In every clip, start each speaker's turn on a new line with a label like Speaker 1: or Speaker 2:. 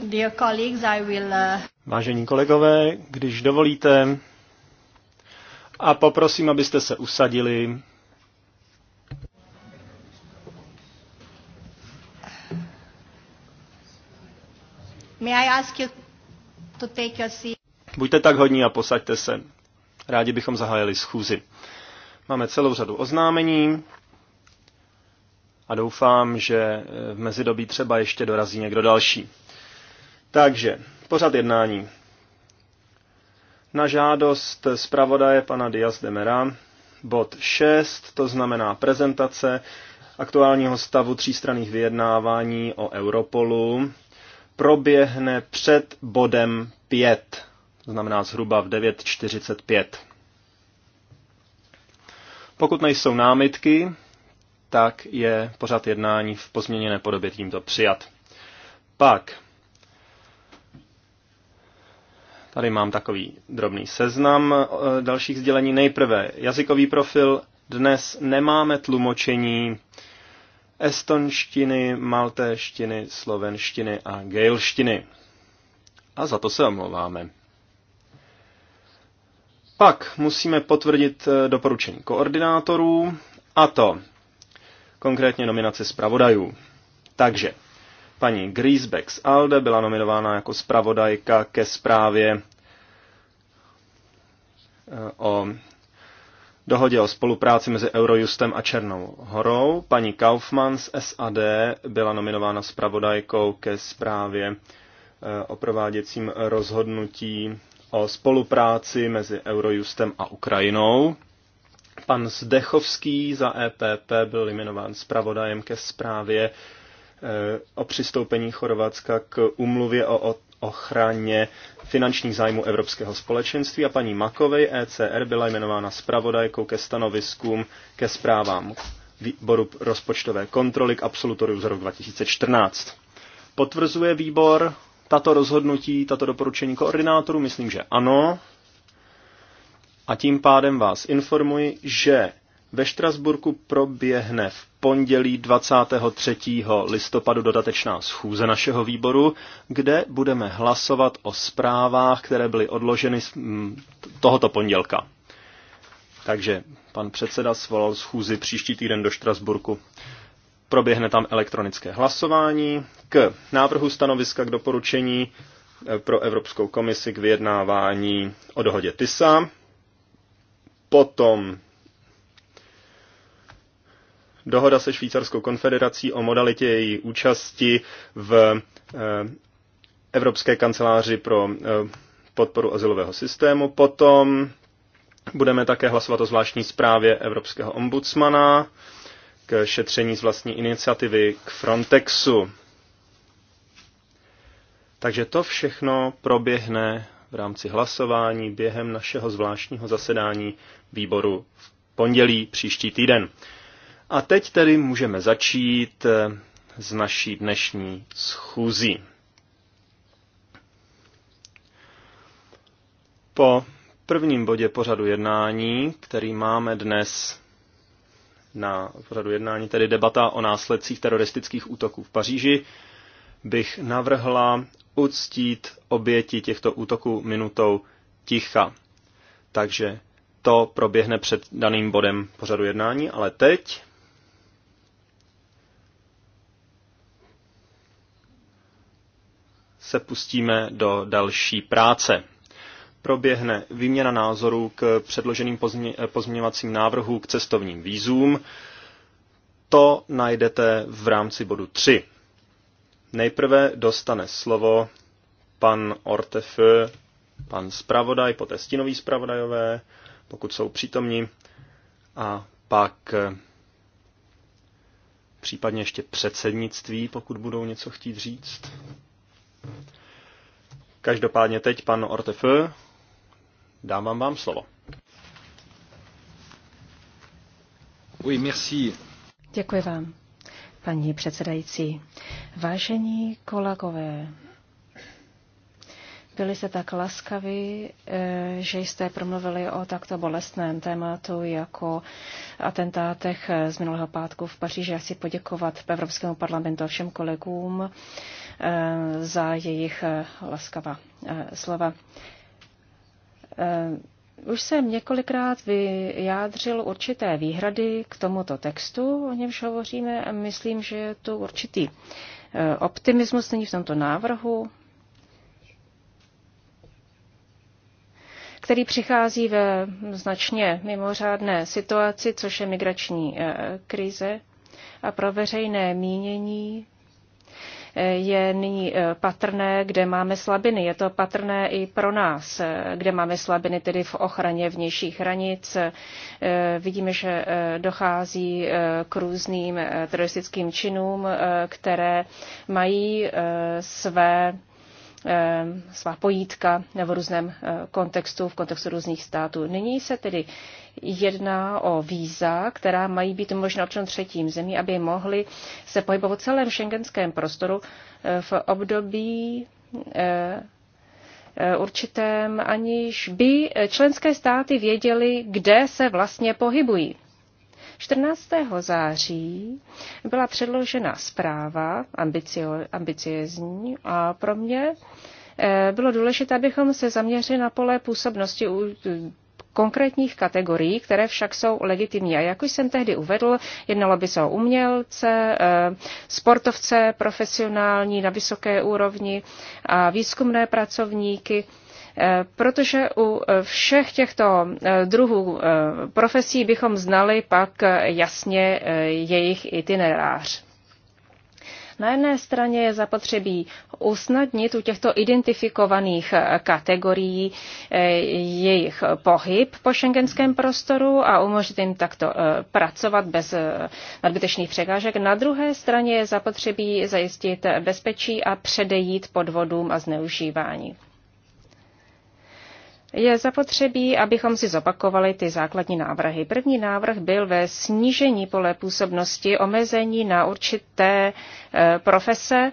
Speaker 1: Dear colleagues, I will, uh,
Speaker 2: Vážení kolegové, když dovolíte, a poprosím, abyste se usadili.
Speaker 1: May I ask you to take your seat?
Speaker 2: Buďte tak hodní a posaďte se. Rádi bychom zahájili schůzi. Máme celou řadu oznámení a doufám, že v mezidobí třeba ještě dorazí někdo další. Takže, pořad jednání. Na žádost zpravodaje pana Diaz de Mera, bod 6, to znamená prezentace aktuálního stavu třístranných vyjednávání o Europolu, proběhne před bodem 5, to znamená zhruba v 9.45. Pokud nejsou námitky, tak je pořad jednání v pozměněné podobě tímto přijat. Pak Tady mám takový drobný seznam e, dalších sdělení. Nejprve jazykový profil. Dnes nemáme tlumočení estonštiny, maltéštiny, slovenštiny a gejlštiny. A za to se omlouváme. Pak musíme potvrdit e, doporučení koordinátorů, a to konkrétně nominaci zpravodajů. Takže Paní Griesbeck z ALDE byla nominována jako zpravodajka ke zprávě eh, o dohodě o spolupráci mezi Eurojustem a Černou horou. Paní Kaufmann z SAD byla nominována zpravodajkou ke zprávě eh, o prováděcím rozhodnutí o spolupráci mezi Eurojustem a Ukrajinou. Pan Zdechovský za EPP byl jmenován zpravodajem ke zprávě o přistoupení Chorvatska k umluvě o ochraně finančních zájmů Evropského společenství a paní Makovej ECR byla jmenována zpravodajkou ke stanoviskům ke zprávám výboru rozpočtové kontroly k absolutoriu z roku 2014. Potvrzuje výbor tato rozhodnutí, tato doporučení koordinátoru? Myslím, že ano. A tím pádem vás informuji, že ve Štrasburku proběhne v pondělí 23. listopadu dodatečná schůze našeho výboru, kde budeme hlasovat o zprávách, které byly odloženy z tohoto pondělka. Takže pan předseda svolal schůzi příští týden do Štrasburku. Proběhne tam elektronické hlasování k návrhu stanoviska k doporučení e, pro Evropskou komisi k vyjednávání o dohodě TISA. Potom dohoda se Švýcarskou konfederací o modalitě její účasti v eh, Evropské kanceláři pro eh, podporu azylového systému. Potom budeme také hlasovat o zvláštní zprávě Evropského ombudsmana k šetření z vlastní iniciativy k Frontexu. Takže to všechno proběhne v rámci hlasování během našeho zvláštního zasedání výboru v pondělí příští týden. A teď tedy můžeme začít eh, s naší dnešní schůzí. Po prvním bodě pořadu jednání, který máme dnes na pořadu jednání, tedy debata o následcích teroristických útoků v Paříži, bych navrhla uctít oběti těchto útoků minutou ticha. Takže to proběhne před daným bodem pořadu jednání, ale teď se pustíme do další práce. Proběhne výměna názorů k předloženým pozměňovacím návrhům k cestovním výzům. To najdete v rámci bodu 3. Nejprve dostane slovo pan Ortef, pan zpravodaj, poté stinový zpravodajové, pokud jsou přítomní, a pak případně ještě předsednictví, pokud budou něco chtít říct. Každopádně teď, pan Ortef, dávám vám slovo. Oui, merci.
Speaker 1: Děkuji vám, paní předsedající. Vážení kolegové, byli jste tak laskaví, eh, že jste promluvili o takto bolestném tématu jako atentátech eh, z minulého pátku v Paříži. Já chci poděkovat Evropskému parlamentu a všem kolegům eh, za jejich laskavá slova. Už jsem několikrát vyjádřil určité výhrady k tomuto textu, o němž hovoříme a myslím, že je tu určitý optimismus není v tomto návrhu. který přichází ve značně mimořádné situaci, což je migrační eh, krize. A pro veřejné mínění eh, je nyní eh, patrné, kde máme slabiny. Je to patrné i pro nás, kde máme slabiny tedy v ochraně vnějších hranic. Vidíme, že dochází k různým teroristickým činům, které mají své Eh, svá pojítka v různém eh, kontextu, v kontextu různých států. Nyní se tedy jedná o víza, která mají být možná občan třetím zemí, aby mohli se pohybovat v celém šengenském prostoru eh, v období určitém, aniž by členské státy věděly, kde se vlastně pohybují. 14. září byla předložena zpráva ambicio, ambiciozní a pro mě eh, bylo důležité, abychom se zaměřili na pole působnosti u konkrétních kategorií, které však jsou legitimní. A jak už jsem tehdy uvedl, jednalo by se o umělce, eh, sportovce profesionální na vysoké úrovni a výzkumné pracovníky protože u všech těchto eh, druhů eh, profesí bychom znali pak eh, jasně jejich itinerář. Na jedné straně je zapotřebí usnadnit u těchto identifikovaných kategorií jejich pohyb po šengenském prostoru a umožnit jim takto pracovat bez nadbytečných překážek. Na druhé straně je zapotřebí zajistit bezpečí a předejít podvodům a zneužívání je zapotřebí, abychom si zopakovali ty základní návrhy. První návrh byl ve snížení pole působnosti omezení na určité e, profese,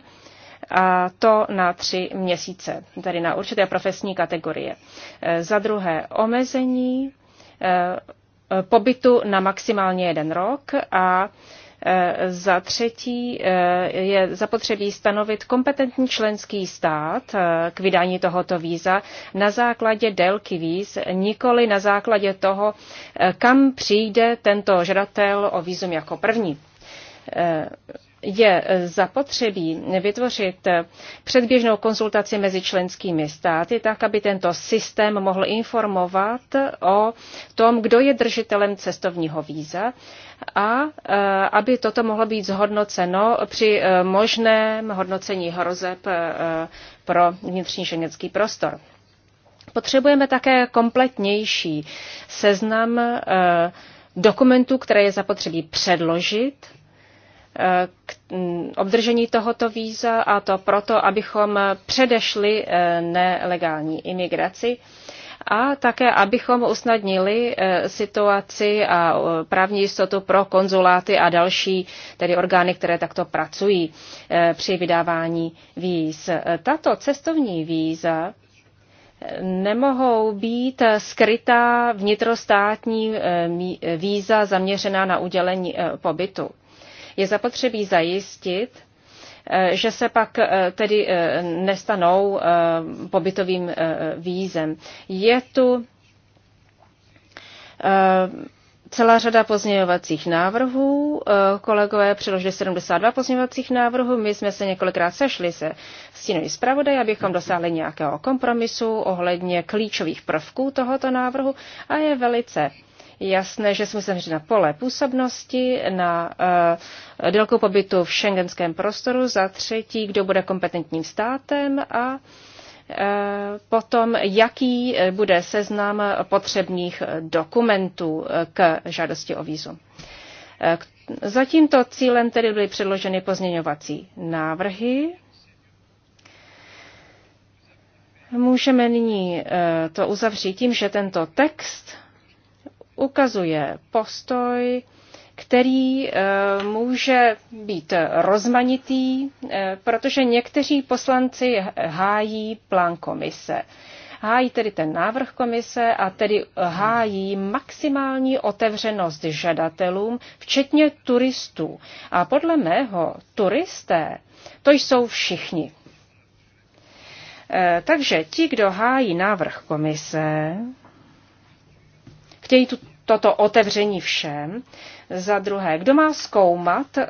Speaker 1: a to na tři měsíce, tedy na určité profesní kategorie. E, za druhé omezení e, pobytu na maximálně jeden rok a E, za třetí e, je zapotřebí stanovit kompetentní členský stát e, k vydání tohoto víza na základě délky víz, nikoli na základě toho, kam přijde tento žadatel o vízum jako první je zapotřebí vytvořit předběžnou konzultaci mezi členskými státy, tak aby tento systém mohl informovat o tom, kdo je držitelem cestovního víza a e, aby toto mohlo být zhodnoceno při e, možném hodnocení hrozeb e, pro vnitřní šengenský prostor. Potřebujeme také kompletnější seznam dokumentů, které je zapotřebí předložit k mm, obdržení tohoto víza a to proto, abychom předešli eh, nelegální imigraci a také, abychom usnadnili eh, situaci a právní jistotu pro konzuláty a další tedy orgány, které takto pracují eh, při vydávání víz. Tato cestovní víza nemohou být skrytá vnitrostátní víza zaměřená na udělení pobytu je zapotřebí zajistit, eh, že se pak eh, tedy eh, nestanou pobytovým vízem. Je tu celá řada pozměňovacích návrhů. Kolegové přiložili 72 pozměňovacích návrhů. My jsme se několikrát sešli se stínovým zpravodaj, abychom dosáhli nějakého kompromisu ohledně klíčových prvků tohoto návrhu a je velice jasné, že jsme zaměřili na pole působnosti, na uh, eh, délku pobytu v šengenském prostoru, za třetí, kdo bude kompetentním státem a eh, potom, jaký bude seznam potřebných dokumentů k žádosti o vízum. Eh, za tímto cílem tedy byly předloženy pozměňovací návrhy. Můžeme nyní to uzavřít tím, že tento text ukazuje postoj, který eh, může být rozmanitý, eh, protože někteří poslanci hájí plán komise. Hájí tedy ten návrh komise a tedy hájí maximální otevřenost žadatelům, včetně turistů. A podle mého turisté to jsou všichni. Eh, takže ti, kdo hájí návrh komise, chtějí tu, toto otevření všem. Za druhé, kdo má zkoumat e,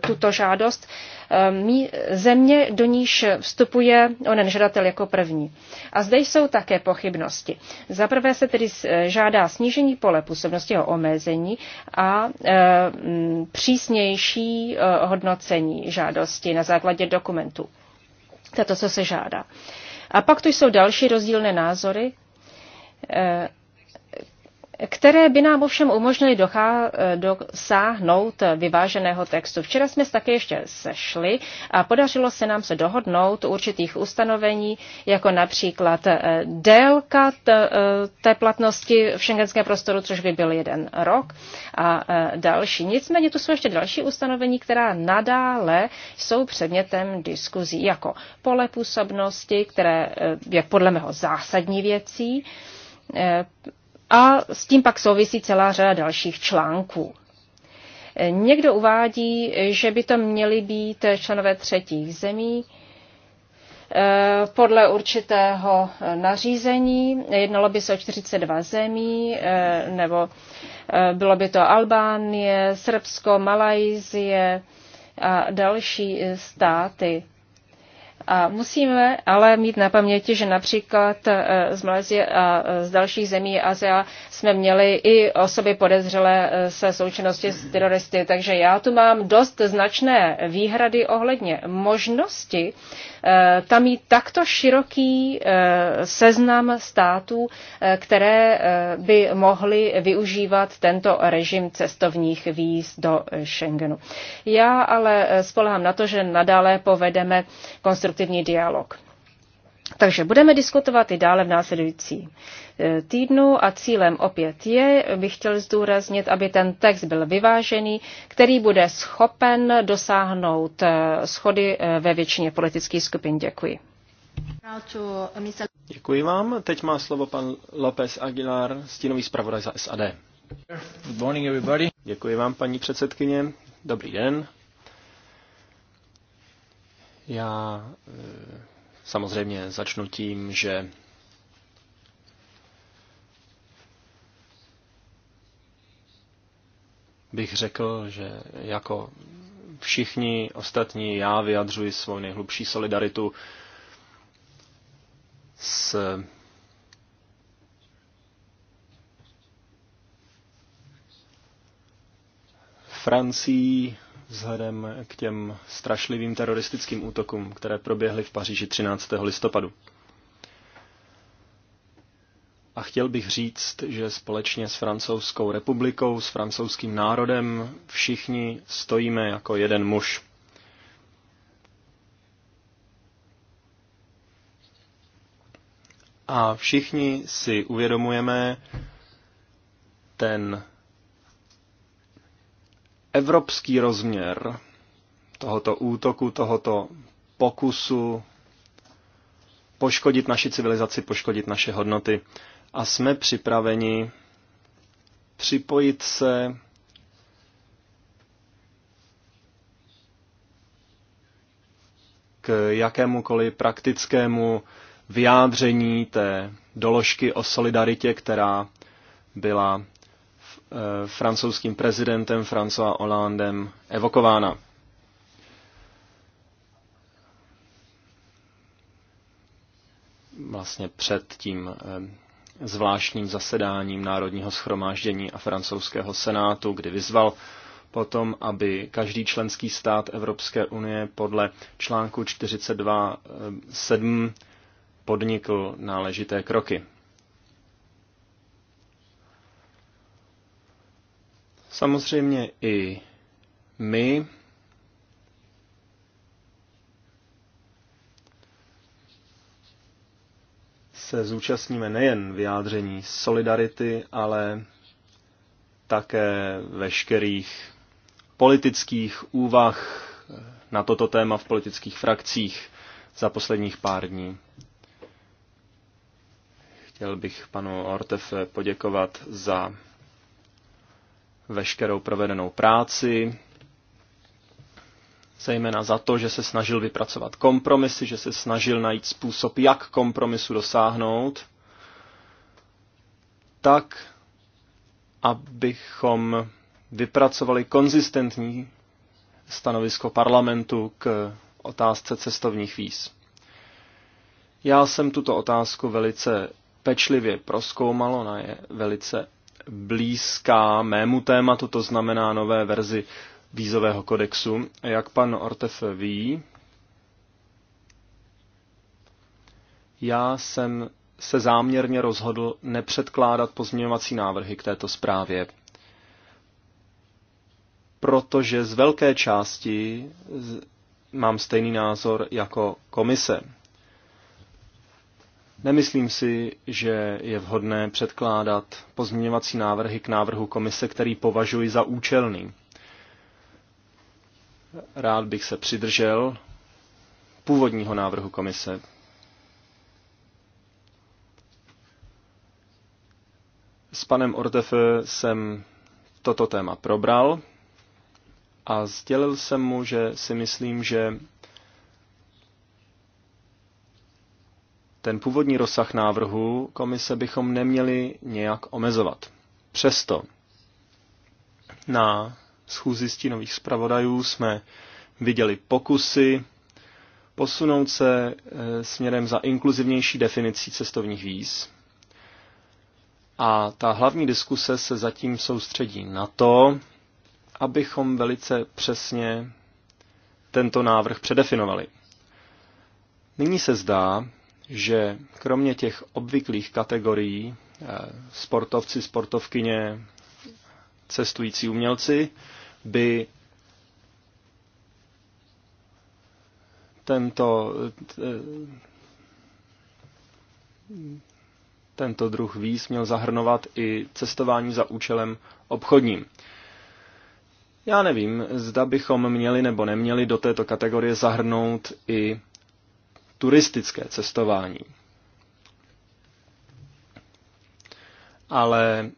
Speaker 1: tuto žádost? E, mí, země, do níž vstupuje onen žadatel jako první. A zde jsou také pochybnosti. Za prvé se tedy eh, žádá snížení pole působnosti o omezení a e, m, přísnější e, hodnocení žádosti na základě dokumentů. To je to, co se žádá. A pak tu jsou další rozdílné názory. E, které by nám ovšem umožnily eh, dosáhnout vyváženého textu. Včera jsme se také ještě sešli a podařilo se nám se dohodnout určitých ustanovení, jako například eh, délka eh, té platnosti v šengenském prostoru, což by byl jeden rok a další. Nicméně tu jsou ještě další ustanovení, která nadále jsou předmětem diskuzí, jako pole působnosti, které je podle mého zásadní věcí, a s tím pak souvisí celá řada dalších článků. Někdo uvádí, že by to měli být členové třetích zemí eh, podle určitého nařízení. Jednalo by se o 42 zemí, eh, nebo eh, bylo by to Albánie, Srbsko, Malajzie a další státy. A musíme ale mít na paměti, že například eh, z Malezie a eh, z dalších zemí Azea jsme měli i osoby podezřelé se eh, součinnosti s teroristy. Takže já tu mám dost značné výhrady ohledně možnosti tam mít takto široký seznam států, které by mohly využívat tento režim cestovních výz do Schengenu. Já ale spolehám na to, že nadále povedeme konstrukci konstruktivní dialog. Takže budeme diskutovat i dále v následující e, týdnu a cílem opět je, bych chtěl zdůraznit, aby ten text byl vyvážený, který bude schopen dosáhnout e, schody e, ve většině politických skupin. Děkuji.
Speaker 2: Děkuji vám. Teď má slovo pan López Aguilar, stínový zpravodaj za SAD. Good morning, everybody. Děkuji vám, paní předsedkyně. Dobrý den. Já eh, samozřejmě začnu tím, že bych řekl, že jako všichni ostatní já vyjadřuji svou nejhlubší solidaritu s Francií, vzhledem k těm strašlivým teroristickým útokům, které proběhly v Paříži 13. listopadu. A chtěl bych říct, že společně s Francouzskou republikou, s francouzským národem, všichni stojíme jako jeden muž. A všichni si uvědomujeme ten evropský rozměr tohoto útoku, tohoto pokusu poškodit naši civilizaci, poškodit naše hodnoty. A jsme připraveni připojit se k jakémukoliv praktickému vyjádření té doložky o solidaritě, která byla Eh, francouzským prezidentem François Hollandem evokována. Vlastně před tím eh, zvláštním zasedáním Národního schromáždění a francouzského senátu, kdy vyzval potom, aby každý členský stát Evropské unie podle článku 42.7 eh, podnikl náležité kroky. Samozřejmě i my se zúčastníme nejen vyjádření solidarity, ale také veškerých politických úvah na toto téma v politických frakcích za posledních pár dní. Chtěl bych panu Ortefe poděkovat za veškerou provedenou práci, zejména za to, že se snažil vypracovat kompromisy, že se snažil najít způsob, jak kompromisu dosáhnout, tak, abychom vypracovali konzistentní stanovisko parlamentu k otázce cestovních víz. Já jsem tuto otázku velice pečlivě proskoumal, ona je velice blízká mému tématu, to znamená nové verzi vízového kodexu. Jak pan Ortef ví, já jsem se záměrně rozhodl nepředkládat pozměňovací návrhy k této zprávě, protože z velké části mám stejný názor jako komise. Nemyslím si, že je vhodné předkládat pozměňovací návrhy k návrhu komise, který považuji za účelný. Rád bych se přidržel původního návrhu komise. S panem Ortefe jsem toto téma probral a sdělil jsem mu, že si myslím, že ten původní rozsah návrhu komise bychom neměli nějak omezovat. Přesto na schůzi stínových zpravodajů jsme viděli pokusy posunout se eh, směrem za inkluzivnější definicí cestovních víz. A ta hlavní diskuse se zatím soustředí na to, abychom velice přesně tento návrh předefinovali. Nyní se zdá, že kromě těch obvyklých kategorií eh, sportovci, sportovkyně, cestující umělci by tento, tento druh víz měl zahrnovat i cestování za účelem obchodním. Já nevím, zda bychom měli nebo neměli do této kategorie zahrnout i turistické cestování. Ale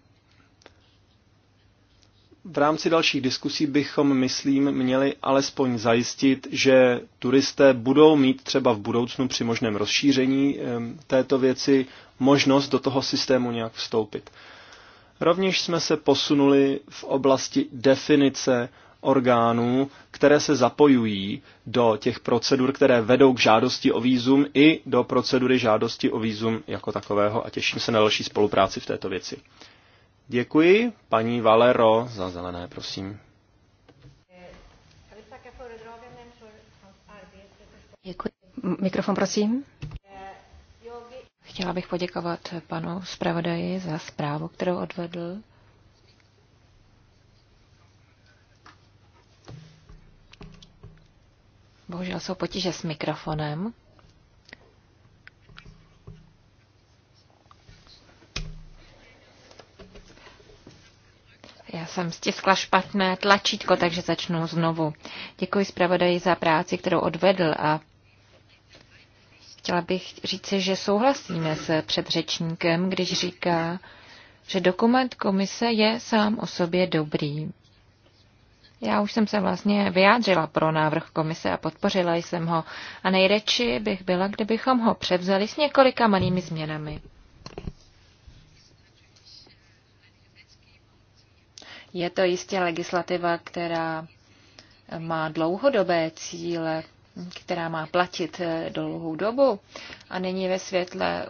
Speaker 2: v rámci dalších diskusí bychom, myslím, měli alespoň zajistit, že turisté budou mít třeba v budoucnu při možném rozšíření této věci možnost do toho systému nějak vstoupit. Rovněž jsme se posunuli v oblasti definice orgánů, které se zapojují do těch procedur, které vedou k žádosti o výzum i do procedury žádosti o výzum jako takového a těším se na další spolupráci v této věci. Děkuji, paní Valero, za zelené, prosím.
Speaker 3: Děkuji. Mikrofon, prosím. Chtěla bych poděkovat panu zpravodaji za zprávu, kterou odvedl. Bohužel jsou potíže s mikrofonem. Já jsem stiskla špatné tlačítko, takže začnu znovu. Děkuji zpravodaji za práci, kterou odvedl a chtěla bych říci, že souhlasíme s předřečníkem, když říká, že dokument komise je sám o sobě dobrý. Já už jsem se vlastně vyjádřila pro návrh komise a podpořila jsem ho. A nejradši bych byla, kdybychom ho převzali s několika malými změnami. Je to jistě legislativa, která má dlouhodobé cíle, která má platit dlouhou dobu a není ve světle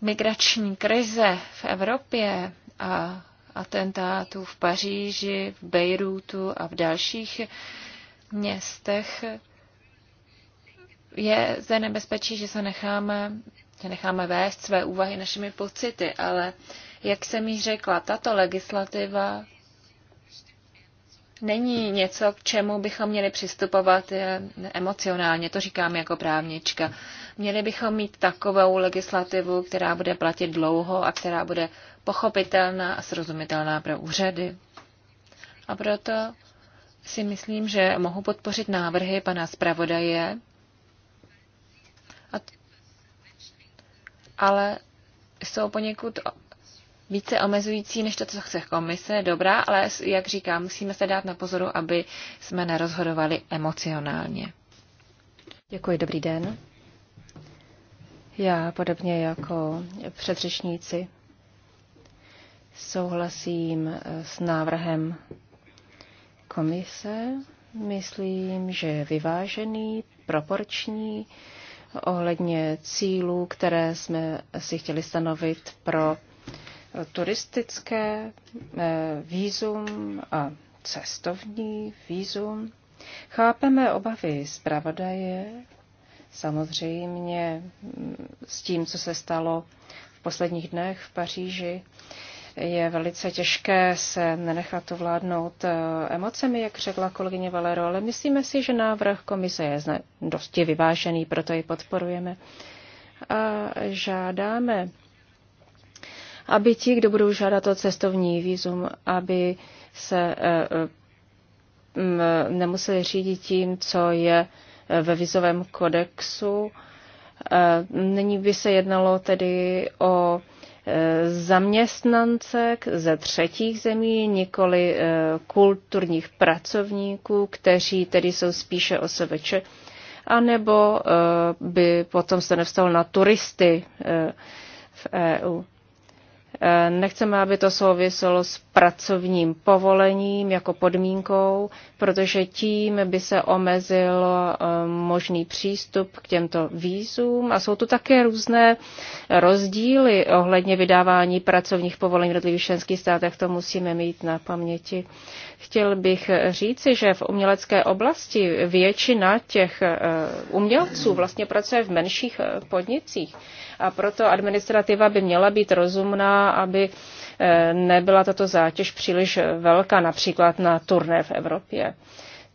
Speaker 3: migrační krize v Evropě a atentátů v Paříži, v Bejrútu a v dalších městech, je zde nebezpečí, že se necháme, že necháme vést své úvahy našimi pocity, ale jak jsem již řekla, tato legislativa není něco, k čemu bychom měli přistupovat eh, emocionálně, to říkám jako právnička. Měli bychom mít takovou legislativu, která bude platit dlouho a která bude pochopitelná a srozumitelná pro úřady. A proto si myslím, že mohu podpořit návrhy pana zpravodaje, ale jsou poněkud více omezující než to, co chce komise, dobrá, ale jak říkám, musíme se dát na pozoru, aby jsme nerozhodovali emocionálně.
Speaker 1: Děkuji, dobrý den. Já podobně jako předřečníci souhlasím eh, s návrhem komise. Myslím, že je vyvážený, proporční ohledně cílů, které jsme si chtěli stanovit pro turistické eh, výzum a cestovní výzum. Chápeme obavy zpravodaje, samozřejmě mm, s tím, co se stalo v posledních dnech v Paříži. Je velice těžké se nenechat ovládnout eh, emocemi, jak řekla kolegyně Valero, ale myslíme si, že návrh komise je dosti vyvážený, proto ji podporujeme. A žádáme aby ti, kdo budou žádat o cestovní výzum, aby se eh, eh, nemuseli řídit tím, co je eh, ve vizovém kodexu. Nyní by se jednalo tedy o zaměstnance ze třetích zemí, nikoli kulturních pracovníků, kteří tedy jsou spíše osobeče, anebo by potom se nevstalo na turisty v EU. Eh, nechceme, aby to souviselo s pracovním povolením jako podmínkou, protože tím by se omezil eh, možný přístup k těmto vízům. A jsou tu také různé rozdíly ohledně vydávání pracovních povolení v jednotlivých členských státech. To musíme mít na paměti. Chtěl bych říci, že v umělecké oblasti většina těch eh, umělců vlastně pracuje v menších podnicích a proto administrativa by měla být rozumná aby eh, nebyla tato zátěž příliš velká, například na turné v Evropě.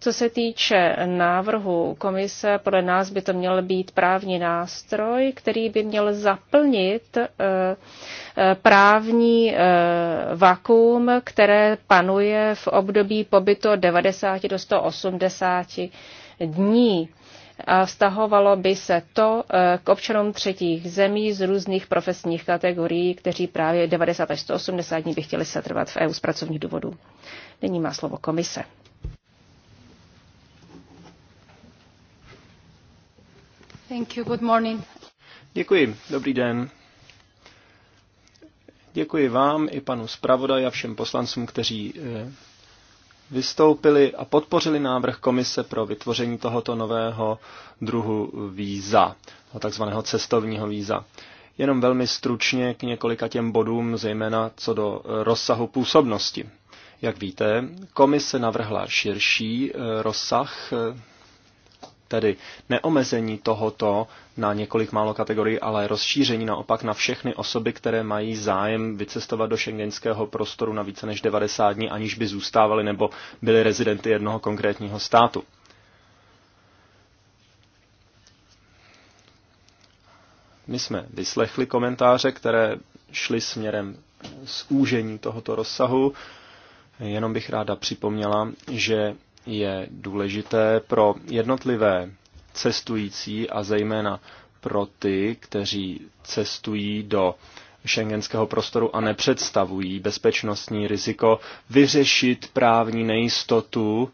Speaker 1: Co se týče návrhu komise, podle nás by to měl být právní nástroj, který by měl zaplnit eh, eh, právní vakuum, které panuje v období pobytu 90 do 180 dní a stahovalo by se to eh, k občanům třetích zemí z různých profesních kategorií, kteří právě 90 až 180 dní by chtěli setrvat v EU z pracovních důvodů. Nyní má slovo komise. Thank you. Good morning.
Speaker 2: Děkuji. Dobrý den. Děkuji vám i panu zpravodaji a všem poslancům, kteří eh, vystoupili a podpořili návrh komise pro vytvoření tohoto nového druhu víza, no, takzvaného cestovního víza. Jenom velmi stručně k několika těm bodům, zejména co do eh, rozsahu působnosti. Jak víte, komise navrhla širší eh, rozsah eh, Tedy neomezení tohoto na několik málo kategorií, ale rozšíření naopak na všechny osoby, které mají zájem vycestovat do šengenského prostoru na více než 90 dní, aniž by zůstávali nebo byli rezidenty jednoho konkrétního státu. My jsme vyslechli komentáře, které šly směrem zúžení tohoto rozsahu. Jenom bych ráda připomněla, že je důležité pro jednotlivé cestující a zejména pro ty, kteří cestují do šengenského prostoru a nepředstavují bezpečnostní riziko, vyřešit právní nejistotu,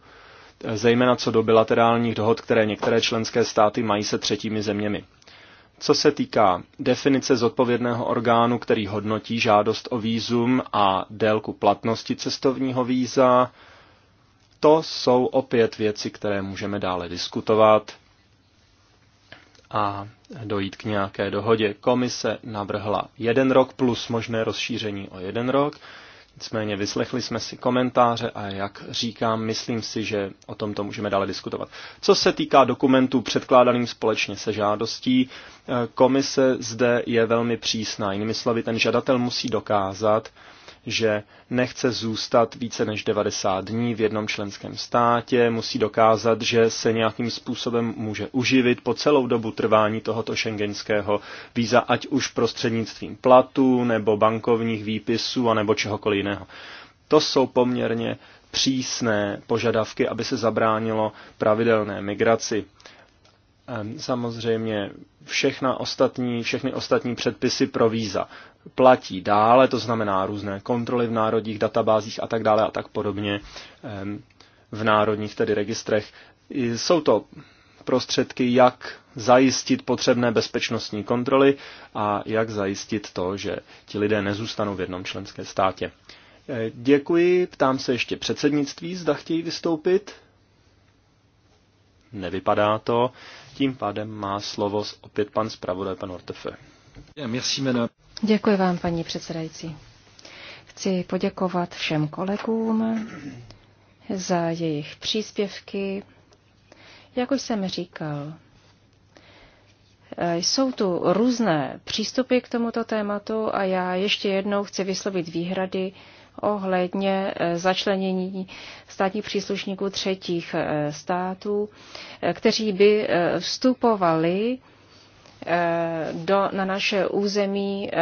Speaker 2: zejména co do bilaterálních dohod, které některé členské státy mají se třetími zeměmi. Co se týká definice zodpovědného orgánu, který hodnotí žádost o výzum a délku platnosti cestovního víza, to jsou opět věci, které můžeme dále diskutovat a dojít k nějaké dohodě. Komise navrhla jeden rok plus možné rozšíření o jeden rok. Nicméně vyslechli jsme si komentáře a jak říkám, myslím si, že o tomto můžeme dále diskutovat. Co se týká dokumentů předkládaným společně se žádostí, eh, komise zde je velmi přísná. Jinými slovy, ten žadatel musí dokázat, že nechce zůstat více než 90 dní v jednom členském státě, musí dokázat, že se nějakým způsobem může uživit po celou dobu trvání tohoto šengenského víza, ať už prostřednictvím platu, nebo bankovních výpisů, a nebo čehokoliv jiného. To jsou poměrně přísné požadavky, aby se zabránilo pravidelné migraci. Ehm, samozřejmě všechna ostatní, všechny ostatní předpisy pro víza platí dále, to znamená různé kontroly v národních databázích a tak dále a tak podobně v národních tedy registrech. Jsou to prostředky, jak zajistit potřebné bezpečnostní kontroly a jak zajistit to, že ti lidé nezůstanou v jednom členském státě. E, děkuji, ptám se ještě předsednictví, zda chtějí vystoupit. Nevypadá to. Tím pádem má slovo opět pan zpravodaj, pan Ortefe.
Speaker 1: Děkuji vám, paní předsedající. Chci poděkovat všem kolegům za jejich příspěvky. Jak už jsem říkal, eh, jsou tu různé přístupy k tomuto tématu a já ještě jednou chci vyslovit výhrady ohledně eh, začlenění státních příslušníků třetích eh, států, kteří by vstupovali Eh, do, na naše území eh,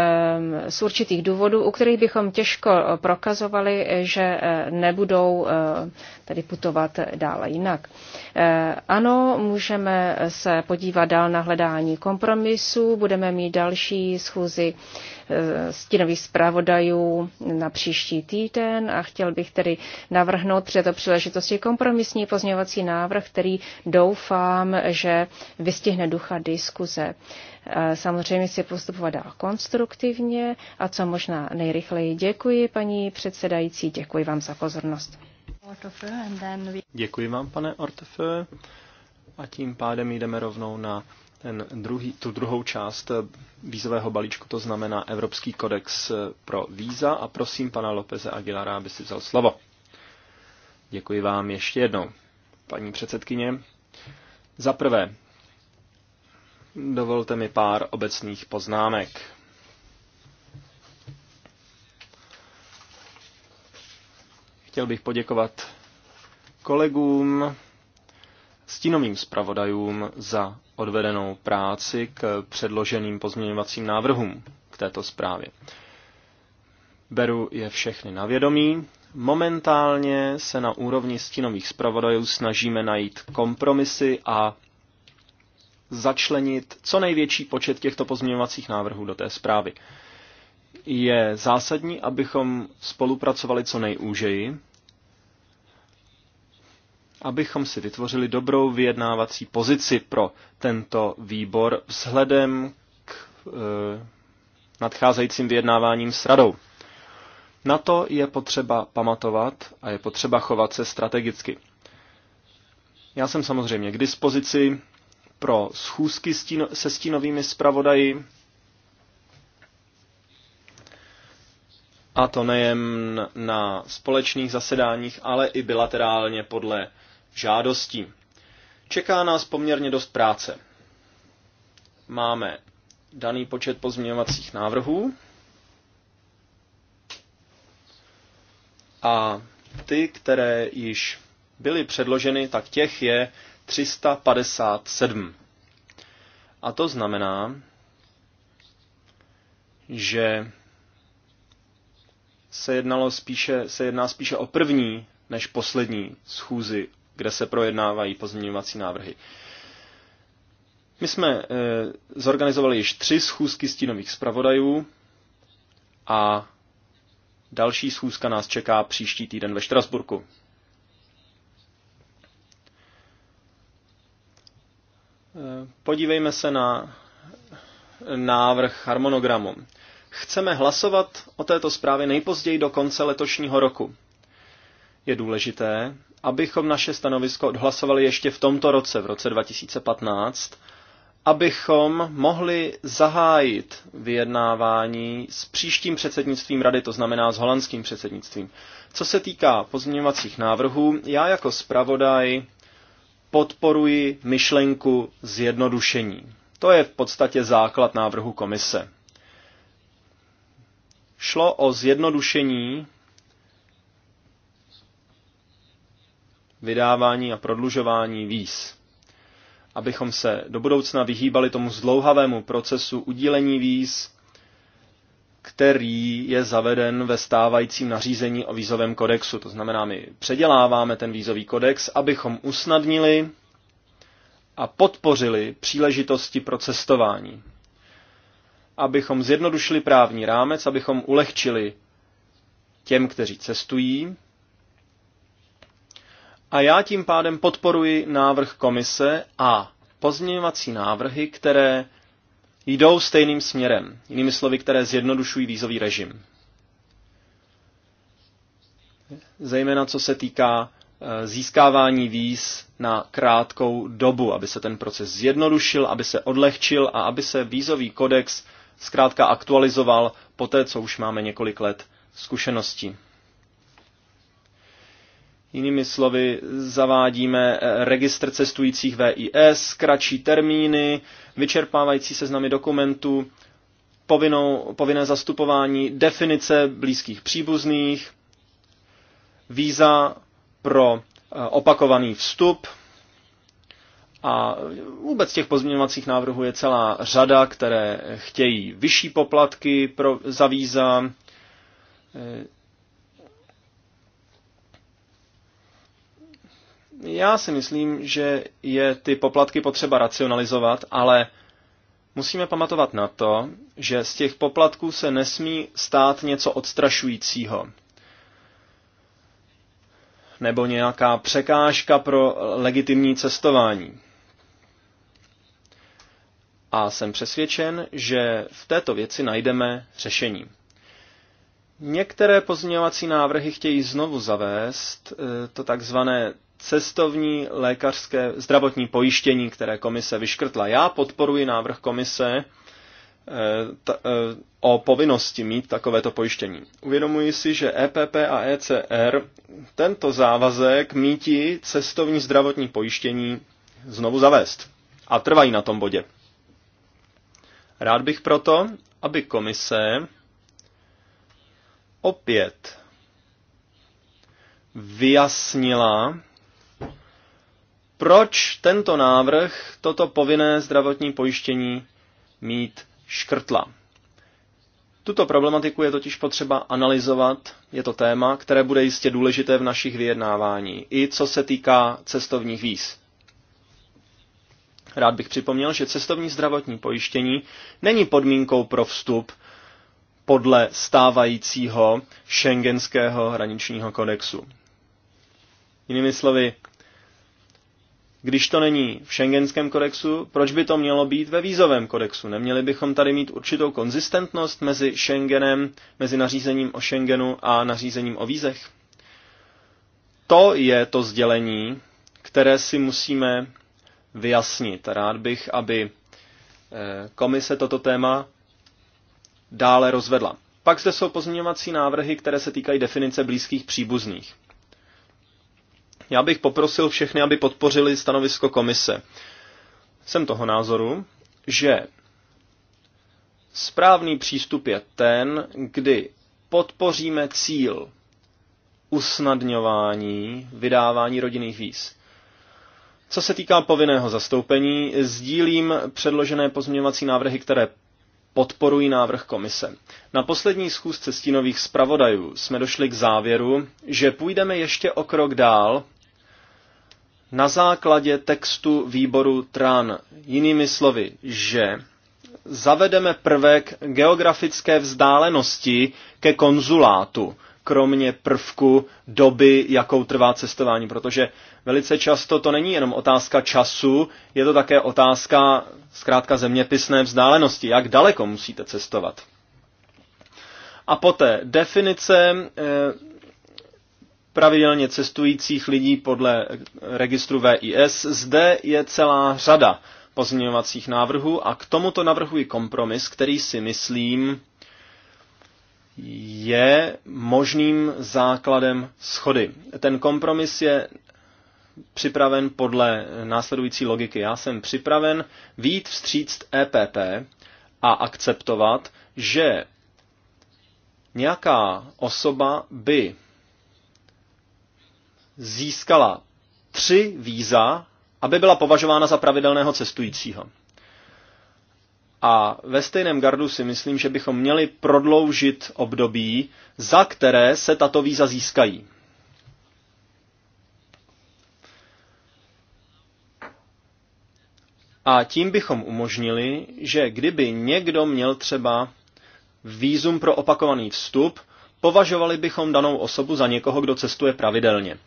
Speaker 1: z určitých důvodů, u kterých bychom těžko prokazovali, že eh, nebudou tedy putovat dále jinak. Ano, můžeme se podívat dál na hledání kompromisů, budeme mít další schůzi Eh, stínových zpravodajů na příští týden a chtěl bych tedy navrhnout při této příležitosti kompromisní pozměňovací návrh, který doufám, že vystihne ducha diskuze. Eh, samozřejmě si postupovat dál konstruktivně a co možná nejrychleji. Děkuji, paní předsedající, děkuji vám za pozornost.
Speaker 2: Děkuji vám, pane Ortefe. A tím pádem jdeme rovnou na ten druhý, tu druhou část vízového balíčku, to znamená Evropský kodex eh, pro víza a prosím pana Lopeze Aguilara, aby si vzal slovo. Děkuji vám ještě jednou, paní předsedkyně. Za prvé, dovolte mi pár obecných poznámek. Chtěl bych poděkovat kolegům, stínovým zpravodajům za odvedenou práci k předloženým pozměňovacím návrhům k této zprávě. Beru je všechny na vědomí. Momentálně se na úrovni stínových zpravodajů snažíme najít kompromisy a začlenit co největší počet těchto pozměňovacích návrhů do té zprávy. Je zásadní, abychom spolupracovali co nejúžeji, abychom si vytvořili dobrou vyjednávací pozici pro tento výbor vzhledem k e, nadcházejícím vyjednáváním s radou. Na to je potřeba pamatovat a je potřeba chovat se strategicky. Já jsem samozřejmě k dispozici pro schůzky stíno, se stínovými zpravodaji, a to nejen na společných zasedáních, ale i bilaterálně podle žádostí. Čeká nás poměrně dost práce. Máme daný počet pozměňovacích návrhů a ty, které již byly předloženy, tak těch je 357. A to znamená, že se jednalo spíše, se jedná spíše o první než poslední schůzi kde se projednávají pozměňovací návrhy. My jsme e, zorganizovali již tři schůzky stínových zpravodajů a další schůzka nás čeká příští týden ve Štrasburku. Eh, podívejme se na návrh harmonogramu. Chceme hlasovat o této zprávě nejpozději do konce letošního roku je důležité, abychom naše stanovisko odhlasovali ještě v tomto roce, v roce 2015, abychom mohli zahájit vyjednávání s příštím předsednictvím rady, to znamená s holandským předsednictvím. Co se týká pozměňovacích návrhů, já jako zpravodaj podporuji myšlenku zjednodušení. To je v podstatě základ návrhu komise. Šlo o zjednodušení vydávání a prodlužování víz. Abychom se do budoucna vyhýbali tomu zdlouhavému procesu udílení víz, který je zaveden ve stávajícím nařízení o vízovém kodexu. To znamená, my předěláváme ten vízový kodex, abychom usnadnili a podpořili příležitosti pro cestování. Abychom zjednodušili právní rámec, abychom ulehčili těm, kteří cestují, a já tím pádem podporuji návrh komise a pozměňovací návrhy, které jdou stejným směrem, jinými slovy, které zjednodušují vízový režim. Zejména co se týká e, získávání víz na krátkou dobu, aby se ten proces zjednodušil, aby se odlehčil a aby se vízový kodex zkrátka aktualizoval po té, co už máme několik let zkušeností. Jinými slovy, zavádíme eh, registr cestujících VIS, kratší termíny, vyčerpávající seznamy dokumentů, povinnou, povinné zastupování, definice blízkých příbuzných, víza pro eh, opakovaný vstup, a vůbec těch pozměňovacích návrhů je celá řada, které chtějí vyšší poplatky pro, za víza, eh, Já si myslím, že je ty poplatky potřeba racionalizovat, ale musíme pamatovat na to, že z těch poplatků se nesmí stát něco odstrašujícího nebo nějaká překážka pro legitimní cestování. A jsem přesvědčen, že v této věci najdeme řešení. Některé pozměňovací návrhy chtějí znovu zavést eh, to takzvané cestovní lékařské zdravotní pojištění, které komise vyškrtla. Já podporuji návrh komise eh, eh, o povinnosti mít takovéto pojištění. Uvědomuji si, že EPP a ECR tento závazek míti cestovní zdravotní pojištění znovu zavést a trvají na tom bodě. Rád bych proto, aby komise opět vyjasnila proč tento návrh toto povinné zdravotní pojištění mít škrtla. Tuto problematiku je totiž potřeba analyzovat, je to téma, které bude jistě důležité v našich vyjednávání, i co se týká cestovních víz. Rád bych připomněl, že cestovní zdravotní pojištění není podmínkou pro vstup podle stávajícího šengenského hraničního kodexu. Jinými slovy, když to není v šengenském kodexu, proč by to mělo být ve vízovém kodexu? Neměli bychom tady mít určitou konzistentnost mezi Schengenem, mezi nařízením o Schengenu a nařízením o vízech? To je to sdělení, které si musíme vyjasnit. Rád bych, aby eh, komise toto téma dále rozvedla. Pak zde jsou pozměňovací návrhy, které se týkají definice blízkých příbuzných. Já bych poprosil všechny, aby podpořili stanovisko komise. Jsem toho názoru, že správný přístup je ten, kdy podpoříme cíl usnadňování vydávání rodinných víz. Co se týká povinného zastoupení, sdílím předložené pozměňovací návrhy, které podporují návrh komise. Na poslední schůzce stínových zpravodajů jsme došli k závěru, že půjdeme ještě o krok dál na základě textu výboru trán Jinými slovy, že zavedeme prvek geografické vzdálenosti ke konzulátu, kromě prvku doby, jakou trvá cestování, protože velice často to není jenom otázka času, je to také otázka zkrátka zeměpisné vzdálenosti, jak daleko musíte cestovat. A poté definice eh, pravidelně cestujících lidí podle registru VIS. Zde je celá řada pozměňovacích návrhů a k tomuto navrhuji kompromis, který si myslím je možným základem schody. Ten kompromis je připraven podle následující logiky. Já jsem připraven výjít vstříct EPP a akceptovat, že nějaká osoba by získala tři víza, aby byla považována za pravidelného cestujícího. A ve stejném gardu si myslím, že bychom měli prodloužit období, za které se tato víza získají. A tím bychom umožnili, že kdyby někdo měl třeba výzum pro opakovaný vstup, považovali bychom danou osobu za někoho, kdo cestuje pravidelně.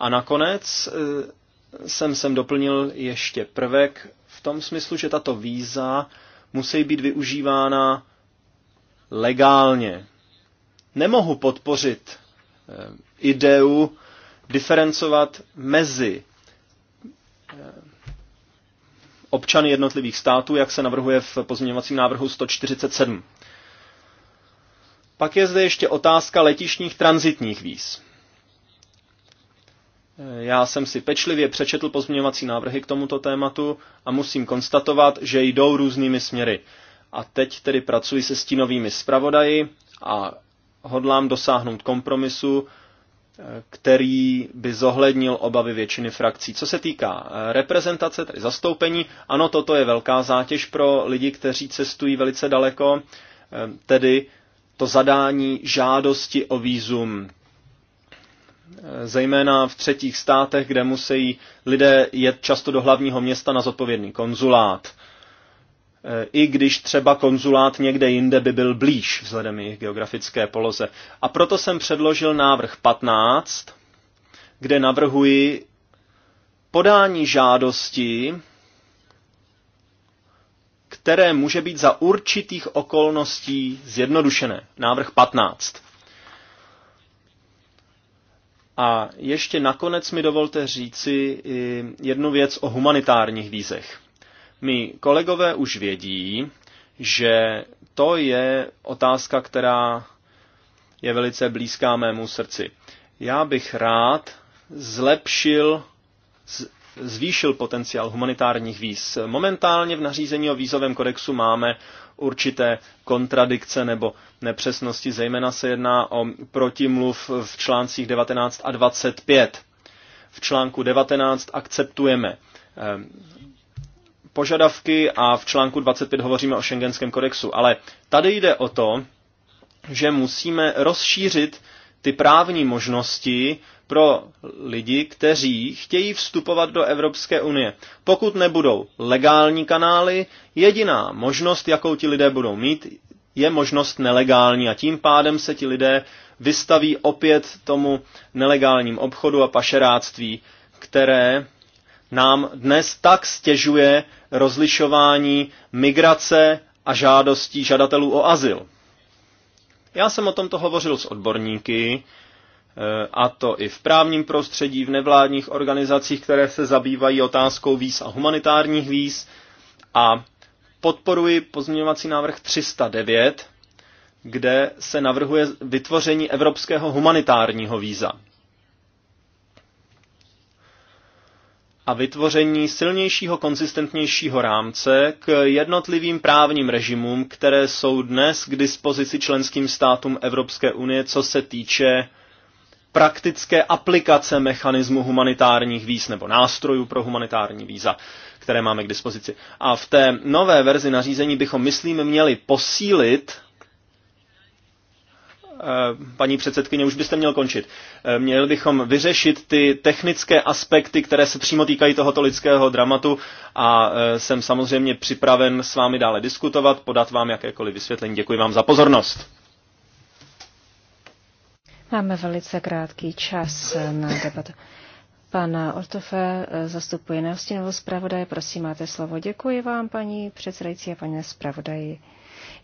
Speaker 2: A nakonec eh, jsem sem doplnil ještě prvek v tom smyslu, že tato víza musí být využívána legálně. Nemohu podpořit eh, ideu diferencovat mezi eh, občany jednotlivých států, jak se navrhuje v pozměňovacím návrhu 147. Pak je zde ještě otázka letišních transitních víz. Já jsem si pečlivě přečetl pozměňovací návrhy k tomuto tématu a musím konstatovat, že jdou různými směry. A teď tedy pracuji se stínovými zpravodaji a hodlám dosáhnout kompromisu, eh, který by zohlednil obavy většiny frakcí. Co se týká eh, reprezentace, tedy zastoupení, ano, toto je velká zátěž pro lidi, kteří cestují velice daleko, eh, tedy to zadání žádosti o výzum zejména v třetích státech, kde musí lidé jet často do hlavního města na zodpovědný konzulát. E, I když třeba konzulát někde jinde by byl blíž vzhledem jejich geografické poloze. A proto jsem předložil návrh 15, kde navrhuji podání žádosti, které může být za určitých okolností zjednodušené. Návrh 15. A ještě nakonec mi dovolte říci jednu věc o humanitárních vízech. Mí kolegové už vědí, že to je otázka, která je velice blízká mému srdci. Já bych rád zlepšil, zvýšil potenciál humanitárních víz. Momentálně v nařízení o vízovém kodexu máme určité kontradikce nebo nepřesnosti. Zejména se jedná o protimluv v článcích 19 a 25. V článku 19 akceptujeme eh, požadavky a v článku 25 hovoříme o šengenském kodexu. Ale tady jde o to, že musíme rozšířit ty právní možnosti pro lidi, kteří chtějí vstupovat do Evropské unie. Pokud nebudou legální kanály, jediná možnost, jakou ti lidé budou mít, je možnost nelegální a tím pádem se ti lidé vystaví opět tomu nelegálním obchodu a pašeráctví, které nám dnes tak stěžuje rozlišování migrace a žádostí žadatelů o azyl. Já jsem o tomto hovořil s odborníky, eh, a to i v právním prostředí, v nevládních organizacích, které se zabývají otázkou víz a humanitárních víz. A podporuji pozměňovací návrh 309, kde se navrhuje vytvoření evropského humanitárního víza. a vytvoření silnějšího, konzistentnějšího rámce k jednotlivým právním režimům, které jsou dnes k dispozici členským státům Evropské unie, co se týče praktické aplikace mechanismu humanitárních víz nebo nástrojů pro humanitární víza, které máme k dispozici. A v té nové verzi nařízení bychom, myslím, měli posílit Eh, paní předsedkyně, už byste měl končit. Eh, měli bychom vyřešit ty technické aspekty, které se přímo týkají tohoto lidského dramatu a eh, jsem samozřejmě připraven s vámi dále diskutovat, podat vám jakékoliv vysvětlení. Děkuji vám za pozornost.
Speaker 1: Máme velice krátký čas na debatu. Pan Ortofe zastupuje nehostinovou zpravodaje. Prosím, máte slovo. Děkuji vám, paní předsedající a paní zpravodaji.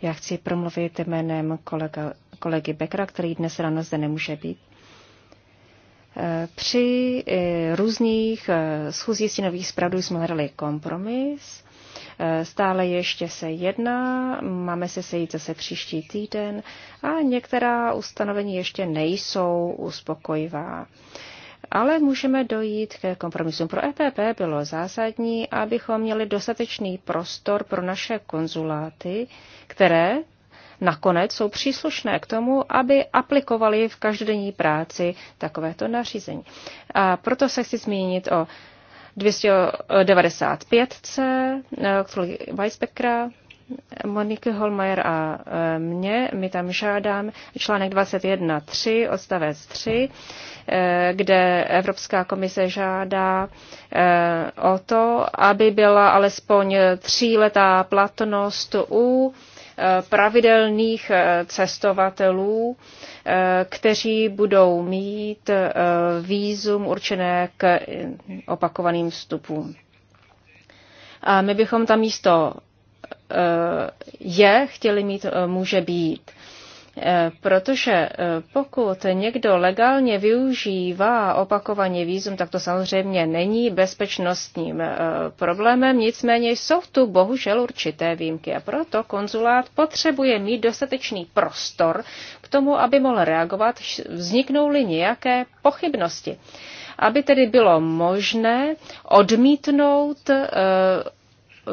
Speaker 1: Já chci promluvit jménem kolega, kolegy Bekra, který dnes ráno zde nemůže být. Eh, při eh, různých eh, schůzích stěnových zpravdů jsme hledali kompromis. Stále ještě se jedná, máme se sejít zase příští týden a některá ustanovení ještě nejsou uspokojivá ale můžeme dojít ke kompromisům. Pro EPP bylo zásadní, abychom měli dostatečný prostor pro naše konzuláty, které nakonec jsou příslušné k tomu, aby aplikovali v každodenní práci takovéto nařízení. A proto se chci zmínit o 295C, eh, Weizbeckera, Moniky Holmeier a e, mě, my tam žádám článek 21.3, odstavec 3, e, kde Evropská komise žádá e, o to, aby byla alespoň tříletá platnost u pravidelných cestovatelů, kteří budou mít výzum určené k opakovaným vstupům. A my bychom tam místo je, chtěli mít, eh, může být. Eh, protože eh, pokud někdo legálně využívá opakovaně výzum, tak to samozřejmě není bezpečnostním problémem, nicméně jsou tu bohužel určité výjimky a proto konzulát potřebuje mít dostatečný prostor k tomu, aby mohl reagovat, vzniknou-li nějaké pochybnosti aby tedy bylo možné odmítnout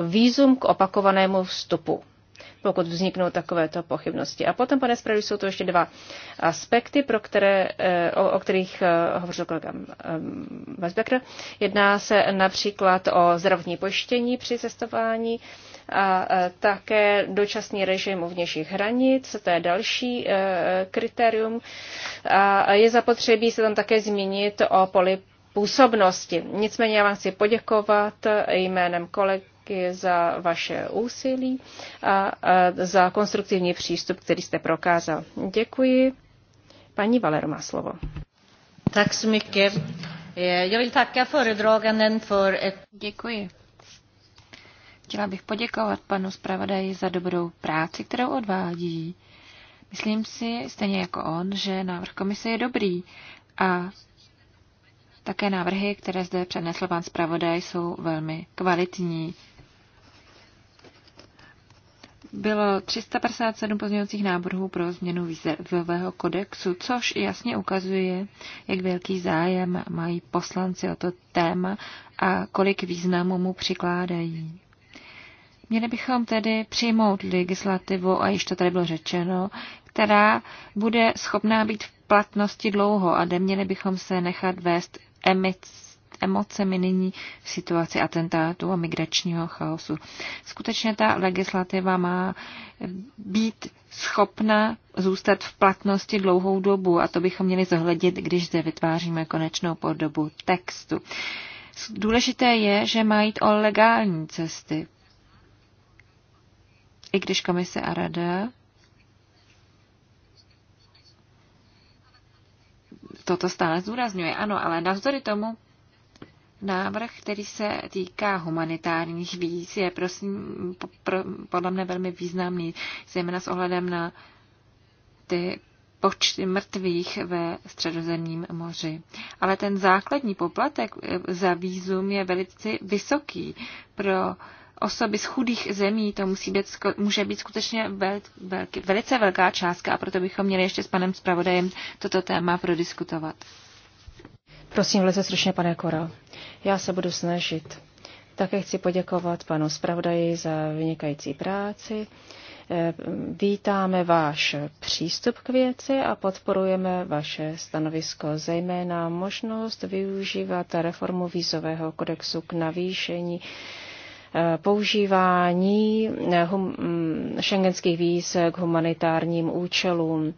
Speaker 1: výzum k opakovanému vstupu pokud vzniknou takovéto pochybnosti. A potom, pane Spravdu, jsou to ještě dva aspekty, pro které, eh, o, o kterých eh, hovořil kolega Vazbekr. Eh, Jedná se například o zdravotní pojištění při cestování a také dočasný režim vnějších hranic, to je další kritérium. A je zapotřebí se tam také zmínit o poli působnosti. Nicméně já vám chci poděkovat jménem kolegy za vaše úsilí a za konstruktivní přístup, který jste prokázal. Děkuji. Paní Valer má slovo. Tak så
Speaker 3: eh, Děkuji. Chtěla bych poděkovat panu zpravodaji za dobrou práci, kterou odvádí. Myslím si, stejně jako on, že návrh komise je dobrý a také návrhy, které zde přednesl pan zpravodaj, jsou velmi kvalitní. Bylo 357 pozměňovacích návrhů pro změnu vízového kodexu, což jasně ukazuje, jak velký zájem mají poslanci o to téma a kolik významu mu přikládají. Měli bychom tedy přijmout legislativu, a již to tady bylo řečeno, která bude schopná být v platnosti dlouho a neměli bychom se nechat vést emocemi nyní v situaci atentátu a migračního chaosu. Skutečně ta legislativa má být schopna zůstat v platnosti dlouhou dobu a to bychom měli zohlednit, když zde vytváříme konečnou podobu textu. Důležité je, že má jít o legální cesty. I když komise a rada toto stále zdůrazňuje. Ano, ale navzdory tomu návrh, který se týká humanitárních víz, je prosím, po, pro, podle mne velmi významný, zejména s ohledem na ty počty mrtvých ve středozemním moři. Ale ten základní poplatek za výzum je velice vysoký pro osoby z chudých zemí, to musí být, může být skutečně vel, velký, velice velká částka a proto bychom měli ještě s panem zpravodajem toto téma prodiskutovat.
Speaker 1: Prosím, velice stručně, pane Kora. Já se budu snažit. Také chci poděkovat panu zpravodaji za vynikající práci. Eh, vítáme váš přístup k věci a podporujeme vaše stanovisko, zejména možnost využívat reformu vízového kodexu k navýšení používání eh, hum, mm, šengenských víz k humanitárním účelům,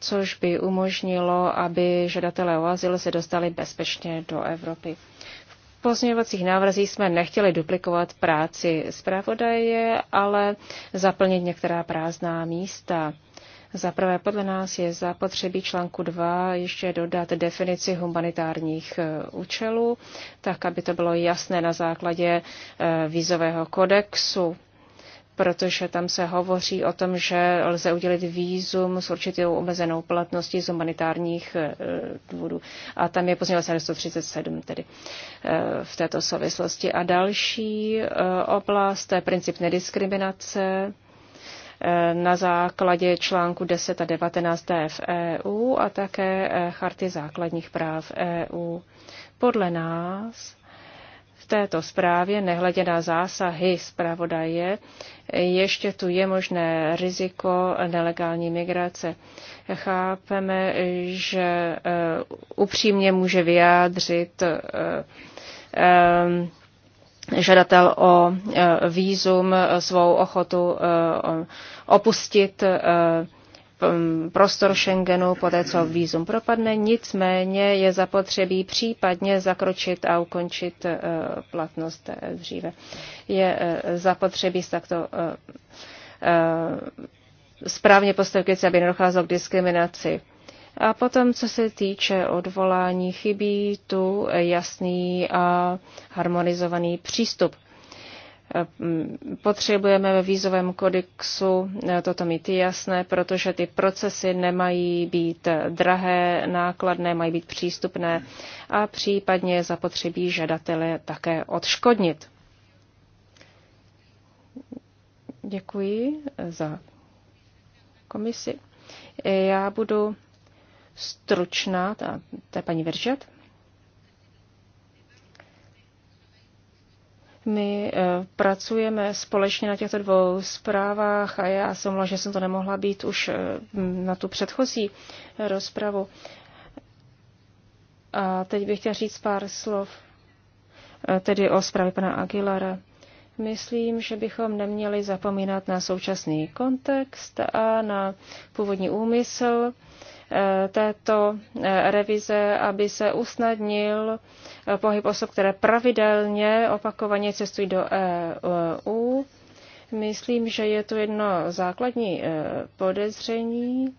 Speaker 1: což by umožnilo, aby žadatelé o azyl se dostali bezpečně do Evropy. V pozměňovacích návrzích jsme nechtěli duplikovat práci zpravodaje, ale zaplnit některá prázdná místa. Za prvé, podle nás je zapotřebí článku 2 ještě dodat definici humanitárních e, účelů, tak aby to bylo jasné na základě e, vízového kodexu protože tam se hovoří o tom, že lze udělit výzum s určitou omezenou platností z humanitárních e, důvodů. A tam je pozměňovací 137 tedy v této souvislosti. A další oblast, to je princip nediskriminace na základě článku 10 a 19 v EU a také eh, Charty základních práv EU. Podle nás v této zprávě, nehledě na zásahy zpravodaje, ještě tu je možné riziko nelegální migrace. Chápeme, že eh, upřímně může vyjádřit um, žadatel o e, výzum e, svou ochotu e, opustit prostor Schengenu té, co výzum propadne. Nicméně je zapotřebí případně zakročit a ukončit platnost dříve. Je zapotřebí se takto správně postavit, aby nedocházelo k diskriminaci a potom, co se týče odvolání, chybí tu jasný a harmonizovaný přístup. Potřebujeme ve vízovém kodexu toto mít jasné, protože ty procesy nemají být drahé, nákladné, mají být přístupné a případně zapotřebí žadatele také odškodnit. Děkuji za komisi. Já budu stručná, ta, ta paní Veržet. My eh, pracujeme společně na těchto dvou zprávách a já jsem mluvila, že jsem to nemohla být už eh, na tu předchozí rozpravu. A teď bych chtěla říct pár slov eh, tedy o zprávě pana Aguilara. Myslím, že bychom neměli zapomínat na současný kontext a na původní úmysl Eh, této eh, revize, aby se usnadnil eh, pohyb osob, které pravidelně opakovaně cestují do EU. Myslím, že je to jedno základní podezření,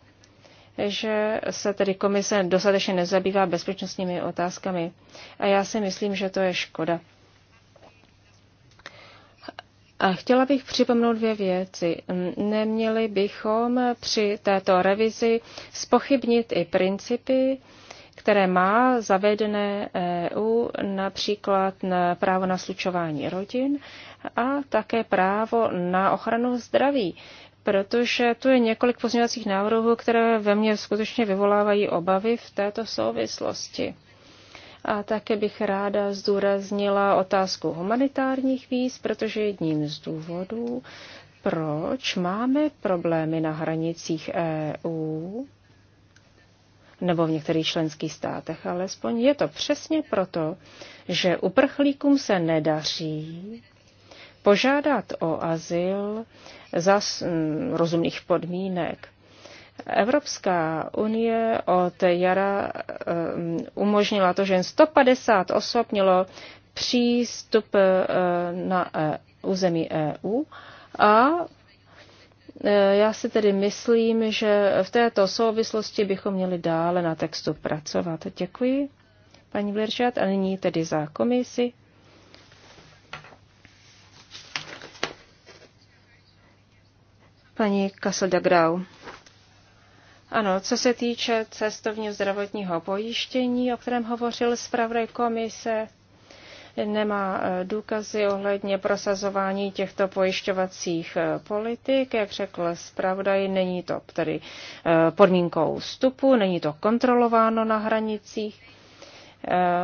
Speaker 1: že se tedy komise dostatečně nezabývá bezpečnostními otázkami. A já si myslím, že to je škoda. A chtěla bych připomnout dvě věci. Neměli bychom při této revizi spochybnit i principy, které má zavedené EU, například na právo na slučování rodin a také právo na ochranu zdraví, protože tu je několik pozměňovacích návrhů, které ve mně skutečně vyvolávají obavy v této souvislosti. A také bych ráda zdůraznila otázku humanitárních víz, protože jedním z důvodů, proč máme problémy na hranicích EU, nebo v některých členských státech alespoň, je to přesně proto, že uprchlíkům se nedaří požádat o azyl za rozumných podmínek. Evropská unie od jara eh, umožnila to, že jen 150 osob mělo přístup eh, na eh, území EU a já si tedy myslím, že v této souvislosti bychom měli dále na textu pracovat. Děkuji, paní Bliršat, a nyní tedy za komisi. Paní Grau. Ano, co se týče cestovního zdravotního pojištění, o kterém hovořil zpravodaj komise, nemá e, důkazy ohledně prosazování těchto pojišťovacích e, politik. Jak řekl zpravodaj, není to tedy e, podmínkou vstupu, není to kontrolováno na hranicích.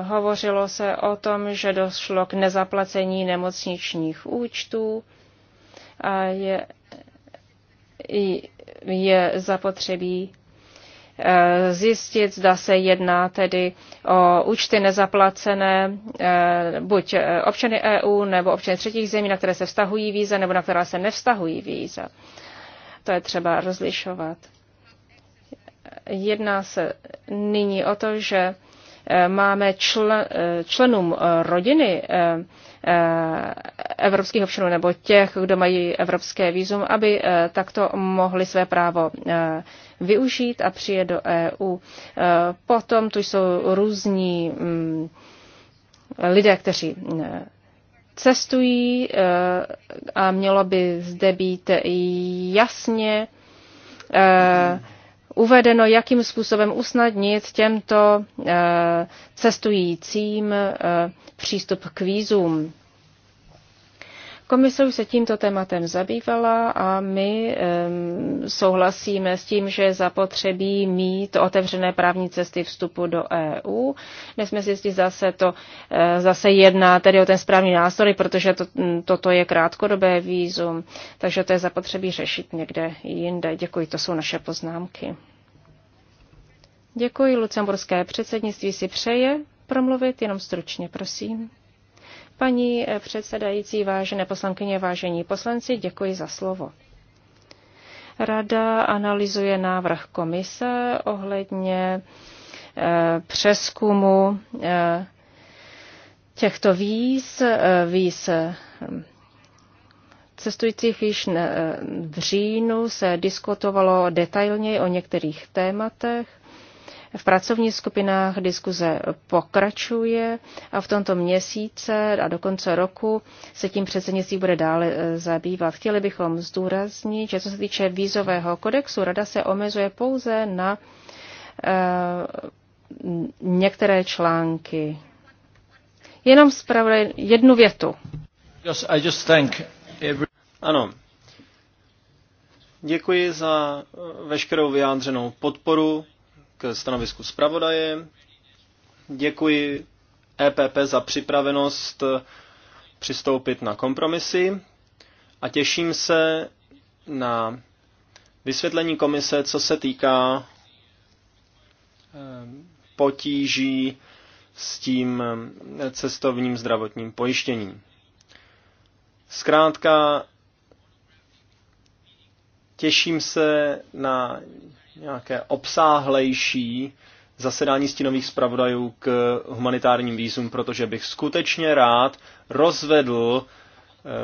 Speaker 1: Hovořilo se o tom, že došlo k nezaplacení nemocničních účtů a je, je zapotřebí Eh, zjistit, zda se jedná tedy o účty nezaplacené eh, buď eh, občany EU nebo občany třetích zemí, na které se vztahují víza nebo na která se nevztahují víza. To je třeba rozlišovat. Jedná se nyní o to, že máme člen, členům rodiny Eh, evropských občanů nebo těch, kdo mají evropské výzum, aby eh, takto mohli své právo eh, využít a přijet do EU. Potom tu jsou různí mm, lidé, kteří cestují a mělo by zde být jasně uvedeno, jakým způsobem usnadnit těmto eh, cestujícím eh, přístup k vízům. Komise už se tímto tématem zabývala a my um, souhlasíme s tím, že je zapotřebí mít otevřené právní cesty vstupu do EU. My jsme si zase to e, zase jedná tedy o ten správný nástroj, protože to, toto je krátkodobé výzum, takže to je zapotřebí řešit někde jinde. Děkuji, to jsou naše poznámky. Děkuji, lucemburské předsednictví si přeje promluvit, jenom stručně, prosím. Paní eh, předsedající, vážené poslankyně, vážení poslanci, děkuji za slovo. Rada analyzuje návrh komise ohledně eh, přeskumu eh, těchto víz, víz cestujících již v říjnu se diskutovalo detailněji o některých tématech v pracovních skupinách diskuze pokračuje a v tomto měsíce a do konce roku se tím předsednictví bude dále e, zabývat. Chtěli bychom zdůraznit, že co se týče vízového kodexu, rada se omezuje pouze na e, některé články. Jenom zpravodaj jednu větu.
Speaker 2: Just, I just thank every... Ano, Děkuji za e, veškerou vyjádřenou podporu k stanovisku zpravodaje. Děkuji EPP za připravenost přistoupit na kompromisy a těším se na vysvětlení komise, co se týká eh, potíží s tím eh, cestovním zdravotním pojištěním. Zkrátka, těším se na nějaké obsáhlejší zasedání stínových zpravodajů k humanitárním výzum, protože bych skutečně rád rozvedl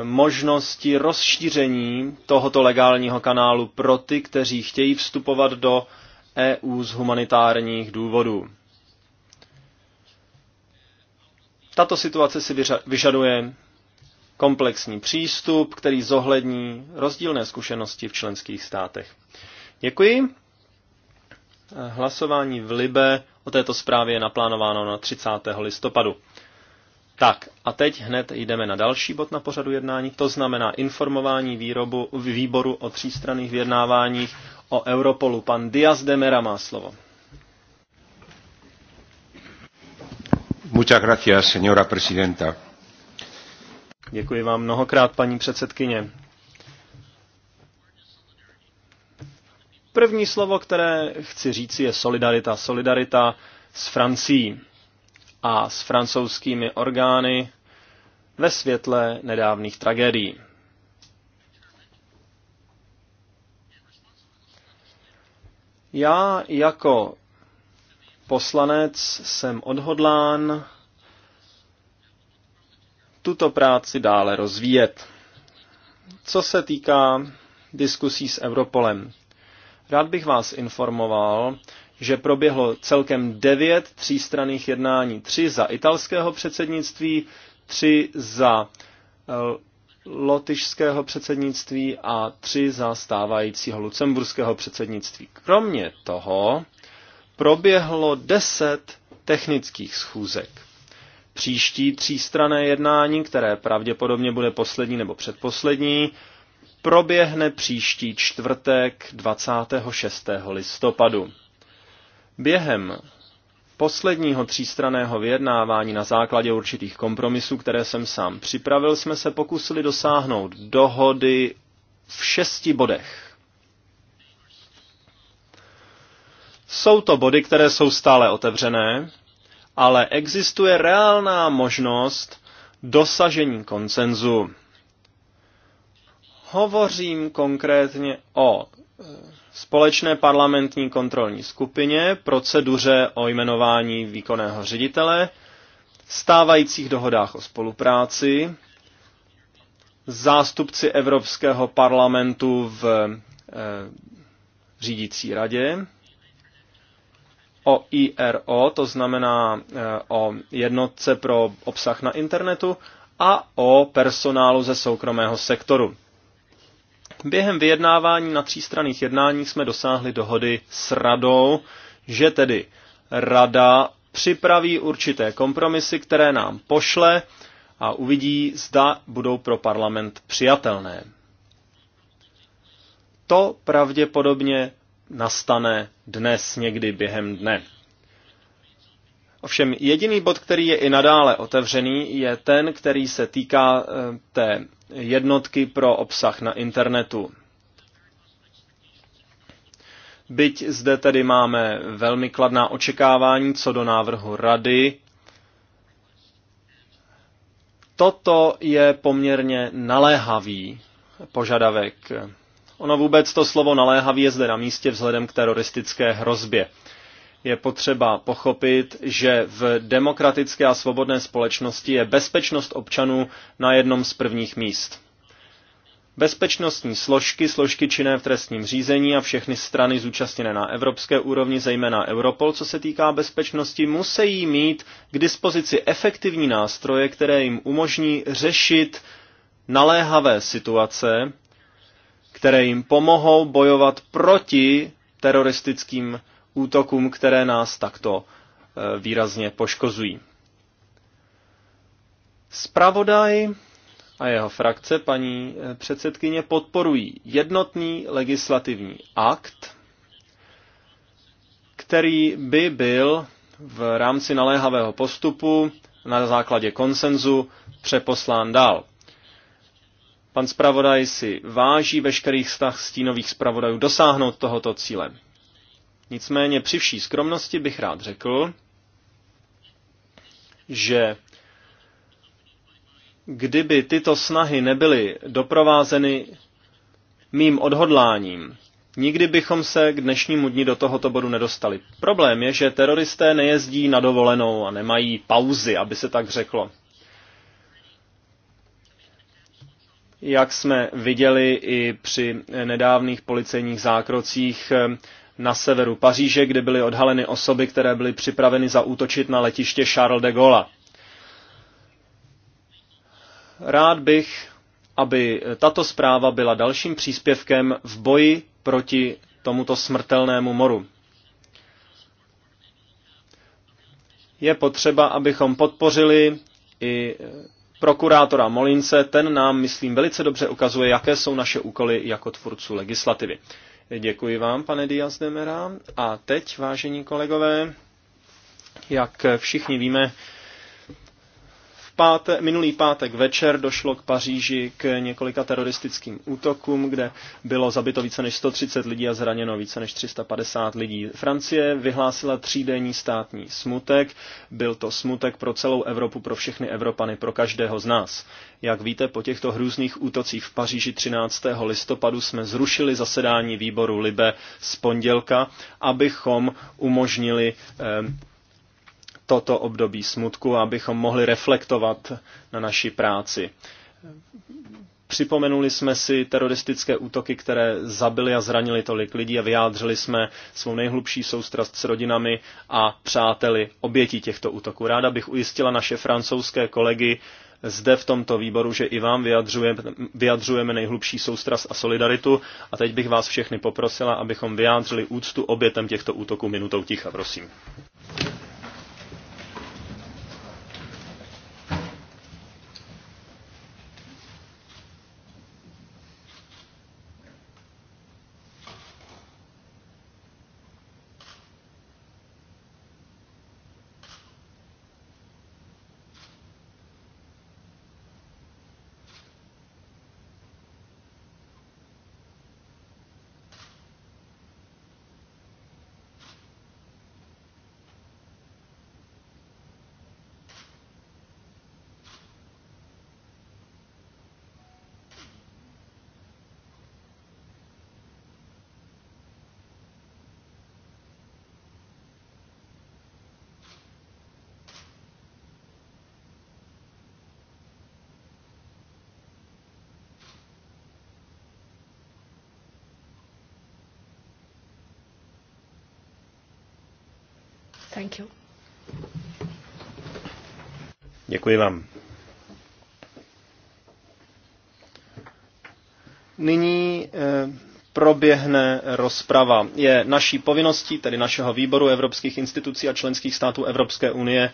Speaker 2: eh, možnosti rozšíření tohoto legálního kanálu pro ty, kteří chtějí vstupovat do EU z humanitárních důvodů. Tato situace si vyžaduje komplexní přístup, který zohlední rozdílné zkušenosti v členských státech. Děkuji. Hlasování v Libe o této zprávě je naplánováno na 30. listopadu. Tak a teď hned jdeme na další bod na pořadu jednání, to znamená informování výrobu, výboru o třístranných vyjednáváních o Europolu. Pan Diaz de Mera má slovo.
Speaker 1: Muchas gracias, señora presidenta.
Speaker 2: Děkuji vám mnohokrát, paní předsedkyně. První slovo, které chci říci, je solidarita. Solidarita s Francií a s francouzskými orgány ve světle nedávných tragédií. Já jako poslanec jsem odhodlán tuto práci dále rozvíjet. Co se týká diskusí s Europolem, Rád bych vás informoval, že proběhlo celkem devět třístranných jednání. Tři za italského předsednictví, tři za eh, lotyšského předsednictví a tři za stávajícího lucemburského předsednictví. Kromě toho proběhlo deset technických schůzek. Příští třístrané jednání, které pravděpodobně bude poslední nebo předposlední, proběhne příští čtvrtek 26. listopadu. Během posledního třístraného vyjednávání na základě určitých kompromisů, které jsem sám připravil, jsme se pokusili dosáhnout dohody v šesti bodech. Jsou to body, které jsou stále otevřené, ale existuje reálná možnost dosažení koncenzu. Hovořím konkrétně o e, společné parlamentní kontrolní skupině, proceduře o jmenování výkonného ředitele, stávajících dohodách o spolupráci, zástupci Evropského parlamentu v e, řídící radě, o IRO, to znamená e, o jednotce pro obsah na internetu, a o personálu ze soukromého sektoru. Během vyjednávání na třístranných jednáních jsme dosáhli dohody s radou, že tedy rada připraví určité kompromisy, které nám pošle a uvidí, zda budou pro parlament přijatelné. To pravděpodobně nastane dnes někdy během dne. Ovšem jediný bod, který je i nadále otevřený, je ten, který se týká eh, té jednotky pro obsah na internetu. Byť zde tedy máme velmi kladná očekávání co do návrhu rady, toto je poměrně naléhavý požadavek. Ono vůbec to slovo naléhavý je zde na místě vzhledem k teroristické hrozbě je potřeba pochopit, že v demokratické a svobodné společnosti je bezpečnost občanů na jednom z prvních míst. Bezpečnostní složky, složky činné v trestním řízení a všechny strany zúčastněné na evropské úrovni, zejména Europol, co se týká bezpečnosti, musí mít k dispozici efektivní nástroje, které jim umožní řešit naléhavé situace, které jim pomohou bojovat proti teroristickým útokům, které nás takto eh, výrazně poškozují. Spravodaj a jeho frakce, paní eh, předsedkyně, podporují jednotný legislativní akt, který by byl v rámci naléhavého postupu na základě konsenzu přeposlán dál. Pan zpravodaj si váží veškerých vztah stínových zpravodajů dosáhnout tohoto cíle. Nicméně při vší skromnosti bych rád řekl, že kdyby tyto snahy nebyly doprovázeny mým odhodláním, nikdy bychom se k dnešnímu dni do tohoto bodu nedostali. Problém je, že teroristé nejezdí na dovolenou a nemají pauzy, aby se tak řeklo. Jak jsme viděli i při nedávných policejních zákrocích, na severu Paříže, kde byly odhaleny osoby, které byly připraveny zaútočit na letiště Charles de Gaulle. Rád bych, aby tato zpráva byla dalším příspěvkem v boji proti tomuto smrtelnému moru. Je potřeba, abychom podpořili i prokurátora Molince, ten nám, myslím, velice dobře ukazuje, jaké jsou naše úkoly jako tvůrců legislativy. Děkuji vám, pane Diaz Demera. A teď, vážení kolegové, jak všichni víme, pátek, minulý pátek večer došlo k Paříži k několika teroristickým útokům, kde bylo zabito více než 130 lidí a zraněno více než 350 lidí. Francie vyhlásila třídenní státní smutek. Byl to smutek pro celou Evropu, pro všechny Evropany, pro každého z nás. Jak víte, po těchto hrůzných útocích v Paříži 13. listopadu jsme zrušili zasedání výboru Libe z pondělka, abychom umožnili eh, toto období smutku, abychom mohli reflektovat na naší práci. Připomenuli jsme si teroristické útoky, které zabily a zranili tolik lidí a vyjádřili jsme svou nejhlubší soustrast s rodinami a přáteli obětí těchto útoků. Ráda bych ujistila naše francouzské kolegy zde v tomto výboru, že i vám vyjadřujeme, vyjadřujeme nejhlubší soustrast a solidaritu. A teď bych vás všechny poprosila, abychom vyjádřili úctu obětem těchto útoků minutou ticha, prosím. Děkuji vám. Nyní eh, proběhne rozprava. Je naší povinností, tedy našeho výboru evropských institucí a členských států Evropské unie,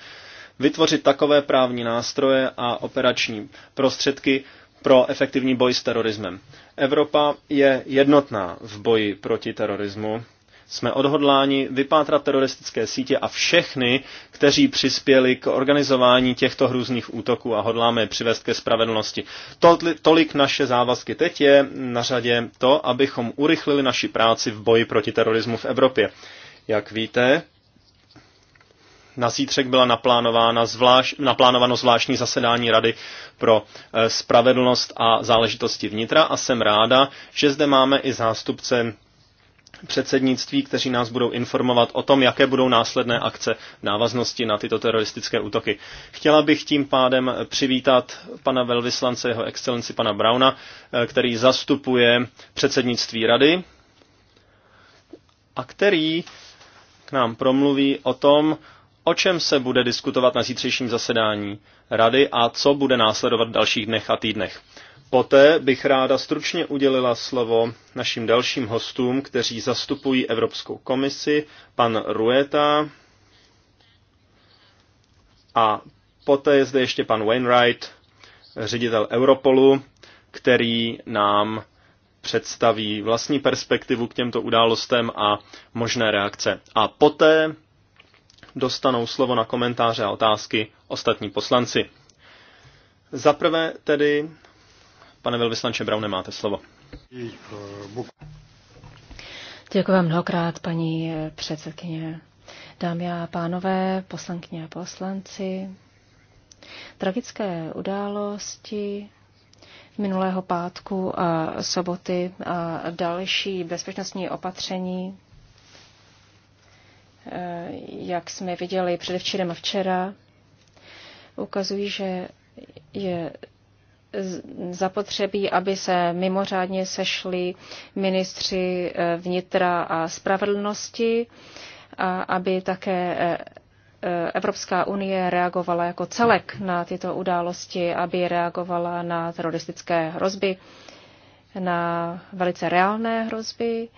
Speaker 2: vytvořit takové právní nástroje a operační prostředky pro efektivní boj s terorismem. Evropa je jednotná v boji proti terorismu jsme odhodláni vypátrat teroristické sítě a všechny, kteří přispěli k organizování těchto hrůzných útoků a hodláme je přivést ke spravedlnosti. Tolik naše závazky. Teď je na řadě to, abychom urychlili naši práci v boji proti terorismu v Evropě. Jak víte, na zítřek byla naplánována zvláš- naplánováno zvláštní zasedání Rady pro eh, spravedlnost a záležitosti vnitra a jsem ráda, že zde máme i zástupce předsednictví, kteří nás budou informovat o tom, jaké budou následné akce v návaznosti na tyto teroristické útoky. Chtěla bych tím pádem přivítat pana velvyslance, jeho excelenci pana Brauna, eh, který zastupuje předsednictví rady a který k nám promluví o tom, o čem se bude diskutovat na zítřejším zasedání rady a co bude následovat v dalších dnech a týdnech. Poté bych ráda stručně udělila slovo našim dalším hostům, kteří zastupují Evropskou komisi, pan Rueta a poté je zde ještě pan Wainwright, ředitel Europolu, který nám představí vlastní perspektivu k těmto událostem a možné reakce. A poté dostanou slovo na komentáře a otázky ostatní poslanci. Zaprvé tedy Pane velvyslanče Braune, máte slovo.
Speaker 1: Děkuji vám mnohokrát, paní předsedkyně. Dámy a pánové, poslankyně a poslanci, tragické události minulého pátku a soboty a další bezpečnostní opatření, eh, jak jsme viděli předevčírem a včera, ukazují, že je zapotřebí, aby se mimořádně sešli ministři eh, vnitra a spravedlnosti a aby také eh, eh, Evropská unie reagovala jako celek na tyto události, aby reagovala na teroristické hrozby, na velice reálné hrozby,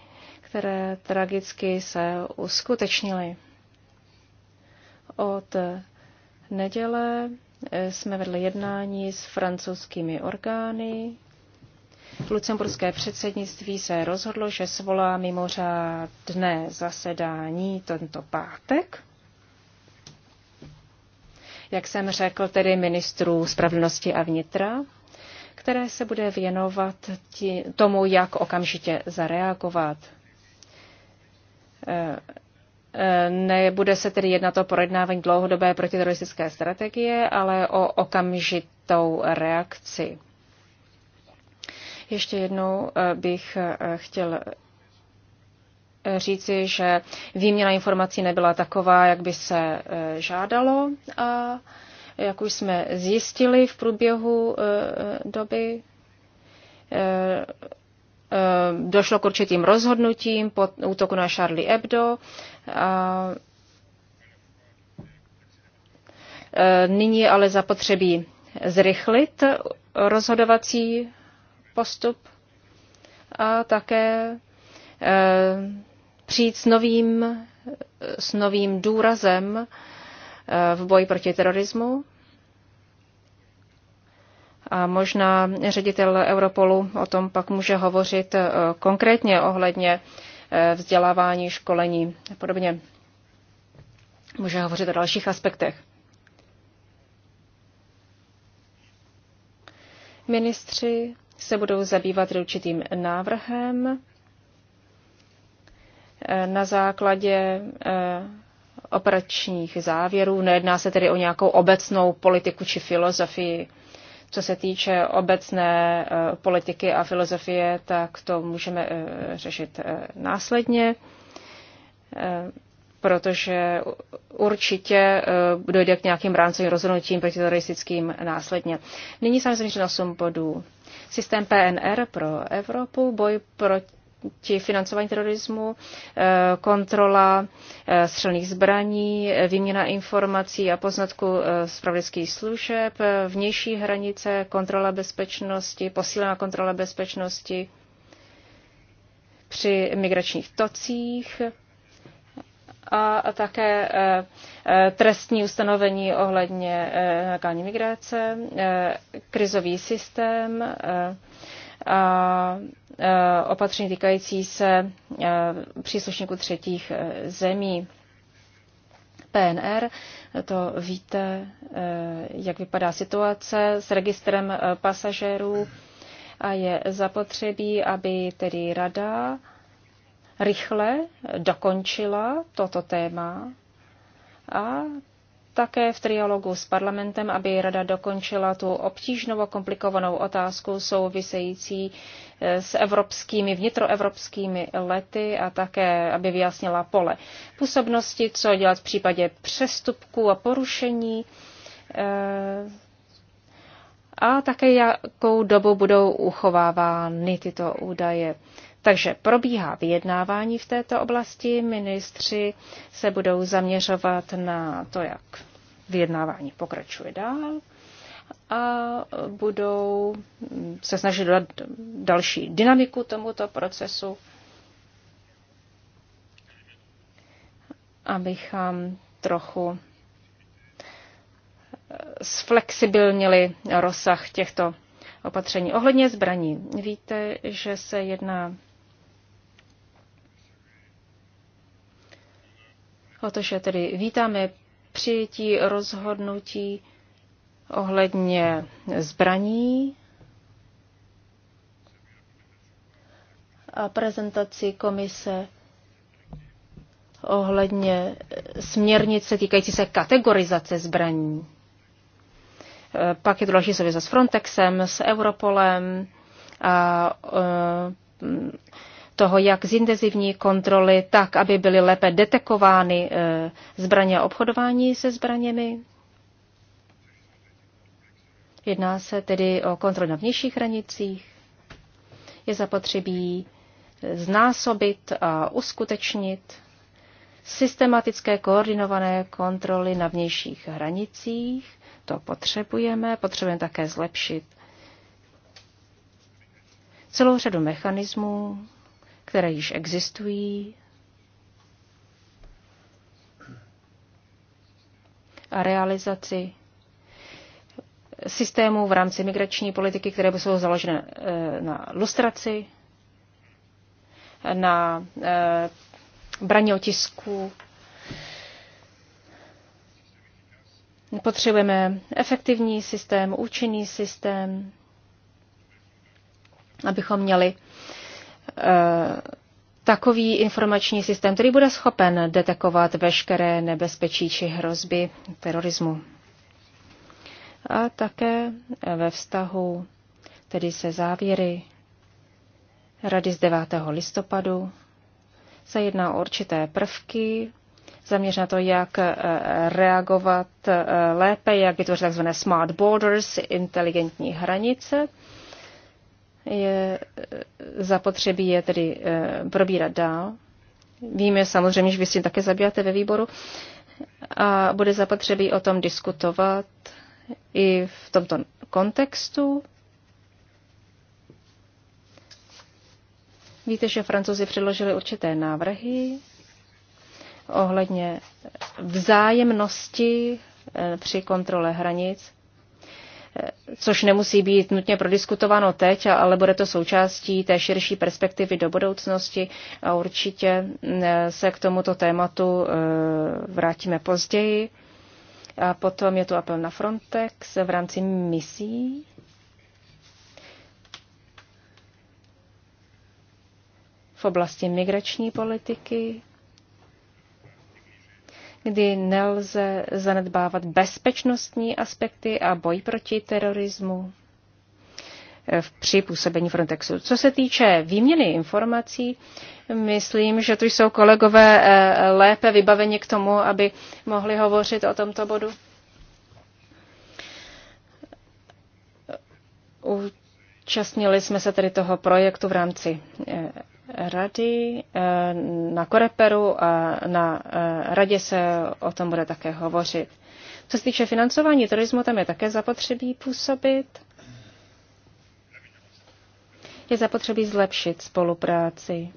Speaker 1: které tragicky se uskutečnily. Od neděle Eh, jsme vedli jednání s francouzskými orgány. Lucemburské předsednictví se rozhodlo, že svolá mimořádné zasedání tento pátek. Jak jsem řekl, tedy ministrů spravedlnosti a vnitra, které se bude věnovat tí, tomu, jak okamžitě zareagovat eh, Nebude se tedy jednat o projednávání dlouhodobé protiteroristické strategie, ale o okamžitou reakci. Ještě jednou eh, bych eh, chtěl eh, říci, že výměna informací nebyla taková, jak by se žádalo a jak už jsme zjistili v průběhu doby, Eh, došlo k určitým rozhodnutím po útoku na Charlie Hebdo. Eh, nyní je ale zapotřebí zrychlit rozhodovací postup a také eh, přijít s novým, s novým důrazem v boji proti terorismu. A možná ředitel Europolu o tom pak může hovořit eh, konkrétně ohledně eh, vzdělávání, školení a podobně. Může hovořit o dalších aspektech. Ministři se budou zabývat určitým návrhem eh, na základě operačních závěrů. Nejedná se tedy o nějakou obecnou politiku či filozofii co se týče obecné eh, politiky a filozofie, tak to můžeme eh, řešit eh, následně, protože určitě dojde k nějakým rámcovým rozhodnutím protiteroristickým následně. Nyní samozřejmě na 8 bodů. Systém PNR pro Evropu, boj proti proti financování terorismu, eh, kontrola eh, střelných zbraní, eh, výměna informací a poznatku pravdických služeb, vnější hranice, kontrola bezpečnosti, posílená kontrola bezpečnosti při migračních tocích a také trestní ustanovení ohledně legální migrace, krizový systém, a opatření týkající se příslušníků třetích e, zemí. PNR, to víte, e, jak vypadá situace s registrem e, pasažérů a je zapotřebí, aby tedy rada rychle dokončila toto téma a také v trialogu s parlamentem, aby rada dokončila tu obtížnou a komplikovanou otázku související eh, s evropskými, vnitroevropskými lety a také, aby vyjasnila pole působnosti, co dělat v případě přestupků a porušení eh, a také jakou dobu budou uchovávány tyto údaje. Takže probíhá vyjednávání v této oblasti. Ministři se budou zaměřovat na to, jak vyjednávání pokračuje dál a budou se snažit dodat další dynamiku tomuto procesu, abychom trochu zflexibilnili rozsah těchto opatření. Ohledně zbraní. Víte, že se jedná protože tedy vítáme přijetí rozhodnutí ohledně zbraní a prezentaci komise ohledně směrnice týkající se kategorizace zbraní. Pak je to další souvislost s Frontexem, s Europolem a e, toho, jak zintenzivní kontroly, tak, aby byly lépe detekovány eh, zbraně a obchodování se zbraněmi. Jedná se tedy o kontrol na vnějších hranicích. Je zapotřebí eh, znásobit a uskutečnit systematické koordinované kontroly na vnějších hranicích. To potřebujeme. Potřebujeme také zlepšit celou řadu mechanismů, které již existují, a realizaci systémů v rámci migrační politiky, které by jsou založeny eh, na lustraci, na eh, braní otisku. Potřebujeme efektivní systém, účinný systém, abychom měli Eh, takový informační systém, který bude schopen detekovat veškeré nebezpečí či hrozby terorismu. A také ve vztahu tedy se závěry Rady z 9. listopadu se jedná o určité prvky, zaměř na to, jak eh, reagovat eh, lépe, jak vytvořit tzv. smart borders, inteligentní hranice, je e, zapotřebí je tedy e, probírat dál. Víme samozřejmě, že vy si také zabíjáte ve výboru a bude zapotřebí o tom diskutovat i v tomto kontextu. Víte, že francouzi předložili určité návrhy ohledně vzájemnosti e, při kontrole hranic což nemusí být nutně prodiskutováno teď, ale bude to součástí té širší perspektivy do budoucnosti a určitě mm, se k tomuto tématu eh, vrátíme později. A potom je tu apel na Frontex v rámci misí. v oblasti migrační politiky kdy nelze zanedbávat bezpečnostní aspekty a boj proti terorismu eh, v působení Frontexu. Co se týče výměny informací, myslím, že tu jsou kolegové eh, lépe vybaveni k tomu, aby mohli hovořit o tomto bodu. Účastnili jsme se tedy toho projektu v rámci eh, rady eh, na Koreperu a na eh, radě se o tom bude také hovořit. Co se týče financování turismu, tam je také zapotřebí působit. Je zapotřebí zlepšit spolupráci.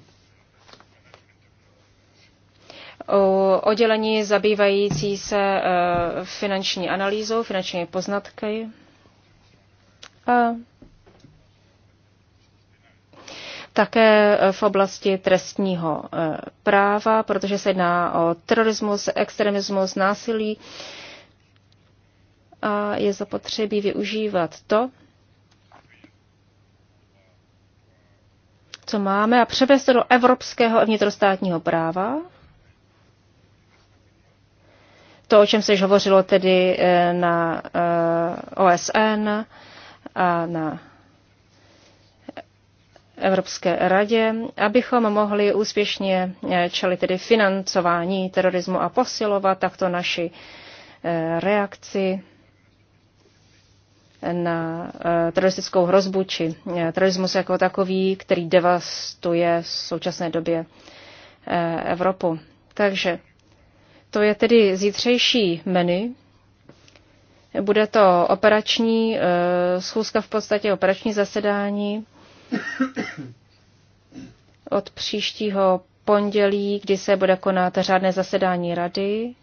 Speaker 1: Oddělení zabývající se eh, finanční analýzou, finanční poznatky a také v oblasti trestního eh, práva, protože se jedná o terorismus, extremismus, násilí a je zapotřebí využívat to, co máme a převést to do evropského a vnitrostátního práva. To, o čem se již hovořilo tedy eh, na eh, OSN a na Evropské radě, abychom mohli úspěšně eh, čelit tedy financování terorismu a posilovat takto naši eh, reakci na eh, teroristickou hrozbu či terorismus jako takový, který devastuje v současné době Evropu. Takže to je tedy zítřejší menu. Bude to operační schůzka v podstatě, operační zasedání od příštího pondělí, kdy se bude konat řádné zasedání rady.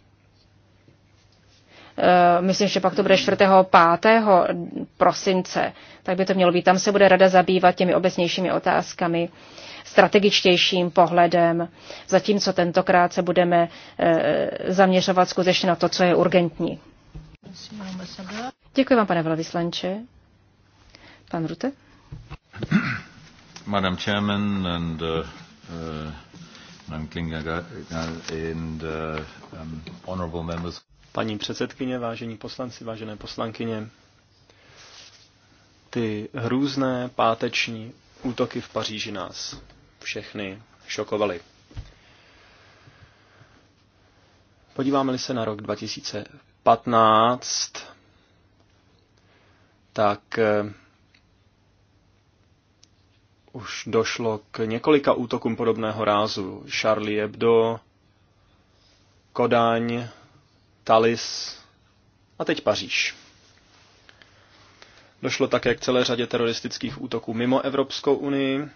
Speaker 1: Eh, myslím, že pak to bude 4. 5. prosince, tak by to mělo být. Tam se bude rada zabývat těmi obecnějšími otázkami, strategičtějším pohledem, zatímco tentokrát se budeme eh, zaměřovat skutečně na to, co je urgentní. Děkuji vám, pane velvyslanče. Pan Rute? Madam Chairman and uh, uh, and uh, um, honorable members.
Speaker 2: Paní předsedkyně, vážení poslanci, vážené poslankyně, ty hrůzné páteční útoky v Paříži nás všechny šokovaly. Podíváme-li se na rok 2015, tak eh, už došlo k několika útokům podobného rázu. Charlie Hebdo, Kodaň, Talis a teď Paříž. Došlo také k celé řadě teroristických útoků mimo Evropskou unii.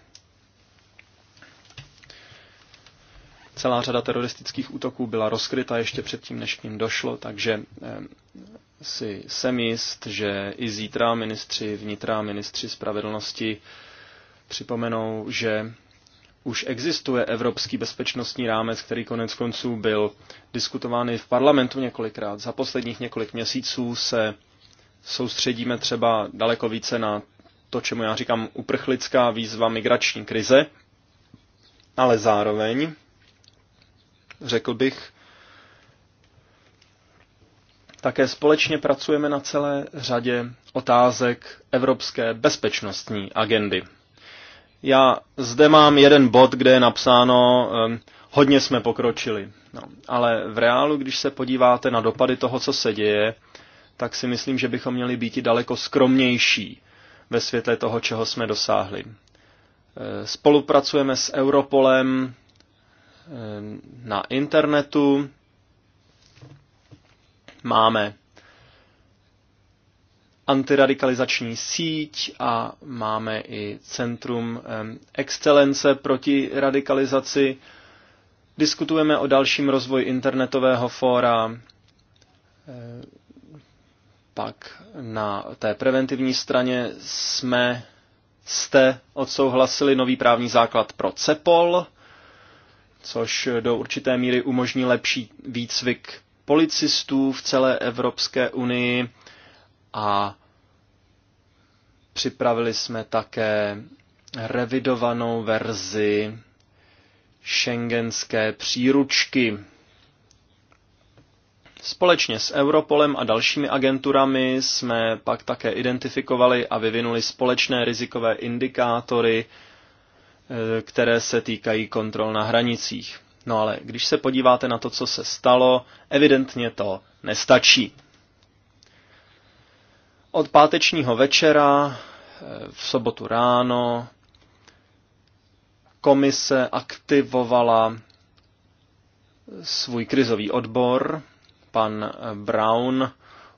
Speaker 2: Celá řada teroristických útoků byla rozkryta ještě předtím, než k ním došlo, takže eh, si jsem jist, že i zítra ministři vnitra, ministři spravedlnosti připomenou, že už existuje evropský bezpečnostní rámec, který konec konců byl diskutován i v parlamentu několikrát. Za posledních několik měsíců se soustředíme třeba daleko více na to, čemu já říkám uprchlická výzva migrační krize, ale zároveň, řekl bych, také společně pracujeme na celé řadě otázek evropské bezpečnostní agendy. Já zde mám jeden bod, kde je napsáno, ehm, hodně jsme pokročili. No, ale v reálu, když se podíváte na dopady toho, co se děje, tak si myslím, že bychom měli být i daleko skromnější ve světle toho, čeho jsme dosáhli. Ehm, spolupracujeme s Europolem ehm, na internetu, máme antiradikalizační síť a máme i Centrum excelence proti radikalizaci. Diskutujeme o dalším rozvoji internetového fóra, pak na té preventivní straně jsme, jste odsouhlasili nový právní základ pro CEPOL, což do určité míry umožní lepší výcvik policistů v celé Evropské unii a připravili jsme také revidovanou verzi šengenské příručky. Společně s Europolem a dalšími agenturami jsme pak také identifikovali a vyvinuli společné rizikové indikátory, e, které se týkají kontrol na hranicích. No ale když se podíváte na to, co se stalo, evidentně to nestačí. Od pátečního večera, eh, v sobotu ráno, komise aktivovala svůj krizový odbor. Pan Brown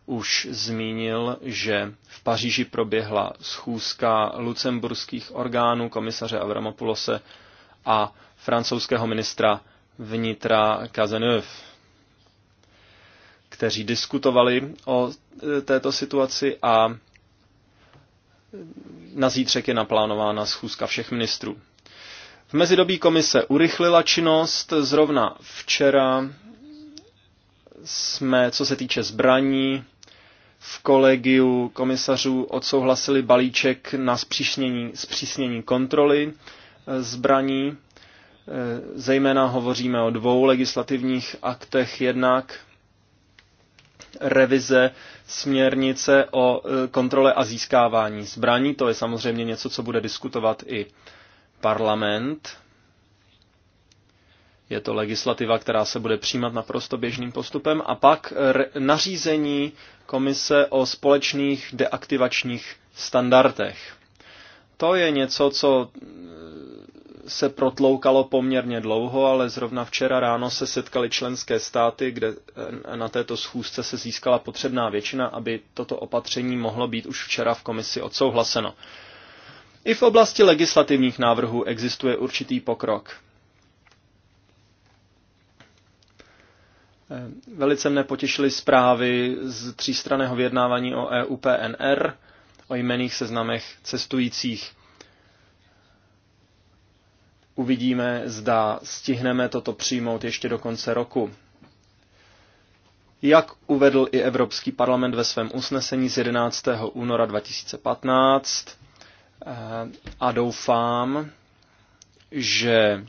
Speaker 2: už zmínil, že v Paříži proběhla schůzka lucemburských orgánů komisaře Avramopulose a francouzského ministra vnitra Cazeneuve kteří diskutovali o e, této situaci a na zítřek je naplánována schůzka všech ministrů. V mezidobí komise urychlila činnost. Zrovna včera jsme, co se týče zbraní, v kolegiu komisařů odsouhlasili balíček na zpřísnění, zpřísnění kontroly e, zbraní. E, zejména hovoříme o dvou legislativních aktech. Jednak revize směrnice o e, kontrole a získávání zbraní. To je samozřejmě něco, co bude diskutovat i parlament. Je to legislativa, která se bude přijímat naprosto běžným postupem. A pak e, nařízení komise o společných deaktivačních standardech. To je něco, co eh, se protloukalo poměrně dlouho, ale zrovna včera ráno se setkali členské státy, kde eh, na této schůzce se získala potřebná většina, aby toto opatření mohlo být už včera v komisi odsouhlaseno. I v oblasti legislativních návrhů existuje určitý pokrok. Eh, velice mne potěšily zprávy z třístraného vědnávání o EUPNR o jmených seznamech cestujících. Uvidíme, zda stihneme toto přijmout ještě do konce roku. Jak uvedl i Evropský parlament ve svém usnesení z 11. února 2015, eh, a doufám, že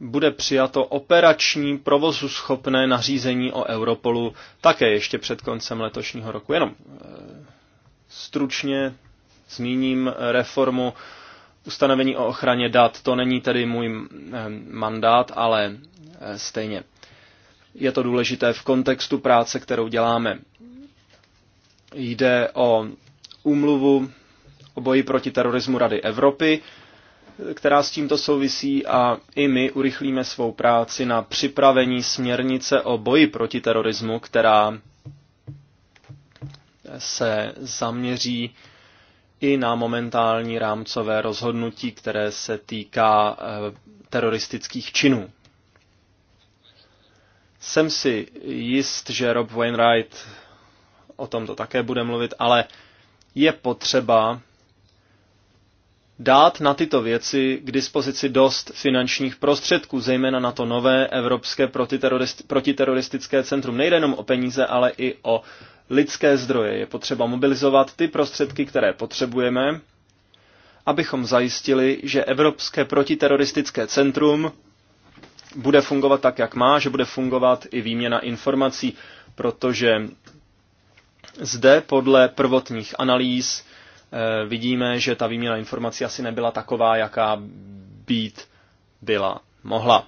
Speaker 2: bude přijato operační provozu schopné nařízení o Europolu také ještě před koncem letošního roku. Jenom eh, stručně zmíním eh, reformu ustanovení o ochraně dat. To není tedy můj eh, mandát, ale stejně je to důležité v kontextu práce, kterou děláme. Jde o úmluvu o boji proti terorismu Rady Evropy, která s tímto souvisí a i my urychlíme svou práci na připravení směrnice o boji proti terorismu, která se zaměří i na momentální rámcové rozhodnutí, které se týká eh, teroristických činů. Jsem si jist, že Rob Wainwright o tomto také bude mluvit, ale je potřeba dát na tyto věci k dispozici dost finančních prostředků, zejména na to nové Evropské protiteroristické centrum. Nejde jenom o peníze, ale i o lidské zdroje. Je potřeba mobilizovat ty prostředky, které potřebujeme, abychom zajistili, že Evropské protiteroristické centrum bude fungovat tak, jak má, že bude fungovat i výměna informací, protože zde podle prvotních analýz Eh, vidíme, že ta výměna informací asi nebyla taková, jaká být byla mohla.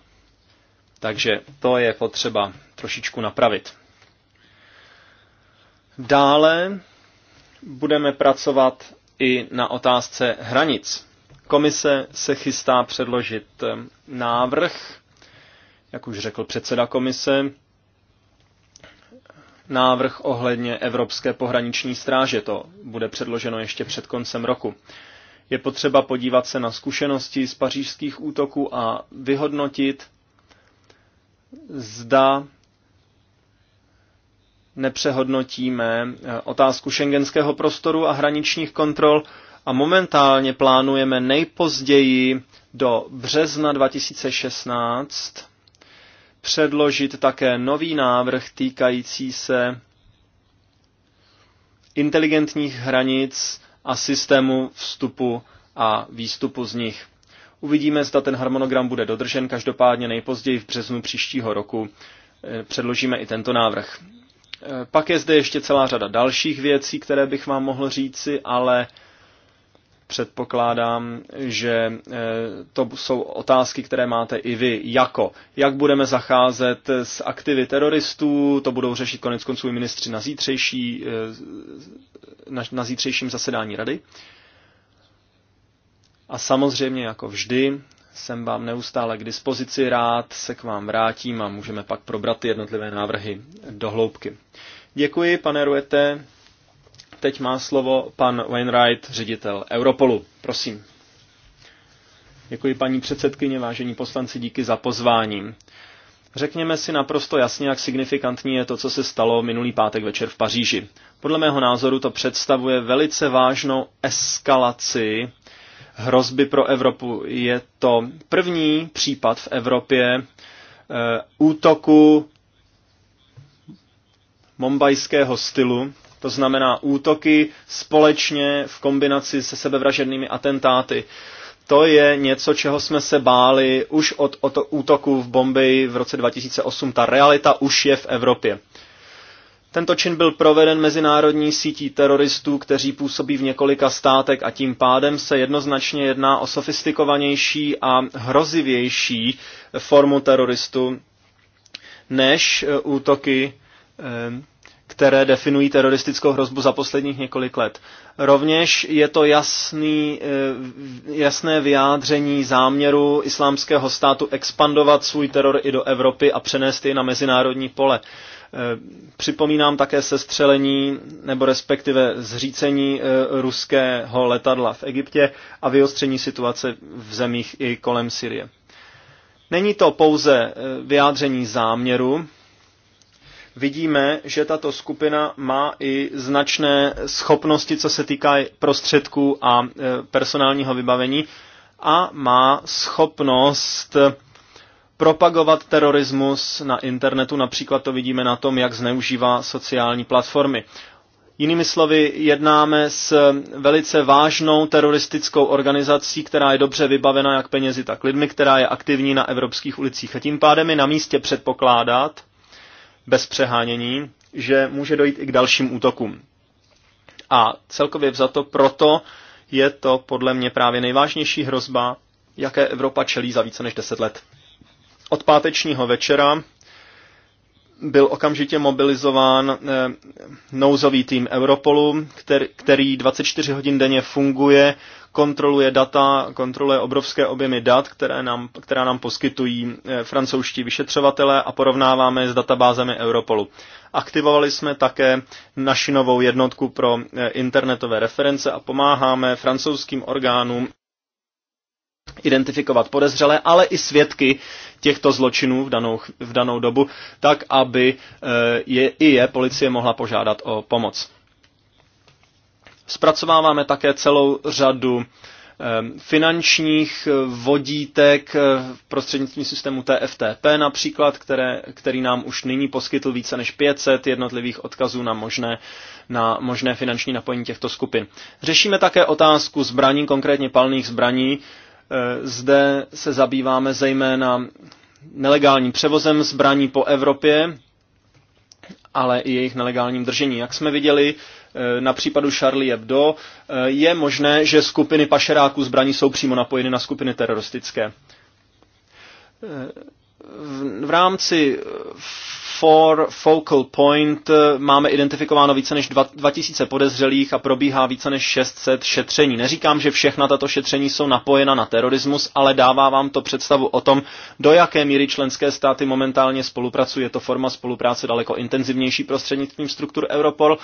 Speaker 2: Takže to je potřeba trošičku napravit. Dále budeme pracovat i na otázce hranic. Komise se chystá předložit eh, návrh, jak už řekl předseda komise, návrh ohledně Evropské pohraniční stráže. To bude předloženo ještě před koncem roku. Je potřeba podívat se na zkušenosti z pařížských útoků a vyhodnotit, zda nepřehodnotíme eh, otázku šengenského prostoru a hraničních kontrol a momentálně plánujeme nejpozději do března 2016 předložit také nový návrh týkající se inteligentních hranic a systému vstupu a výstupu z nich. Uvidíme, zda ten harmonogram bude dodržen. Každopádně nejpozději v březnu příštího roku eh, předložíme i tento návrh. Eh, pak je zde ještě celá řada dalších věcí, které bych vám mohl říci, ale předpokládám, že eh, to jsou otázky, které máte i vy, jako jak budeme zacházet s aktivy teroristů, to budou řešit konec konců i ministři na, zítřejší, eh, na, zítřejším zasedání rady. A samozřejmě, jako vždy, jsem vám neustále k dispozici, rád se k vám vrátím a můžeme pak probrat ty jednotlivé návrhy do hloubky. Děkuji, pane Ruete teď má slovo pan Wainwright, ředitel Europolu. Prosím. Děkuji paní předsedkyně, vážení poslanci, díky za pozvání. Řekněme si naprosto jasně, jak signifikantní je to, co se stalo minulý pátek večer v Paříži. Podle mého názoru to představuje velice vážnou eskalaci hrozby pro Evropu. Je to první případ v Evropě e, útoku mumbajského stylu, to znamená útoky společně v kombinaci se sebevražednými atentáty. To je něco, čeho jsme se báli už od, od útoku v Bombeji v roce 2008. Ta realita už je v Evropě. Tento čin byl proveden mezinárodní sítí teroristů, kteří působí v několika státech a tím pádem se jednoznačně jedná o sofistikovanější a hrozivější formu teroristů než eh, útoky eh, které definují teroristickou hrozbu za posledních několik let. Rovněž je to jasný, eh, jasné vyjádření záměru islámského státu expandovat svůj teror i do Evropy a přenést ji na mezinárodní pole. Eh, připomínám také sestřelení nebo respektive zřícení eh, ruského letadla v Egyptě a vyostření situace v zemích i kolem Syrie. Není to pouze vyjádření záměru, vidíme, že tato skupina má i značné schopnosti, co se týká prostředků a e, personálního vybavení a má schopnost e, propagovat terorismus na internetu. Například to vidíme na tom, jak zneužívá sociální platformy. Jinými slovy, jednáme s velice vážnou teroristickou organizací, která je dobře vybavena jak penězi, tak lidmi, která je aktivní na evropských ulicích. A tím pádem je na místě předpokládat, bez přehánění, že může dojít i k dalším útokům. A celkově vzato proto je to podle mě právě nejvážnější hrozba, jaké Evropa čelí za více než deset let. Od pátečního večera byl okamžitě mobilizován eh, nouzový tým Europolu, který 24 hodin denně funguje, kontroluje data, kontroluje obrovské objemy dat, které nám, která nám poskytují eh, francouzští vyšetřovatelé a porovnáváme s databázemi Europolu. Aktivovali jsme také naši novou jednotku pro eh, internetové reference a pomáháme francouzským orgánům identifikovat podezřelé, ale i svědky těchto zločinů v danou, v danou dobu, tak aby eh, je, i je policie mohla požádat o pomoc. Zpracováváme také celou řadu eh, finančních eh, vodítek prostřednictvím systému TFTP například, které, který nám už nyní poskytl více než 500 jednotlivých odkazů na možné, na možné finanční napojení těchto skupin. Řešíme také otázku zbraní, konkrétně palných zbraní, Eh, zde se zabýváme zejména nelegálním převozem zbraní po Evropě, ale i jejich nelegálním držení. Jak jsme viděli eh, na případu Charlie Hebdo, eh, je možné, že skupiny pašeráků zbraní jsou přímo napojeny na skupiny teroristické. V rámci Four Focal Point eh, máme identifikováno více než 2000 podezřelých a probíhá více než 600 šetření. Neříkám, že všechna tato šetření jsou napojena na terorismus, ale dává vám to představu o tom, do jaké míry členské státy momentálně spolupracují. Je to forma spolupráce daleko intenzivnější prostřednictvím struktur Europol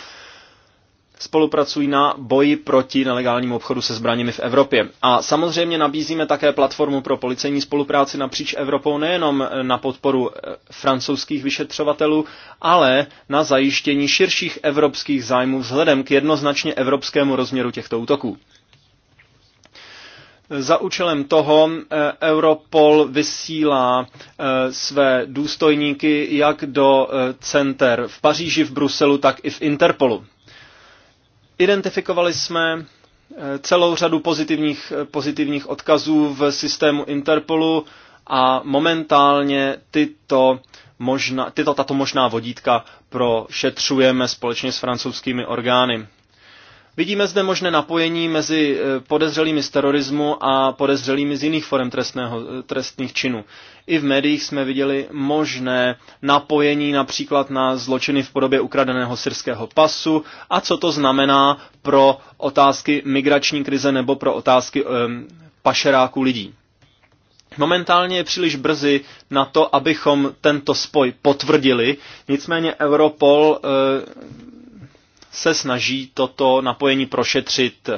Speaker 2: spolupracují na boji proti nelegálnímu obchodu se zbraněmi v Evropě. A samozřejmě nabízíme také platformu pro policejní spolupráci napříč Evropou nejenom na podporu eh, francouzských vyšetřovatelů, ale na zajištění širších evropských zájmů vzhledem k jednoznačně evropskému rozměru těchto útoků. Za účelem toho eh, Europol vysílá eh, své důstojníky jak do center v Paříži, v Bruselu, tak i v Interpolu. Identifikovali jsme eh, celou řadu pozitivních, eh, pozitivních odkazů v systému Interpolu a momentálně tyto, možná, tyto tato možná vodítka prošetřujeme společně s francouzskými orgány. Vidíme zde možné napojení mezi e, podezřelými z terorismu a podezřelými z jiných forem trestného, e, trestných činů. I v médiích jsme viděli možné napojení například na zločiny v podobě ukradeného syrského pasu a co to znamená pro otázky migrační krize nebo pro otázky um, pašeráků lidí. Momentálně je příliš brzy na to, abychom tento spoj potvrdili, nicméně Europol Uh, se snaží toto napojení prošetřit.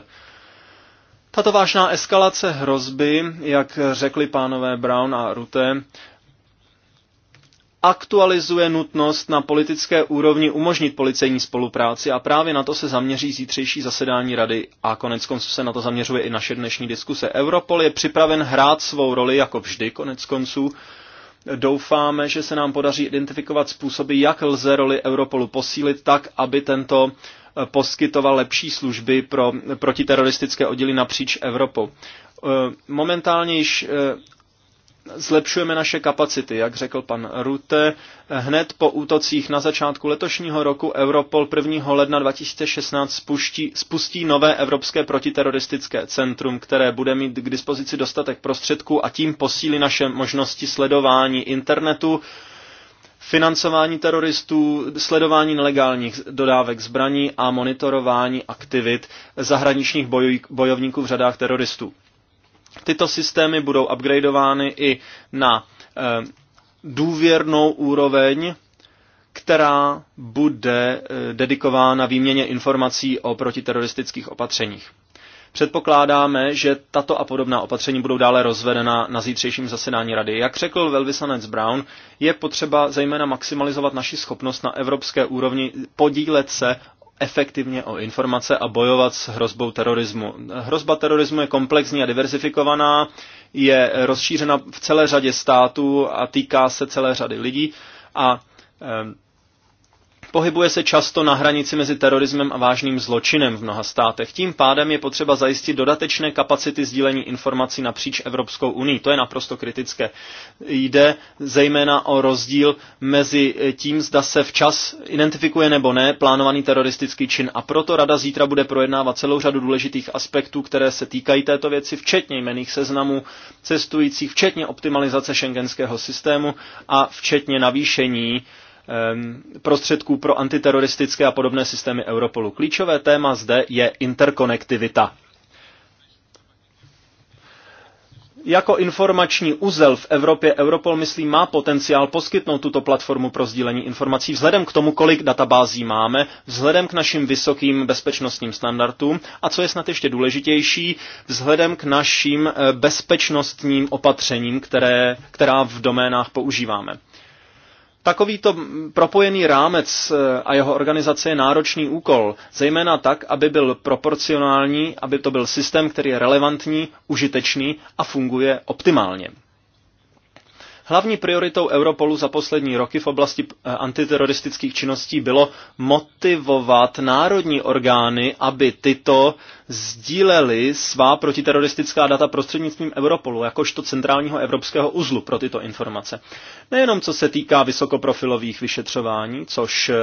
Speaker 2: Tato vážná eskalace hrozby, jak řekli pánové Brown a Rutte, aktualizuje nutnost na politické úrovni umožnit policejní spolupráci a právě na to se zaměří zítřejší zasedání rady a konec konců se na to zaměřuje i naše dnešní diskuse. Europol je připraven hrát svou roli jako vždy konec konců Doufáme, že se nám podaří identifikovat způsoby, jak lze roli Europolu posílit tak, aby tento eh, poskytoval lepší služby pro protiteroristické oddíly napříč Evropou. Eh, momentálně již eh, zlepšujeme naše kapacity, jak řekl pan Rute. Hned po útocích na začátku letošního roku Europol 1. ledna 2016 spuští, spustí nové Evropské protiteroristické centrum, které bude mít k dispozici dostatek prostředků a tím posílí naše možnosti sledování internetu, financování teroristů, sledování nelegálních dodávek zbraní a monitorování aktivit zahraničních bojovníků v řadách teroristů. Tyto systémy budou upgradeovány i na eh, důvěrnou úroveň, která bude eh, dedikována výměně informací o protiteroristických opatřeních. Předpokládáme, že tato a podobná opatření budou dále rozvedena na zítřejším zasedání rady. Jak řekl velvyslanec Brown, je potřeba zejména maximalizovat naši schopnost na evropské úrovni podílet se efektivně o informace a bojovat s hrozbou terorismu. Hrozba terorismu je komplexní a diversifikovaná, je rozšířena v celé řadě států a týká se celé řady lidí a Pohybuje se často na hranici mezi terorismem a vážným zločinem v mnoha státech. Tím pádem je potřeba zajistit dodatečné kapacity sdílení informací napříč Evropskou unii. To je naprosto kritické. Jde zejména o rozdíl mezi tím, zda se včas identifikuje nebo ne plánovaný teroristický čin. A proto Rada zítra bude projednávat celou řadu důležitých aspektů, které se týkají této věci, včetně jmených seznamů cestujících, včetně optimalizace šengenského systému a včetně navýšení Ehm, prostředků pro antiteroristické a podobné systémy Europolu. Klíčové téma zde je interkonektivita. Jako informační uzel v Evropě Europol, myslím, má potenciál poskytnout tuto platformu pro sdílení informací vzhledem k tomu, kolik databází máme, vzhledem k našim vysokým bezpečnostním standardům a co je snad ještě důležitější, vzhledem k našim eh, bezpečnostním opatřením, které, která v doménách používáme. Takovýto propojený rámec eh, a jeho organizace je náročný úkol, zejména tak, aby byl proporcionální, aby to byl systém, který je relevantní, užitečný a funguje optimálně. Hlavní prioritou Europolu za poslední roky v oblasti eh, antiteroristických činností bylo motivovat národní orgány, aby tyto sdílely svá protiteroristická data prostřednictvím Europolu, jakožto centrálního evropského uzlu pro tyto informace. Nejenom co se týká vysokoprofilových vyšetřování, což eh,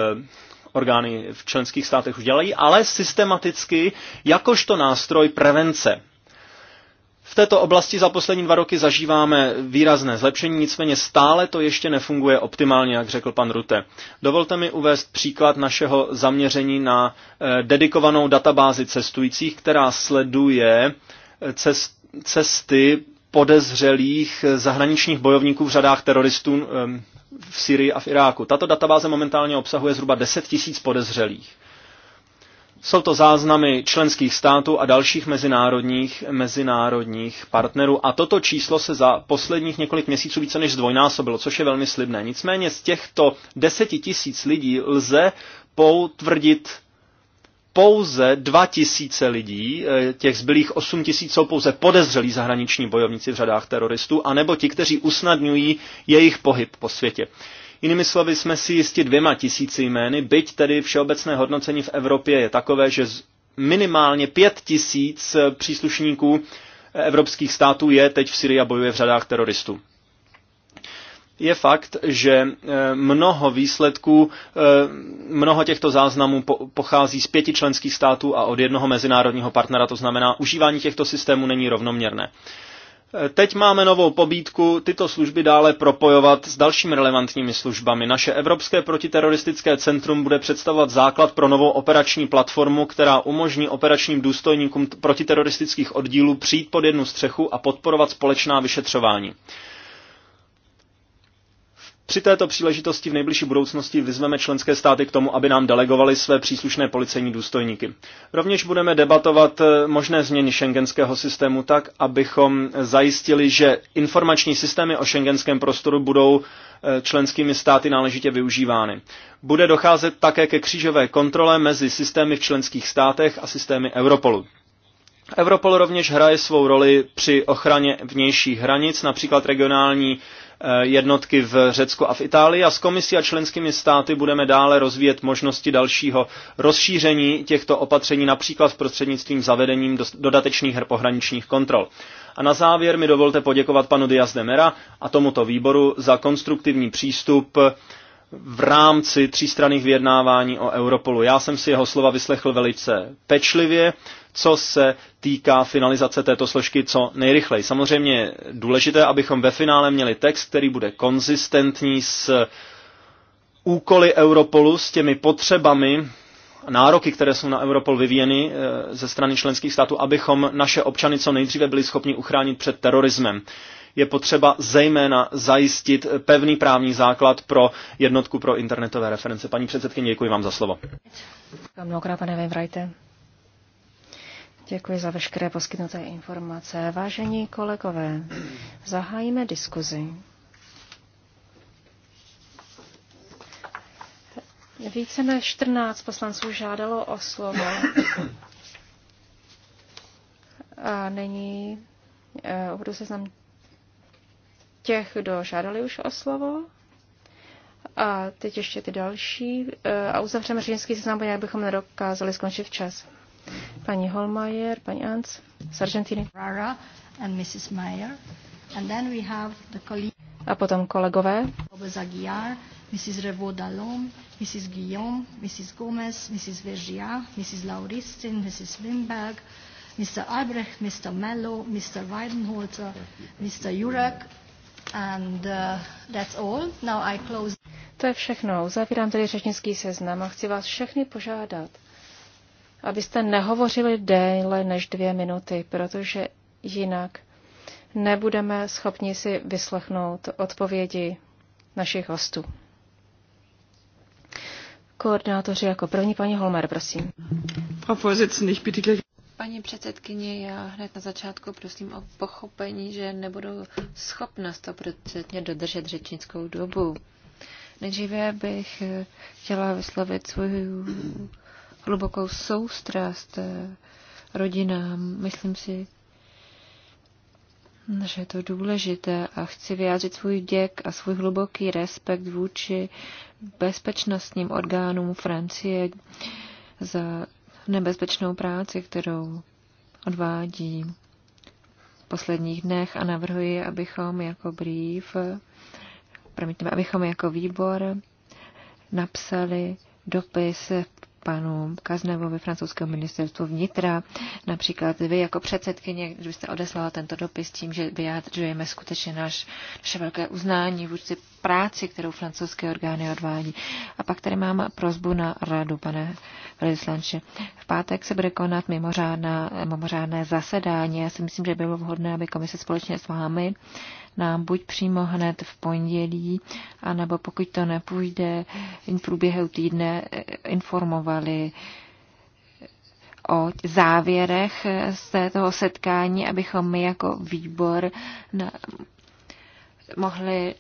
Speaker 2: orgány v členských státech už dělají, ale systematicky jakožto nástroj prevence v této oblasti za poslední dva roky zažíváme výrazné zlepšení, nicméně stále to ještě nefunguje optimálně, jak řekl pan Rute. Dovolte mi uvést příklad našeho zaměření na eh, dedikovanou databázi cestujících, která sleduje eh, cesty podezřelých eh, zahraničních bojovníků v řadách teroristů v Syrii a v Iráku. Tato databáze momentálně obsahuje zhruba 10 000 podezřelých. Jsou to záznamy členských států a dalších mezinárodních, mezinárodních partnerů a toto číslo se za posledních několik měsíců více než zdvojnásobilo, což je velmi slibné. Nicméně z těchto deseti tisíc lidí lze potvrdit pouze 2 tisíce lidí, těch zbylých 8 tisíc jsou pouze podezřelí zahraniční bojovníci v řadách teroristů, anebo ti, kteří usnadňují jejich pohyb po světě. Jinými slovy jsme si jistí dvěma tisíci jmény, byť tedy všeobecné hodnocení v Evropě je takové, že minimálně pět tisíc eh, příslušníků eh, evropských států je teď v Syrii a bojuje v řadách teroristů. Je fakt, že eh, mnoho výsledků, mnoho těchto záznamů pochází z pěti členských států a od jednoho mezinárodního partnera, to znamená, užívání těchto systémů není rovnoměrné. Teď máme novou pobídku tyto služby dále propojovat s dalšími relevantními službami. Naše Evropské protiteroristické centrum bude představovat základ pro novou operační platformu, která umožní operačním důstojníkům protiteroristických oddílů přijít pod jednu střechu a podporovat společná vyšetřování. Při této příležitosti v nejbližší budoucnosti vyzveme členské státy k tomu, aby nám delegovali své příslušné policejní důstojníky. Rovněž budeme debatovat eh, možné změny šengenského systému tak, abychom zajistili, že informační systémy o šengenském prostoru budou eh, členskými státy náležitě využívány. Bude docházet také ke křížové kontrole mezi systémy v členských státech a systémy Europolu. Europol rovněž hraje svou roli při ochraně vnějších hranic, například regionální Eh, jednotky v Řecku a v Itálii a s komisí a členskými státy budeme dále rozvíjet možnosti dalšího rozšíření těchto opatření například v prostřednictvím zavedením dodatečných pohraničních kontrol. A na závěr mi dovolte poděkovat panu Diaz de Mera a tomuto výboru za konstruktivní přístup v rámci třístranných vyjednávání o Europolu. Já jsem si jeho slova vyslechl velice pečlivě, co se týká finalizace této složky co nejrychleji. Samozřejmě je důležité, abychom ve finále měli text, který bude konzistentní s úkoly Europolu, s těmi potřebami, nároky, které jsou na Europol vyvíjeny eh, ze strany členských států, abychom naše občany co nejdříve byli schopni uchránit před terorismem je potřeba zejména zajistit pevný právní základ pro jednotku pro internetové reference. Paní předsedkyně, děkuji vám za slovo.
Speaker 1: Mnohokrát, pane Děkuji za veškeré poskytnuté informace. Vážení kolegové, zahájíme diskuzi. Více než 14 poslanců žádalo o slovo. A nyní budu eh, se znamenat těch, kdo žádali už o slovo. A teď ještě ty další. E, a uzavřeme řečnický seznam, jak bychom nedokázali skončit včas. Paní Holmajer, paní Anc z Argentiny. and Mrs. Mayer. And then we have the A potom kolegové. Lopez Aguiar, Mrs. Revo Dallon, Mrs. Guillaume, Mrs. Gomez, Mrs. Vergia, Mrs. Lauristin, Mrs. Wimberg, Mr. Albrecht, Mr. Mello, Mr. Weidenholzer, Mr. Jurek, And uh, that's all. Now I close. To je všechno. Uzavírám tedy řečnický seznam a chci vás všechny požádat, abyste nehovořili déle než dvě minuty, protože jinak nebudeme schopni si vyslechnout odpovědi našich hostů. Koordinátoři jako první paní Holmer, prosím. bitte gleich...
Speaker 3: Paní předsedkyně, já hned na začátku prosím o pochopení, že nebudu schopna stoprocentně dodržet řečnickou dobu. Nejdříve bych chtěla vyslovit svou hlubokou soustrast eh, rodinám. Myslím si, že je to důležité a chci vyjádřit svůj děk a svůj hluboký respekt vůči bezpečnostním orgánům Francie za nebezpečnou práci, kterou odvádí v posledních dnech a navrhuji, abychom jako brief, promiňte, abychom jako výbor napsali dopis panu Kaznevovi, francouzského ministerstvu vnitra. Například vy jako předsedkyně, kdybyste odeslala tento dopis tím, že vyjádřujeme skutečně naš, naše velké uznání vůči práci, kterou francouzské orgány odvádí. A pak tady mám prozbu na radu, pane velvyslanče. V pátek se bude konat mimořádná, mimořádné zasedání. Já si myslím, že bylo vhodné, aby komise společně s vámi nám buď přímo hned v pondělí, anebo pokud to nepůjde, v průběhu týdne eh, informovali o závěrech z toho setkání, abychom my jako výbor mohli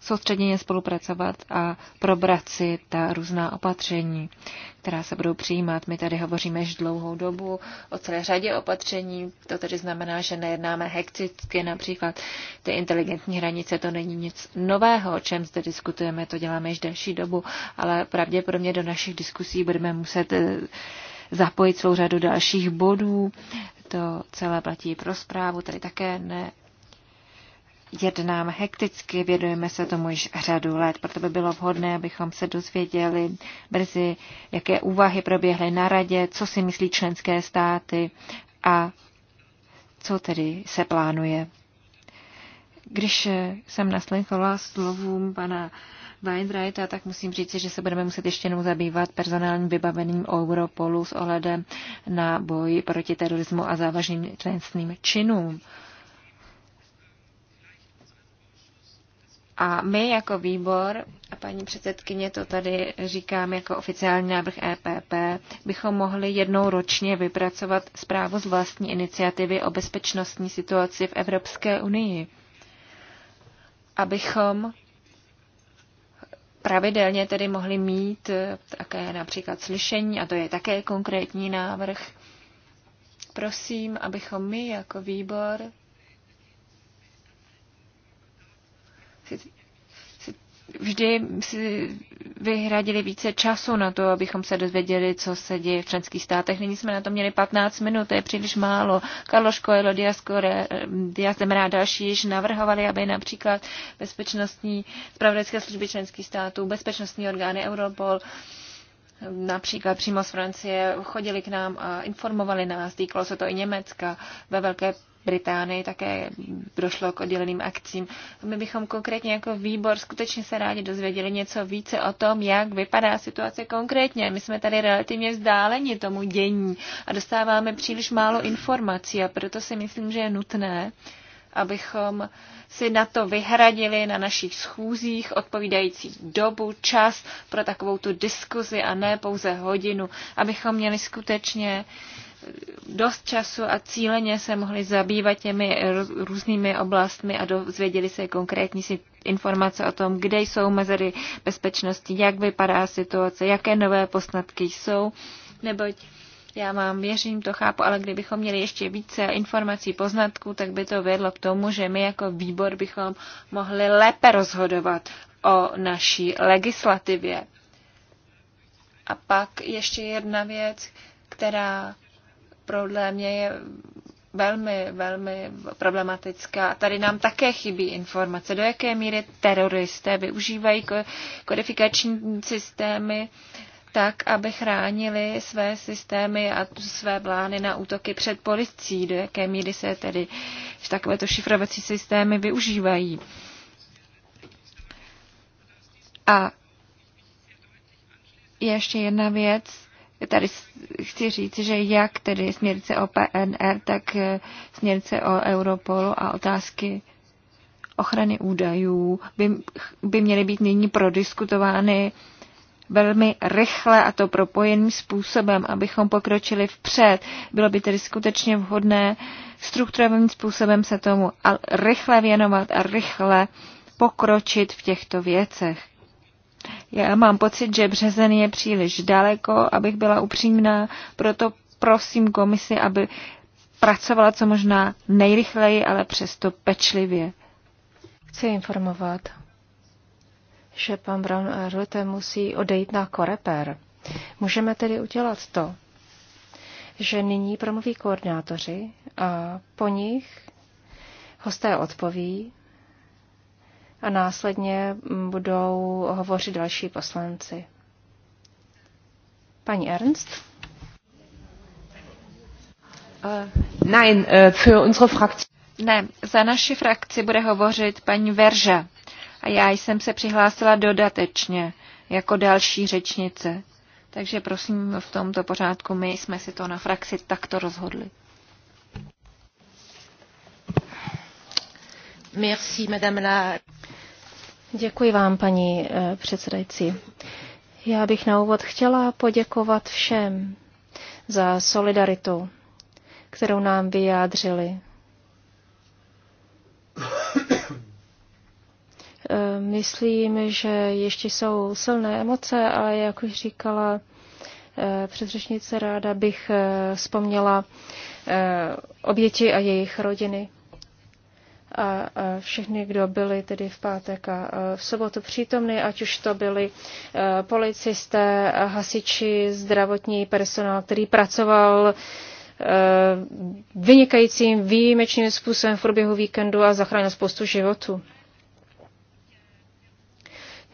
Speaker 3: soustředěně spolupracovat a probrat si ta různá opatření, která se budou přijímat. My tady hovoříme již dlouhou dobu o celé řadě opatření. To tedy znamená, že nejednáme hekticky, například ty inteligentní hranice, to není nic nového, o čem zde diskutujeme, to děláme již delší dobu, ale pravděpodobně do našich diskusí budeme muset eh, zapojit celou řadu dalších bodů. To celé platí pro zprávu, tady také ne jednáme hekticky, věnujeme se tomu již řadu let, proto by bylo vhodné, abychom se dozvěděli brzy, jaké úvahy proběhly na radě, co si myslí členské státy a co tedy se plánuje. Když jsem naslechala slovům pana Weinreita, tak musím říct, že se budeme muset ještě jednou zabývat personálním vybavením Europolu s ohledem na boj proti terorismu a závažným trestným činům. A my jako výbor, a paní předsedkyně to tady říkám jako oficiální návrh EPP, bychom mohli jednou ročně vypracovat zprávu z vlastní iniciativy o bezpečnostní situaci v Evropské unii. Abychom pravidelně tedy mohli mít také například slyšení, a to je také konkrétní návrh. Prosím, abychom my jako výbor vždy si vyhradili více času na to, abychom se dozvěděli, co se děje v členských státech. Nyní jsme na to měli 15 minut, to je příliš málo. Carlos Coelho, Diaz, Diaz Demra další již navrhovali, aby například bezpečnostní, spravodajské služby členských států, bezpečnostní orgány Europol, například přímo z Francie, chodili k nám a informovali nás, týkalo se to i Německa, ve Velké Británii také došlo k odděleným akcím. My bychom konkrétně jako výbor skutečně se rádi dozvěděli něco více o tom, jak vypadá situace konkrétně. My jsme tady relativně vzdáleni tomu dění a dostáváme příliš málo informací a proto si myslím, že je nutné, uh, abychom si na to vyhradili na našich schůzích odpovídající dobu, čas pro takovou tu diskuzi a ne pouze hodinu, abychom měli skutečně dost času a cíleně se mohli zabývat těmi různými oblastmi a dozvěděli se konkrétní informace o tom, kde jsou mezery bezpečnosti, jak vypadá situace, jaké nové posnatky jsou, neboť já vám věřím, to chápu, ale kdybychom měli ještě více informací, poznatků, tak by to vedlo k tomu, že my jako výbor bychom mohli lépe rozhodovat o naší legislativě. A pak ještě jedna věc, která podle mě je velmi, velmi problematická. Tady nám také chybí informace, do jaké míry teroristé využívají kodifikační systémy tak, aby chránili své systémy a své blány na útoky před policií, do jaké míry se tedy takovéto šifrovací systémy využívají. A ještě jedna věc, tady chci říct, že jak tedy směrnice o PNR, tak směrnice o Europolu a otázky ochrany údajů by, by měly být nyní prodiskutovány velmi rychle a to propojeným způsobem, abychom pokročili vpřed. Bylo by tedy skutečně vhodné strukturovým způsobem se tomu a rychle věnovat a rychle pokročit v těchto věcech. Já mám pocit, že březen je příliš daleko, abych byla upřímná, proto prosím komisi, aby pracovala co možná nejrychleji, ale přesto pečlivě. Chci informovat
Speaker 1: že pan Brown Rute musí odejít na koreper. Můžeme tedy udělat to, že nyní promluví koordinátoři a po nich hosté odpoví a následně budou hovořit další poslanci. Paní Ernst?
Speaker 3: Uh, nein, uh, für unsere Ne, za naši frakci bude hovořit paní Verža a já jsem se přihlásila dodatečně jako další řečnice. Takže prosím, v tomto pořádku my jsme si to na frakci takto rozhodli. Merci, madame la...
Speaker 1: Děkuji vám, paní eh, předsedající. Já bych na úvod chtěla poděkovat všem za solidaritu, kterou nám vyjádřili. Eh, myslím, že ještě jsou silné emoce, ale jak už říkala eh, předřečnice, ráda bych eh, vzpomněla oběti a jejich rodiny a všechny, kdo byli tedy v pátek a v sobotu přítomny, ať už to byli policisté, hasiči, zdravotní personál, který pracoval vynikajícím, výjimečným způsobem v průběhu víkendu a zachránil spoustu životů.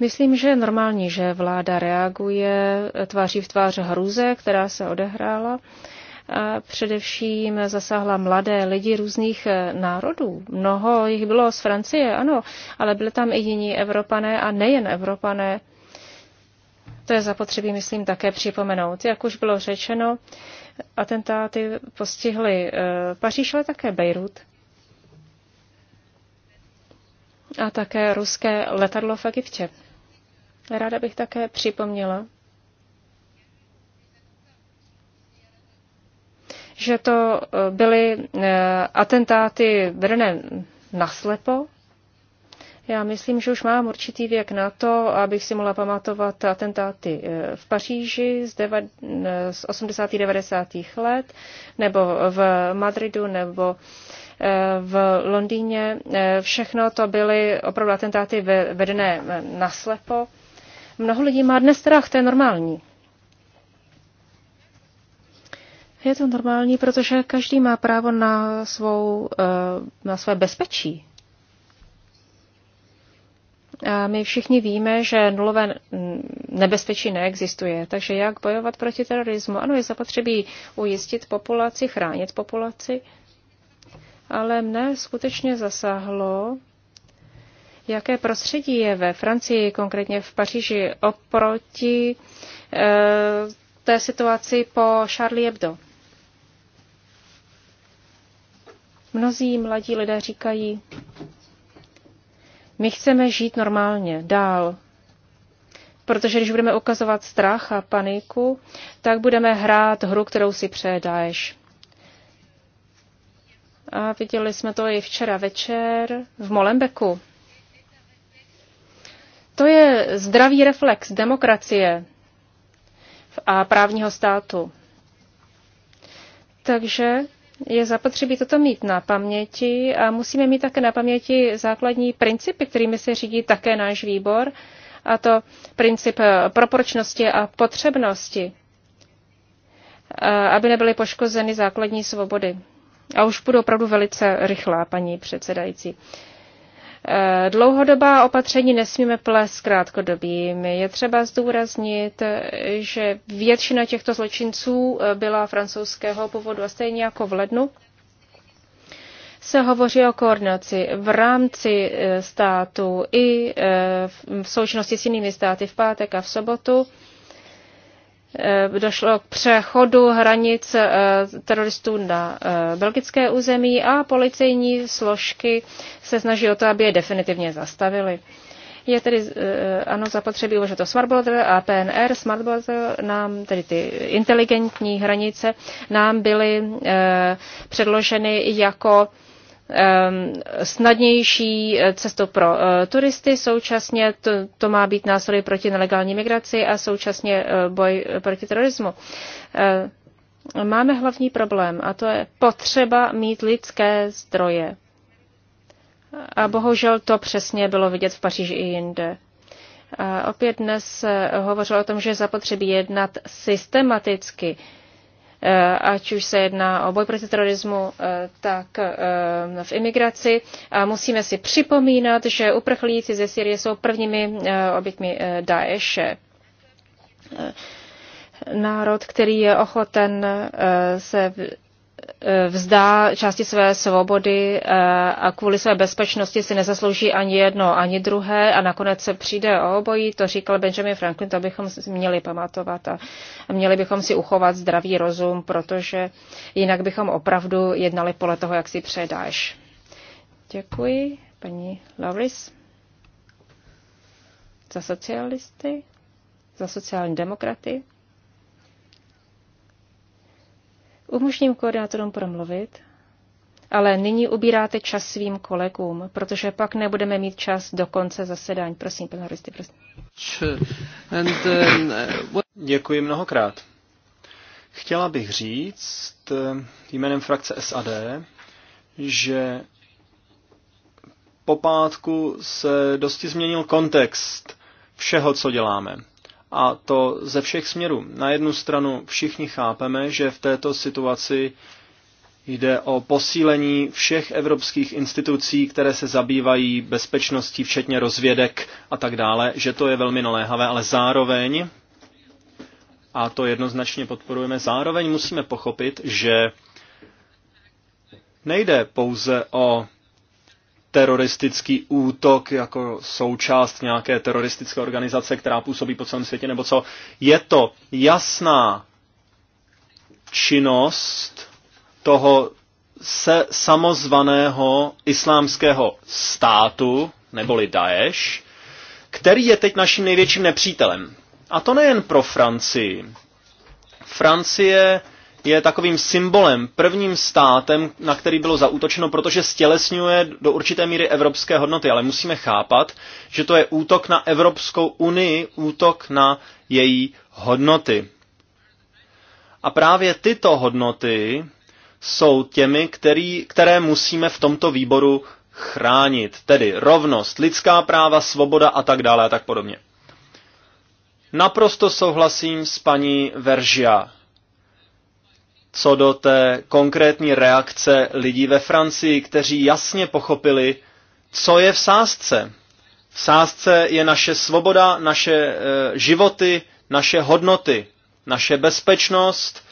Speaker 1: Myslím, že je normální, že vláda reaguje tváří v tvář hruze, která se odehrála. A především zasáhla mladé lidi různých národů. Mnoho jich bylo z Francie, ano, ale byly tam i jiní Evropané a nejen Evropané. To je zapotřebí, myslím, také připomenout. Jak už bylo řečeno, atentáty postihly eh, Paříž, ale také Bejrut a také ruské letadlo v Egyptě. Ráda bych také připomněla, že to eh, byly eh, atentáty vedené naslepo. Já myslím, že už mám určitý věk na to, abych si mohla pamatovat atentáty eh, v Paříži z, 80. z 80. 90. let, nebo v Madridu, nebo v Londýně. Všechno to byly opravdu atentáty vedené naslepo. Mnoho lidí má dnes strach, to je normální. Je to normální, protože každý má právo na, svou, eh, na své bezpečí. A my všichni víme, že nulové nebezpečí neexistuje. Takže jak bojovat proti terorismu? Ano, je zapotřebí ujistit populaci, chránit populaci. Ale mne skutečně zasáhlo, jaké prostředí je ve Francii, konkrétně v Paříži, oproti eh, té situaci po Charlie Hebdo. Mnozí mladí lidé říkají, my chceme žít normálně, dál. Protože když budeme ukazovat strach a paniku, tak budeme hrát hru, kterou si předáš. A viděli jsme to i včera večer v Molembeku. To je zdravý reflex demokracie a právního státu. Takže je zapotřebí toto mít na paměti a musíme mít také na paměti základní principy, kterými se řídí také náš výbor, a to princip proporčnosti a potřebnosti, aby nebyly poškozeny základní svobody. A už budu opravdu velice rychlá, paní předsedající. Eh, dlouhodobá opatření nesmíme plést krátkodobým. Je třeba zdůraznit, eh, že většina těchto zločinců eh, byla francouzského původu a stejně jako v lednu se hovoří o koordinaci v rámci státu i v součinnosti s jinými státy v pátek a v sobotu Eh, došlo k přechodu hranic eh, teroristů na eh, belgické území a policejní složky se snaží o to, aby je definitivně zastavili. Je tedy, ano, zapotřebí uvažovat o Smart Border a PNR. Smart Border nám, tedy ty inteligentní hranice, nám byly předloženy jako Ehm, snadnější eh, cestu pro eh, turisty, současně to, to má být nástroj proti nelegální migraci a současně eh, boj proti terorismu. Ehm, máme hlavní problém a to je potřeba mít lidské zdroje. A bohužel to přesně bylo vidět v Paříži i jinde. A opět dnes hovořil o tom, že zapotřebí jednat systematicky. Eh, ať už se jedná o boj proti terorismu, eh, tak eh, v imigraci. A musíme si připomínat, že uprchlíci ze Syrie jsou prvními oběťmi Daeše národ, který je ochoten se Eh, vzdá části své svobody eh, a kvůli své bezpečnosti si nezaslouží ani jedno, ani druhé a nakonec se přijde o obojí. To říkal Benjamin Franklin, to bychom měli pamatovat a měli bychom si uchovat zdravý rozum, protože jinak bychom opravdu jednali podle toho, jak si předáš. Děkuji, paní Lauris. Za socialisty, za sociální demokraty. Umožním koordinátorům promluvit, ale nyní ubíráte čas svým kolegům, protože pak nebudeme mít čas do konce zasedání. Prosím, pan Horisty, prosím.
Speaker 2: Uh, Děkuji mnohokrát. Chtěla bych říct eh, jménem frakce SAD, že po pátku se dosti změnil kontext všeho, co děláme a to ze všech směrů. Na jednu stranu všichni chápeme, že v této situaci jde o posílení všech evropských institucí, které se zabývají bezpečností, včetně rozvědek a tak dále, že to je velmi naléhavé, ale zároveň, a to jednoznačně podporujeme, zároveň musíme pochopit, že nejde pouze o teroristický útok jako součást nějaké teroristické organizace, která působí po celém světě, nebo co. Je to jasná činnost toho se samozvaného islámského státu, neboli Daesh, který je teď naším největším nepřítelem. A to nejen pro Francii. Francie je takovým symbolem, prvním státem, na který bylo zaútočeno, protože stělesňuje do určité míry evropské hodnoty, ale musíme chápat, že to je útok na Evropskou unii, útok na její hodnoty. A právě tyto hodnoty jsou těmi, který, které musíme v tomto výboru chránit, tedy rovnost, lidská práva, svoboda a tak dále a tak podobně. Naprosto souhlasím s paní Veržia co do té konkrétní reakce lidí ve Francii, kteří jasně pochopili, co je v sázce. V sázce je naše svoboda, naše e, životy, naše hodnoty, naše bezpečnost,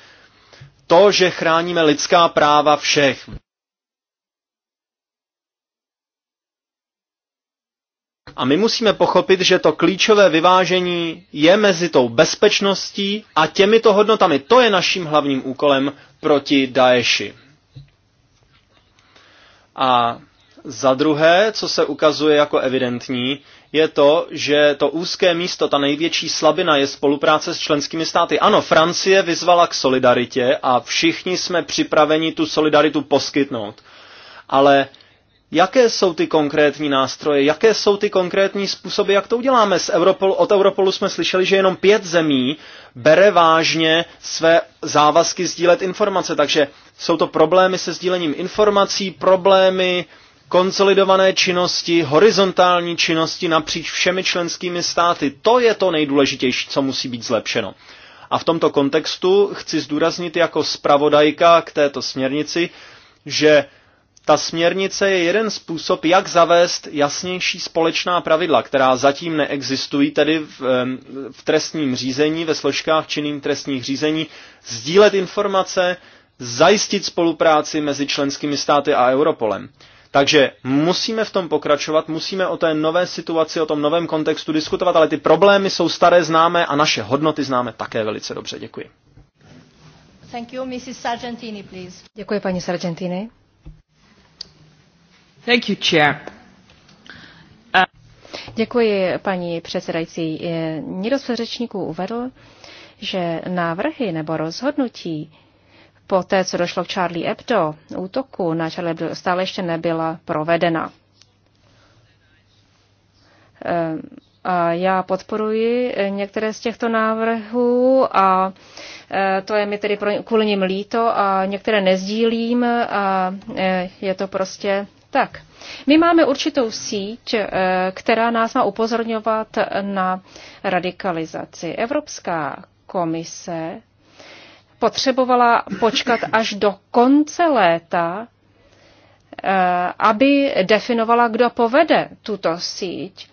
Speaker 2: to, že chráníme lidská práva všech. A my musíme pochopit, že to klíčové vyvážení je mezi tou bezpečností a těmito hodnotami. To je naším hlavním úkolem proti Daeši. A za druhé, co se ukazuje jako evidentní, je to, že to úzké místo, ta největší slabina je spolupráce s členskými státy. Ano, Francie vyzvala k solidaritě a všichni jsme připraveni tu solidaritu poskytnout. Ale jaké jsou ty konkrétní nástroje, jaké jsou ty konkrétní způsoby, jak to uděláme. Z Europol, od Europolu jsme slyšeli, že jenom pět zemí bere vážně své závazky sdílet informace, takže jsou to problémy se sdílením informací, problémy konsolidované činnosti, horizontální činnosti napříč všemi členskými státy. To je to nejdůležitější, co musí být zlepšeno. A v tomto kontextu chci zdůraznit jako zpravodajka k této směrnici, že ta směrnice je jeden způsob, jak zavést jasnější společná pravidla, která zatím neexistují, tedy v, v trestním řízení, ve složkách činným trestních řízení, sdílet informace, zajistit spolupráci mezi členskými státy a Europolem. Takže musíme v tom pokračovat, musíme o té nové situaci, o tom novém kontextu diskutovat, ale ty problémy jsou staré známé a naše hodnoty známe také velice dobře.
Speaker 3: Děkuji.
Speaker 1: Thank you, Mrs. Sargentini, please. Děkuji, paní Sargentini. Uh, Děkuji, paní předsedající. Někdo z řečníků uvedl, že návrhy nebo rozhodnutí po té, co došlo k Charlie Hebdo, útoku na Charlie Hebdo, stále ještě nebyla provedena. Eh, a já podporuji některé z těchto návrhů a eh, to je mi tedy kvůli nim líto a některé nezdílím a eh, je to prostě tak, my máme určitou síť, eh, která nás má upozorňovat na radikalizaci. Evropská komise potřebovala počkat až do konce léta, eh, aby definovala, kdo povede tuto síť.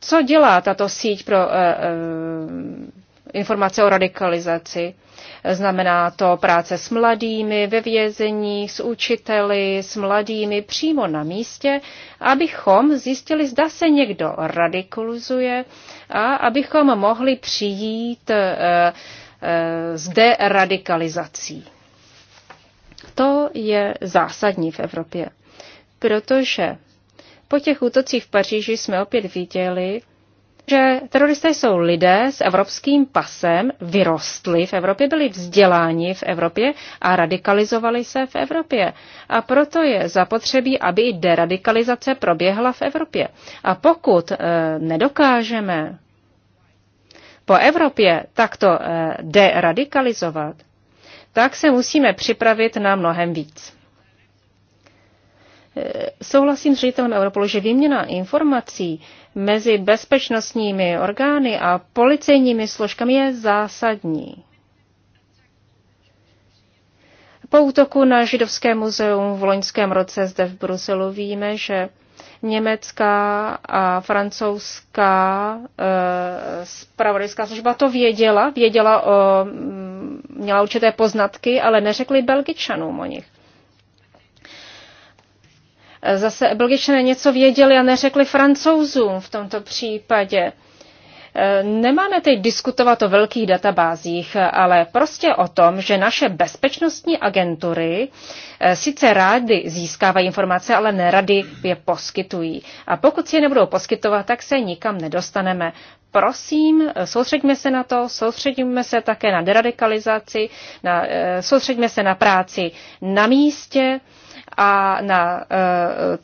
Speaker 1: Co dělá tato síť pro eh, informace o radikalizaci. Znamená to práce s mladými ve vězení, s učiteli, s mladými přímo na místě, abychom zjistili, zda se někdo radikalizuje a abychom mohli přijít eh, eh, s deradikalizací. To je zásadní v Evropě, protože po těch útocích v Paříži jsme opět viděli, že teroristé jsou lidé s evropským pasem, vyrostli v Evropě, byli vzděláni v Evropě a radikalizovali se v Evropě. A proto je zapotřebí, aby i deradikalizace proběhla v Evropě. A pokud e, nedokážeme po Evropě takto e, deradikalizovat, tak se musíme připravit na mnohem víc. Eh, souhlasím s ředitelem Europolu, že výměna informací mezi bezpečnostními orgány a policejními složkami je zásadní. Po útoku na židovské muzeum v loňském roce zde v Bruselu víme, že německá a francouzská e, eh, spravodajská služba to věděla, věděla o, mm, měla určité poznatky, ale neřekli belgičanům o nich. Eh, zase Belgičané něco věděli a neřekli francouzům v tomto případě. Eh, nemáme teď diskutovat o velkých databázích, ale prostě o tom, že naše bezpečnostní agentury eh, sice rády získávají informace, ale nerady je poskytují. A pokud si je nebudou poskytovat, tak se nikam nedostaneme prosím, soustředíme se na to, soustředíme se také na deradikalizaci, na, eh, soustředíme se na práci na místě a na eh,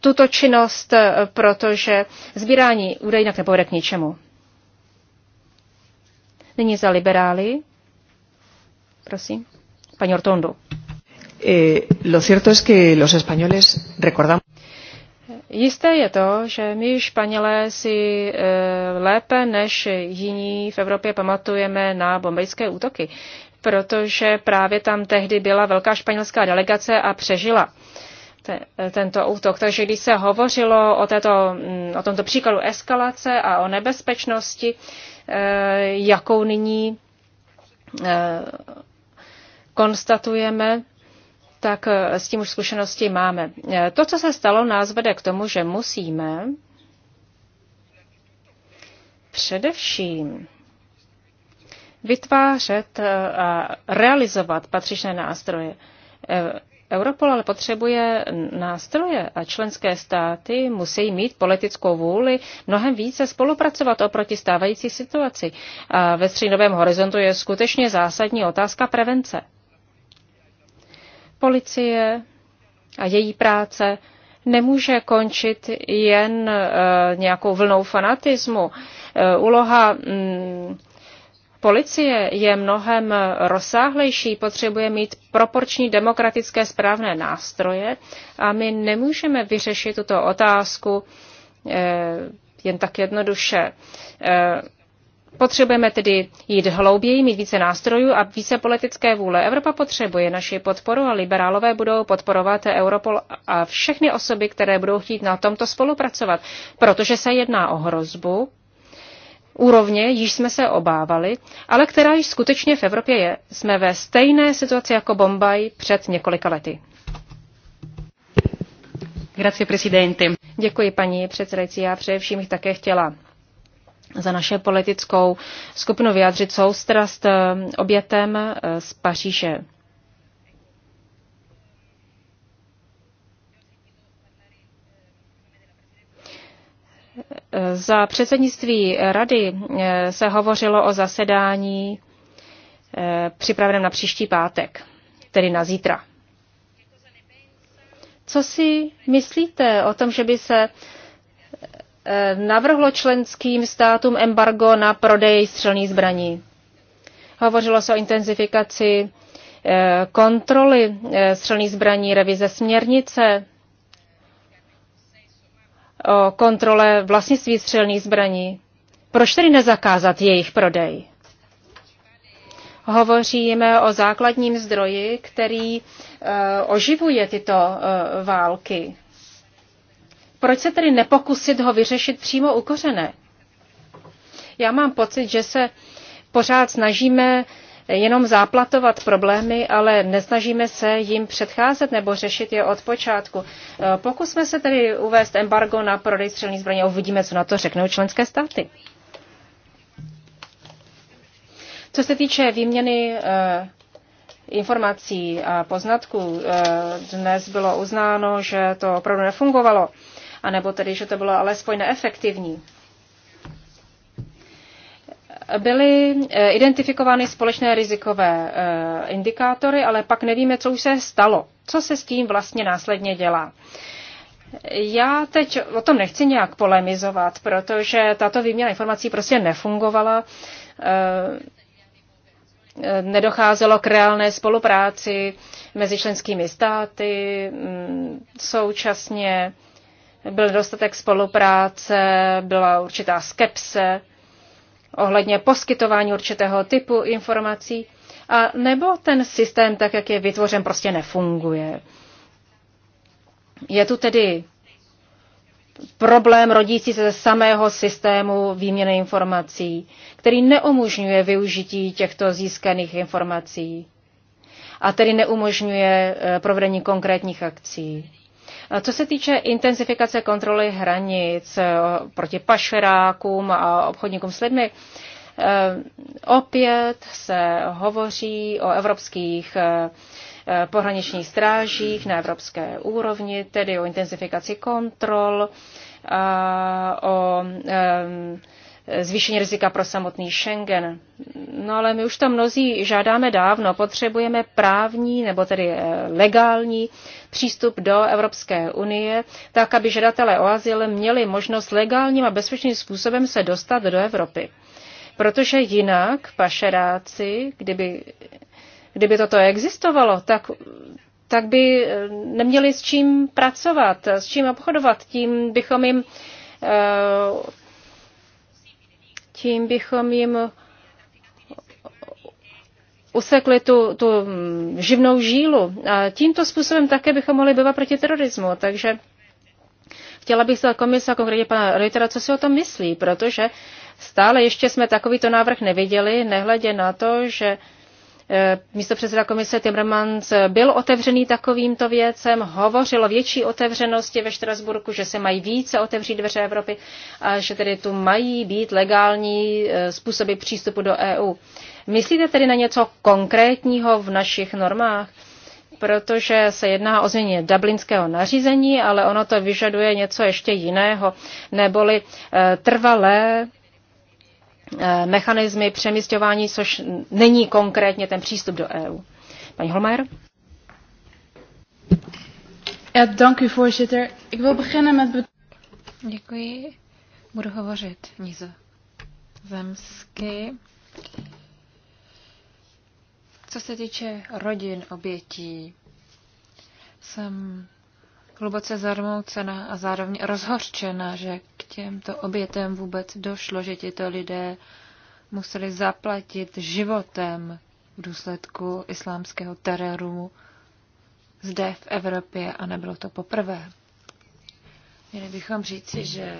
Speaker 1: tuto činnost, protože sbírání údajů jinak nepovede k ničemu. Nyní za liberály. Prosím. Paní Ortondo. Eh, lo cierto es que los españoles recordamos Jisté je to, že my Španělé si e, lépe než jiní v Evropě pamatujeme na bombejské útoky, protože právě tam tehdy byla velká španělská delegace a přežila tento útok. Takže když se hovořilo o, této, mm, o tomto příkladu eskalace a o nebezpečnosti, e, jakou nyní e, konstatujeme, tak eh, s tím už zkušenosti máme. Eh, to, co se stalo, nás vede k tomu, že musíme především vytvářet eh, a realizovat patřičné nástroje. Europol ale potřebuje nástroje a členské státy musí mít politickou vůli mnohem více spolupracovat oproti stávající situaci. A ve střínovém horizontu je skutečně zásadní otázka prevence. Policie a její práce nemůže končit jen eh, nějakou vlnou fanatismu. Eh, úloha mm, policie je mnohem rozsáhlejší, potřebuje mít proporční demokratické správné nástroje a my nemůžeme vyřešit tuto otázku eh, jen tak jednoduše. Potřebujeme tedy jít hlouběji, mít více nástrojů a více politické vůle. Evropa potřebuje naši podporu a liberálové budou podporovat Europol a všechny osoby, které budou chtít na tomto spolupracovat, protože se jedná o hrozbu úrovně, již jsme se obávali, ale která již skutečně v Evropě je. Jsme ve stejné situaci jako Bombaj před několika lety. Grazie, Děkuji, paní předsedající. Já především bych také chtěla za naše politickou skupinu vyjádřit soustrast eh, obětem eh, z Paříže. Za předsednictví rady eh, se hovořilo o zasedání připraveném na příští pátek, tedy na zítra. Co si myslíte o tom, že by se Eh, navrhlo členským státům embargo na prodej střelných zbraní. Hovořilo se o intenzifikaci eh, kontroly eh, střelných zbraní, revize směrnice, o kontrole vlastnictví střelných zbraní. Proč tedy nezakázat jejich prodej? Hovoříme o základním zdroji, který oživuje tyto války. Proč se tedy nepokusit ho vyřešit přímo u kořené? Já mám pocit, že se pořád snažíme jenom záplatovat problémy, ale nesnažíme se jim předcházet nebo řešit je od počátku. E, pokusme se tedy uvést embargo na prodej střelných zbraní a uvidíme, co na to řeknou členské státy. Co se týče výměny e, informací a poznatků, e, dnes bylo uznáno, že to opravdu nefungovalo anebo tedy, že to bylo alespoň neefektivní. Byly eh, identifikovány společné rizikové eh, indikátory, ale pak nevíme, co už se stalo, co se s tím vlastně následně dělá. Já teď o tom nechci nějak polemizovat, protože tato výměna informací prostě nefungovala. Eh, nedocházelo k reálné spolupráci mezi členskými státy. Mm, současně byl dostatek spolupráce, byla určitá skepse ohledně poskytování určitého typu informací, a nebo ten systém, tak jak je vytvořen, prostě nefunguje. Je tu tedy problém rodící se ze samého systému výměny informací, který neumožňuje využití těchto získaných informací a tedy neumožňuje eh, provedení konkrétních akcí. Co se týče intenzifikace kontroly hranic eh, proti pašerákům a obchodníkům s lidmi, eh, opět se hovoří o evropských eh, pohraničních strážích na evropské úrovni, tedy o intenzifikaci kontrol, o zvýšení rizika pro samotný Schengen. No ale my už to mnozí žádáme dávno. Potřebujeme právní nebo tedy eh, legální přístup do Evropské unie, tak aby žadatelé o azyl měli možnost legálním a bezpečným způsobem se dostat do Evropy. Protože jinak pašeráci, kdyby, kdyby toto existovalo, tak tak by eh, neměli s čím pracovat, s čím obchodovat. Tím bychom jim eh, tím bychom jim usekli tu, tu živnou žílu. A tímto způsobem také bychom mohli bojovat proti terorismu. Takže chtěla bych se komisa, konkrétně pana Reutera, co si o tom myslí, protože stále ještě jsme takovýto návrh neviděli, nehledě na to, že uh, Eh, místo předseda komise Timmermans byl otevřený takovýmto věcem, hovořil o větší otevřenosti ve Štrasburku, že se mají více otevřít dveře Evropy a že tedy tu mají být legální eh, způsoby přístupu do EU. Myslíte tedy na něco konkrétního v našich normách? protože se jedná o změně dublinského nařízení, ale ono to vyžaduje něco ještě jiného, neboli eh, trvalé Eh, mechanismy přemysťování, což není konkrétně ten přístup do EU. Paní Holmajer?
Speaker 3: Ja, dank u voorzitter. Ik wil beginnen met... Děkuji. Budu hovořit Zemsky. Co se týče rodin obětí, jsem hluboce zarmoucena a zároveň rozhorčena, že těmto obětem vůbec došlo, že tito lidé museli zaplatit životem v důsledku islámského teroru zde v Evropě a nebylo to poprvé. Měli bychom říci, že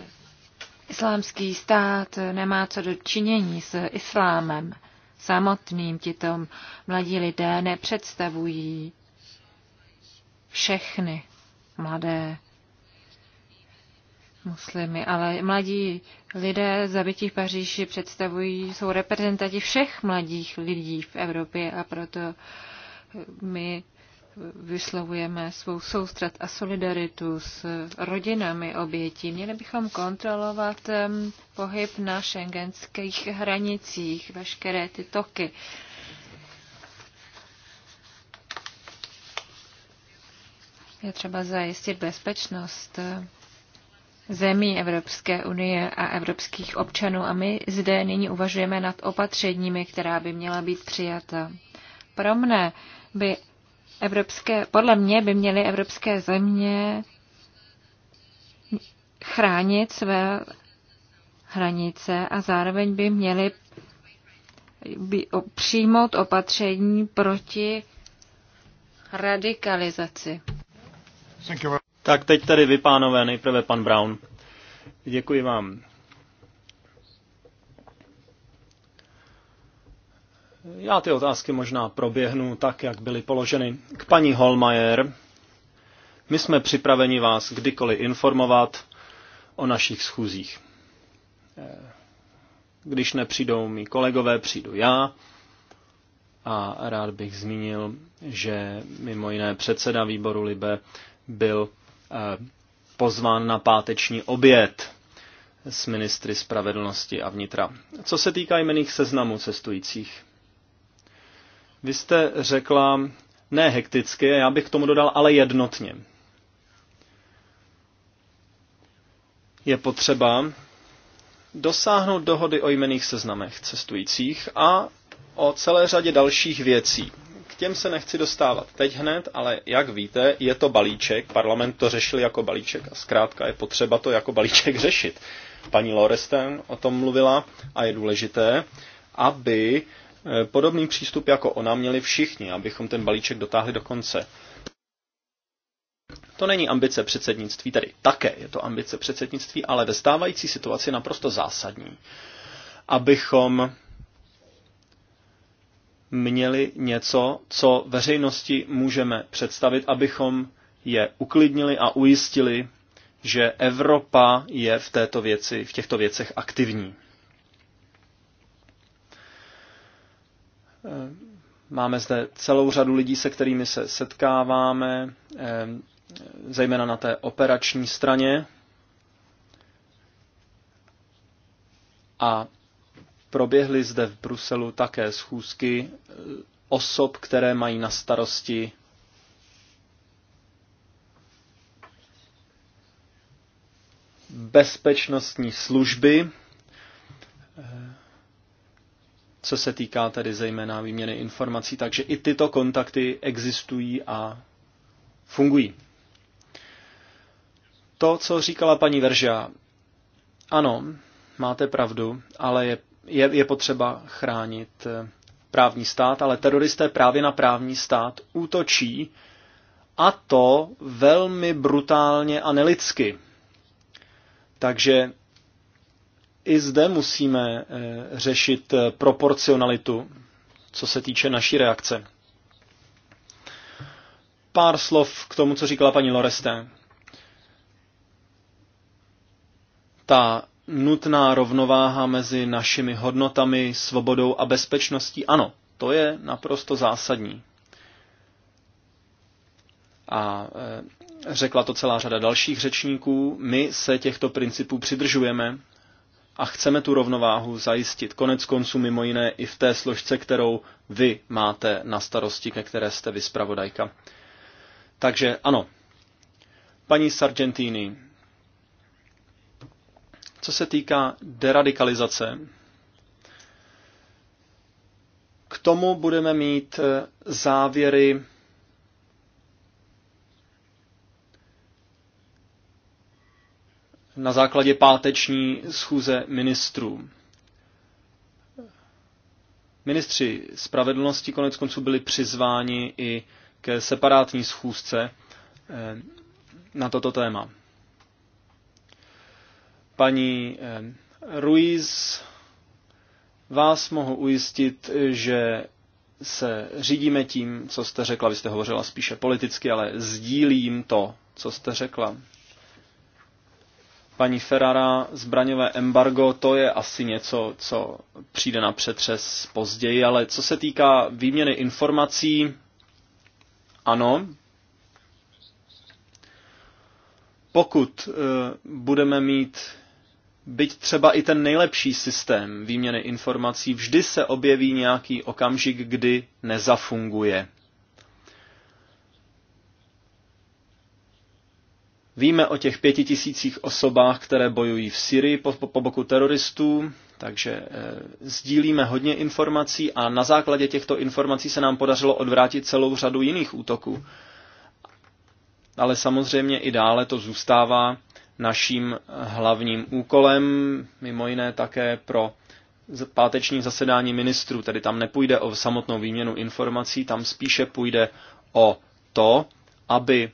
Speaker 3: islámský stát nemá co dočinění s islámem samotným. Tito mladí lidé nepředstavují všechny mladé muslimy, ale mladí lidé zabití v Paříži představují, jsou reprezentanti všech mladých lidí v Evropě a proto my vyslovujeme svou soustrat a solidaritu s rodinami obětí. Měli bychom kontrolovat pohyb na šengenských hranicích, veškeré ty toky. Je třeba zajistit bezpečnost zemí Evropské unie a evropských občanů a my zde nyní uvažujeme nad opatřeními, která by měla být přijata. Pro mne by evropské, podle mě by měly evropské země chránit své hranice a zároveň by měly by přijmout opatření proti radikalizaci.
Speaker 2: Tak teď tady vy, pánové, nejprve pan Brown. Děkuji vám. Já ty otázky možná proběhnu tak, jak byly položeny. K paní Holmajer. My jsme připraveni vás kdykoliv informovat o našich schůzích. Eh, když nepřijdou mý kolegové, přijdu já. A rád bych zmínil, že mimo jiné předseda výboru Libe byl Eh, pozván na páteční oběd s ministry spravedlnosti a vnitra. Co se týká jmených seznamů cestujících, vy jste řekla ne hekticky, já bych k tomu dodal ale jednotně. Je potřeba dosáhnout dohody o jmených seznamech cestujících a o celé řadě dalších věcí. K těm se nechci dostávat teď hned, ale jak víte, je to balíček, parlament to řešil jako balíček a zkrátka je potřeba to jako balíček řešit. Paní Loresten o tom mluvila a je důležité, aby eh, podobný přístup jako ona měli všichni, abychom ten balíček dotáhli do konce. To není ambice předsednictví, tedy také je to ambice předsednictví, ale ve stávající situaci naprosto zásadní, abychom měli něco, co veřejnosti můžeme představit, abychom je uklidnili a ujistili, že Evropa je v, této věci, v těchto věcech aktivní. Eh, máme zde celou řadu lidí, se kterými se setkáváme, eh, zejména na té operační straně. A Proběhly zde v Bruselu také schůzky e, osob, které mají na starosti bezpečnostní služby, e, co se týká tedy zejména výměny informací. Takže i tyto kontakty existují a fungují. To, co říkala paní Verža, ano, máte pravdu, ale je je, je potřeba chránit eh, právní stát, ale teroristé právě na právní stát útočí a to velmi brutálně a nelidsky. Takže i zde musíme eh, řešit eh, proporcionalitu, co se týče naší reakce. Pár slov k tomu, co říkala paní Loreste. Ta nutná rovnováha mezi našimi hodnotami, svobodou a bezpečností. Ano, to je naprosto zásadní. A eh, řekla to celá řada dalších řečníků, my se těchto principů přidržujeme a chceme tu rovnováhu zajistit. Konec konců mimo jiné i v té složce, kterou vy máte na starosti, ke které jste vy zpravodajka. Takže ano, paní Sargentini, co se týká deradikalizace, k tomu budeme mít eh, závěry na základě páteční schůze ministrů. Ministři spravedlnosti konec konců byli přizváni i ke separátní schůzce eh, na toto téma. Paní eh, Ruiz, vás mohu ujistit, že se řídíme tím, co jste řekla. Vy jste hovořila spíše politicky, ale sdílím to, co jste řekla. Paní Ferrara, zbraňové embargo, to je asi něco, co přijde na přetřes později, ale co se týká výměny informací, ano. Pokud uh, budeme mít byť třeba i ten nejlepší systém výměny informací, vždy se objeví nějaký okamžik, kdy nezafunguje. Víme o těch pěti tisících osobách, které bojují v Syrii po, po, po boku teroristů, takže e, sdílíme hodně informací a na základě těchto informací se nám podařilo odvrátit celou řadu jiných útoků. Ale samozřejmě i dále to zůstává naším hlavním úkolem, mimo jiné také pro páteční zasedání ministrů, tedy tam nepůjde o samotnou výměnu informací, tam spíše půjde o to, aby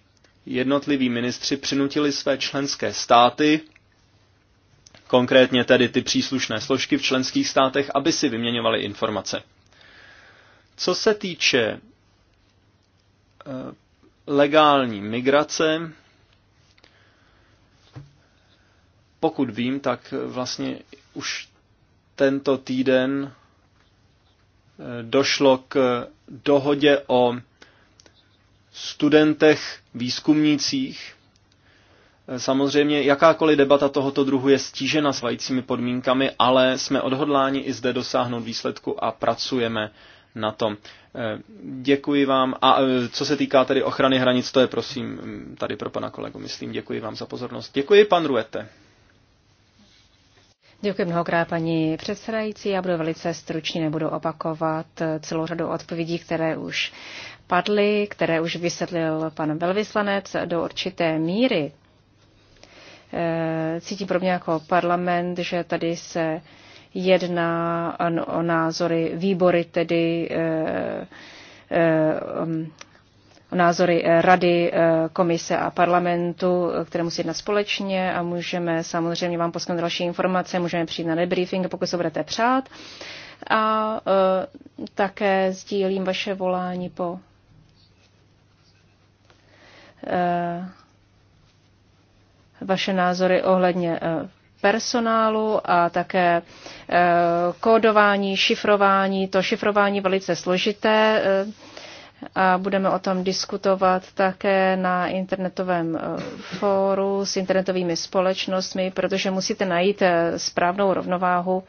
Speaker 2: jednotliví ministři přinutili své členské státy, konkrétně tedy ty příslušné složky v členských státech, aby si vyměňovali informace. Co se týče eh, legální migrace, pokud vím, tak vlastně už tento týden eh, došlo k dohodě o studentech, výzkumnících. Eh, samozřejmě jakákoliv debata tohoto druhu je stížena vajícími podmínkami, ale jsme odhodláni i zde dosáhnout výsledku a pracujeme na tom. Eh, děkuji vám. A co se týká tedy ochrany hranic, to je prosím hm, tady pro pana kolegu, myslím. Děkuji vám za pozornost. Děkuji, pan Ruete.
Speaker 1: Děkuji mnohokrát, paní předsedající. Já budu velice stručně nebudu opakovat celou řadu odpovědí, které už padly, které už vysvětlil pan velvyslanec do určité míry. Eh, cítím pro mě jako parlament, že tady se jedná o názory výbory, tedy eh, eh, um, o názory eh, Rady, eh, Komise a parlamentu, eh, které musí jednat společně a můžeme samozřejmě vám poskytnout další informace, můžeme přijít na debriefing, pokud se budete přát. A uh, také sdílím vaše volání po uh, vaše názory ohledně personálu a také kódování, šifrování. To šifrování velice složité a budeme o tom diskutovat také na internetovém eh, fóru s internetovými společnostmi, protože musíte najít eh, správnou rovnováhu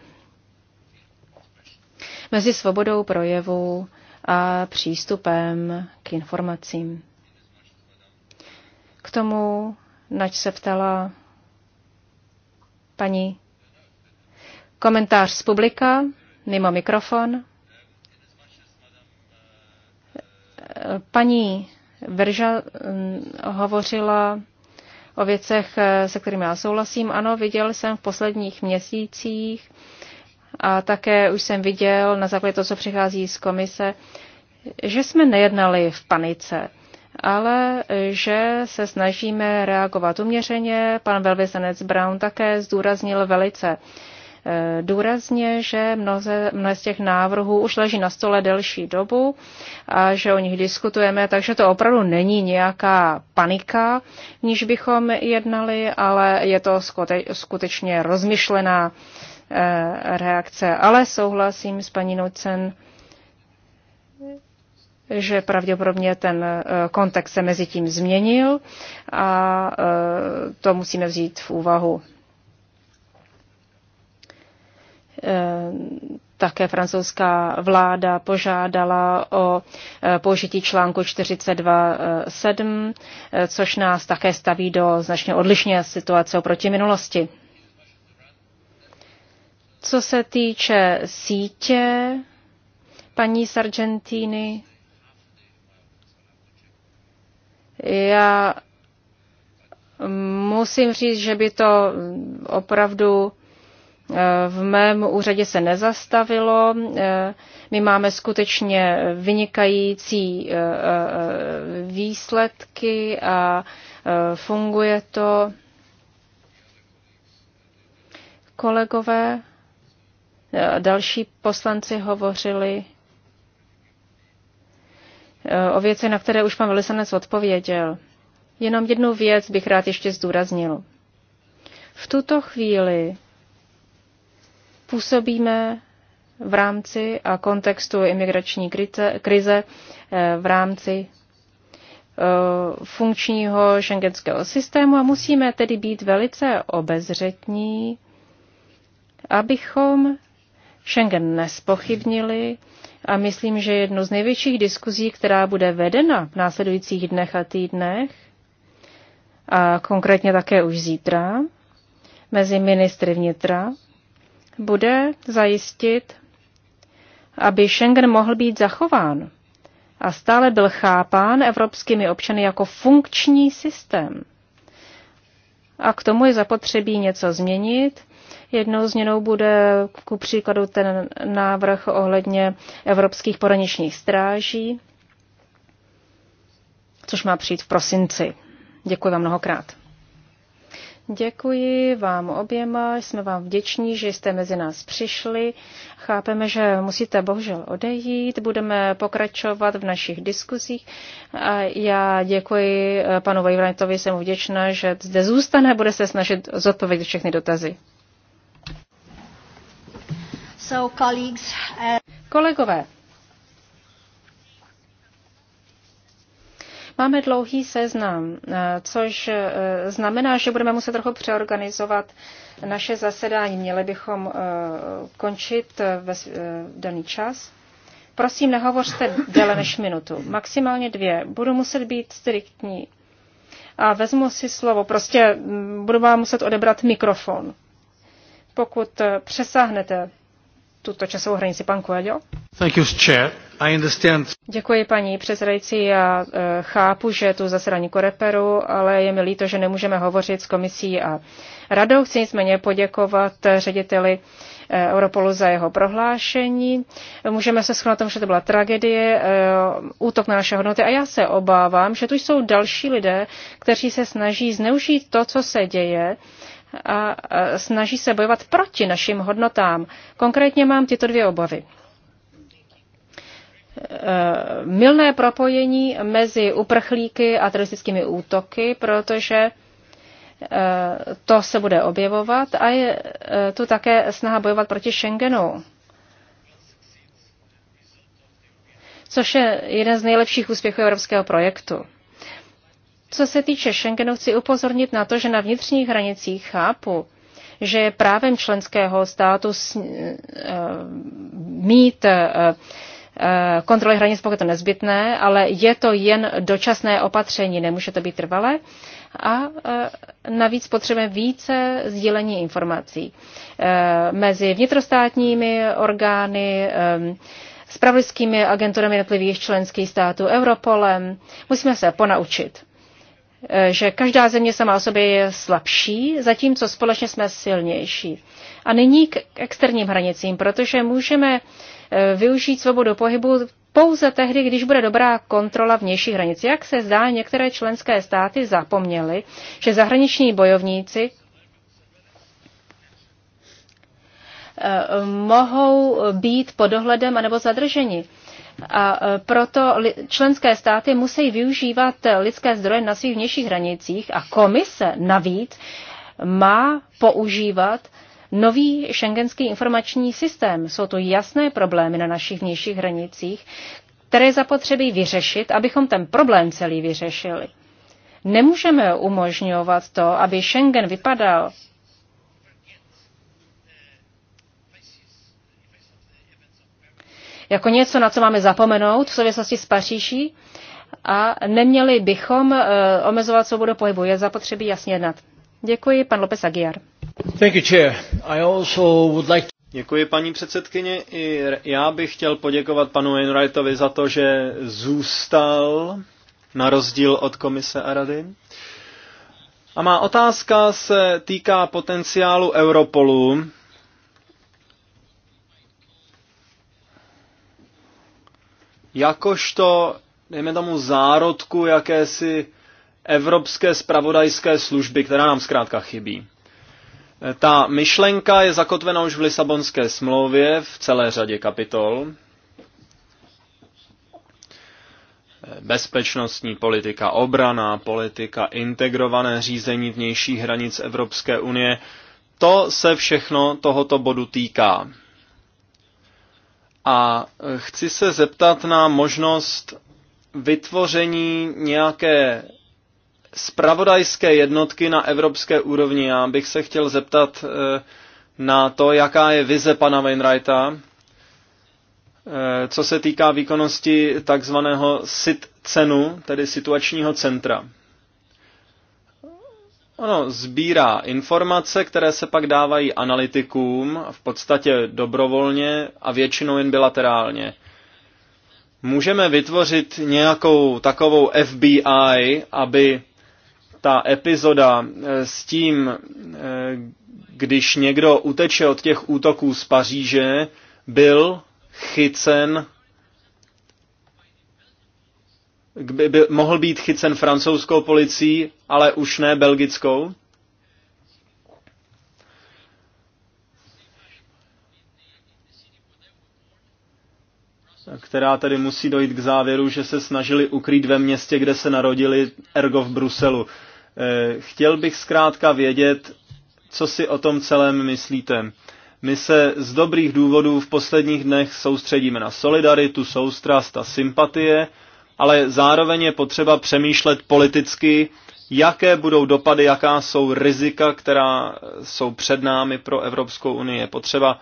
Speaker 1: mezi svobodou projevu a přístupem k informacím. K tomu, nač se ptala paní komentář z publika, mimo mikrofon. Paní Verža mm, hovořila o věcech, eh, se kterými já souhlasím. Ano, viděl jsem v posledních měsících a také už jsem viděl na základě toho, co přichází z komise, že jsme nejednali v panice, ale že se snažíme reagovat uměřeně. Pan velvyslanec Brown také zdůraznil velice důrazně, že mnoze, mnoze z těch návrhů už leží na stole delší dobu a že o nich diskutujeme, takže to opravdu není nějaká panika, v níž bychom jednali, ale je to skutečně rozmyšlená eh, reakce. Ale souhlasím s paní Nucen, že pravděpodobně ten eh, kontext se mezi tím změnil a eh, to musíme vzít v úvahu. Eh, také francouzská vláda požádala o eh, použití článku 42.7, eh, což nás také staví do značně odlišné situace oproti minulosti. Co se týče sítě paní Sargentini, já musím říct, že by to opravdu v mém úřadě se nezastavilo. My máme skutečně vynikající eh, eh, výsledky a eh, funguje to. Kolegové, další poslanci hovořili o věci, na které už pan Velisanec odpověděl. Jenom jednu věc bych rád ještě zdůraznil. V tuto chvíli působíme v rámci a kontextu imigrační krize eh, v rámci eh, funkčního šengenského systému a musíme tedy být velice obezřetní, abychom Schengen nespochybnili a myslím, že jednu z největších diskuzí, která bude vedena v následujících dnech a týdnech, a konkrétně také už zítra, mezi ministry vnitra bude zajistit, aby Schengen mohl být zachován a stále byl chápán evropskými občany jako funkční systém. A k tomu je zapotřebí něco změnit. Jednou změnou bude ku příkladu ten návrh ohledně evropských poraničních stráží, což má přijít v prosinci. Děkuji vám mnohokrát. Děkuji vám oběma, jsme vám vděční, že jste mezi nás přišli. Chápeme, že musíte bohužel odejít, budeme pokračovat v našich diskuzích. A já děkuji eh, panu Vejvratovi, jsem vděčná, že zde zůstane, bude se snažit zodpovědět všechny dotazy. So, colleagues, uh... Kolegové, Máme dlouhý seznam, eh, což eh, znamená, že budeme muset trochu přeorganizovat naše zasedání. Měli bychom eh, končit ve daný čas. Prosím, nehovořte déle než minutu, maximálně dvě. Budu muset být striktní a vezmu si slovo. Prostě mm, budu vám muset odebrat mikrofon. Pokud přesáhnete tuto časovou hranici. Pan Coelho.
Speaker 3: Thank you, chair. I understand.
Speaker 1: Děkuji paní předsedající. Já eh, chápu, že tu zasedání koreperu, ale je mi líto, že nemůžeme hovořit s komisí a radou. Chci nicméně poděkovat řediteli eh, Europolu za jeho prohlášení. Můžeme se shodnout na tom, že to byla tragédie, eh, útok na naše hodnoty a já se obávám, že tu jsou další lidé, kteří se snaží zneužít to, co se děje, a snaží se bojovat proti našim hodnotám. Konkrétně mám tyto dvě obavy. E, milné propojení mezi uprchlíky a teroristickými útoky, protože e, to se bude objevovat a je e, tu také snaha bojovat proti Schengenu. což je jeden z nejlepších úspěchů evropského projektu. Co se týče Schengenu, chci upozornit na to, že na vnitřních hranicích chápu, že je právem členského státu s, uh, mít uh, kontroly hranic, pokud je to nezbytné, ale je to jen dočasné opatření, nemůže to být trvalé. A navíc potřebujeme více sdílení informací mezi vnitrostátními orgány, spravodajskými agenturami jednotlivých členských států, Europolem. Musíme se ponaučit že každá země sama o sobě je slabší, zatímco společně jsme silnější. A nyní k externím hranicím, protože můžeme e, využít svobodu pohybu pouze tehdy, když bude dobrá kontrola vnějších hranic. Jak se zdá, některé členské státy zapomněly, že zahraniční bojovníci e, mohou být pod dohledem anebo zadrženi. A e, proto členské státy musí využívat e, lidské zdroje na svých vnějších hranicích a komise navíc má používat nový šengenský informační systém. Jsou to jasné problémy na našich vnějších hranicích, které zapotřebí vyřešit, abychom ten problém celý vyřešili. Nemůžeme umožňovat to, aby Schengen vypadal jako něco, na co máme zapomenout v souvislosti s Paříží a neměli bychom eh, omezovat svobodu pohybu. Je zapotřebí jasně jednat. Děkuji, pan López Aguiar. Thank you,
Speaker 2: chair. I also would like to... Děkuji, paní předsedkyně. I já bych chtěl poděkovat panu Enrightovi za to, že zůstal na rozdíl od komise a rady. A má otázka se týká potenciálu Europolu jakožto, dejme tomu, zárodku jakési evropské spravodajské služby, která nám zkrátka chybí. Ta myšlenka je zakotvena už v Lisabonské smlouvě v celé řadě kapitol. Bezpečnostní politika, obrana, politika, integrované řízení vnějších hranic Evropské unie, to se všechno tohoto bodu týká. A chci se zeptat na možnost vytvoření nějaké spravodajské jednotky na evropské úrovni. Já bych se chtěl zeptat eh, na to, jaká je vize pana Wainwrighta, eh, co se týká výkonnosti takzvaného SIT cenu, tedy situačního centra. Ono sbírá informace, které se pak dávají analytikům v podstatě dobrovolně a většinou jen bilaterálně. Můžeme vytvořit nějakou takovou FBI, aby ta epizoda eh, s tím, eh, když někdo uteče od těch útoků z Paříže, byl chycen by, by mohl být chycen francouzskou policií, ale už ne belgickou? která tedy musí dojít k závěru, že se snažili ukrýt ve městě, kde se narodili, ergo v Bruselu. Eh, chtěl bych zkrátka vědět, co si o tom celém myslíte. My se z dobrých důvodů v posledních dnech soustředíme na solidaritu, soustrast a sympatie, ale zároveň je potřeba přemýšlet politicky, jaké budou dopady, jaká jsou rizika, která jsou před námi pro Evropskou unii. Je potřeba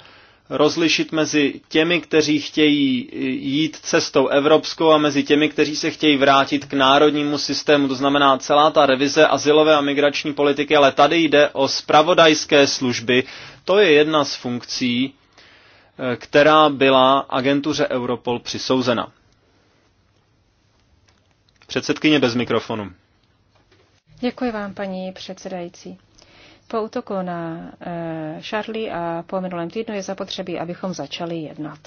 Speaker 2: rozlišit mezi těmi, kteří chtějí jít cestou evropskou a mezi těmi, kteří se chtějí vrátit k národnímu systému. To znamená celá ta revize asilové a migrační politiky, ale tady jde o spravodajské služby. To je jedna z funkcí, eh, která byla agentuře Europol přisouzena. Předsedkyně bez mikrofonu.
Speaker 1: Děkuji vám, paní předsedající. Po útoku na eh, Charlie a po minulém týdnu je zapotřebí, abychom začali jednat.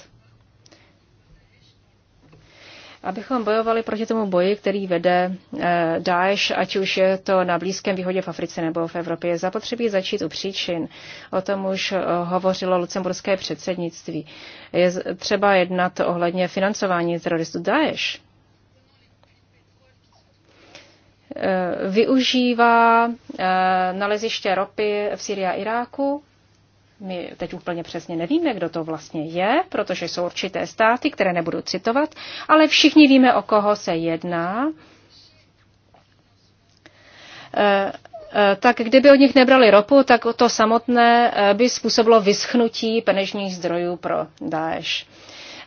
Speaker 1: Abychom bojovali proti tomu boji, který vede eh, Daesh, ať už je to na Blízkém východě v Africe nebo v Evropě, je zapotřebí začít u příčin. O tom už eh, hovořilo lucemburské předsednictví. Je třeba jednat ohledně financování teroristů Daesh Eh, využívá eh, naleziště ropy v Syrii a Iráku. My teď úplně přesně nevíme, kdo to vlastně je, protože jsou určité státy, které nebudu citovat, ale všichni víme, o koho se jedná. Eh, tak kdyby od nich nebrali ropu, tak to samotné by způsobilo vyschnutí peněžních zdrojů pro Daesh.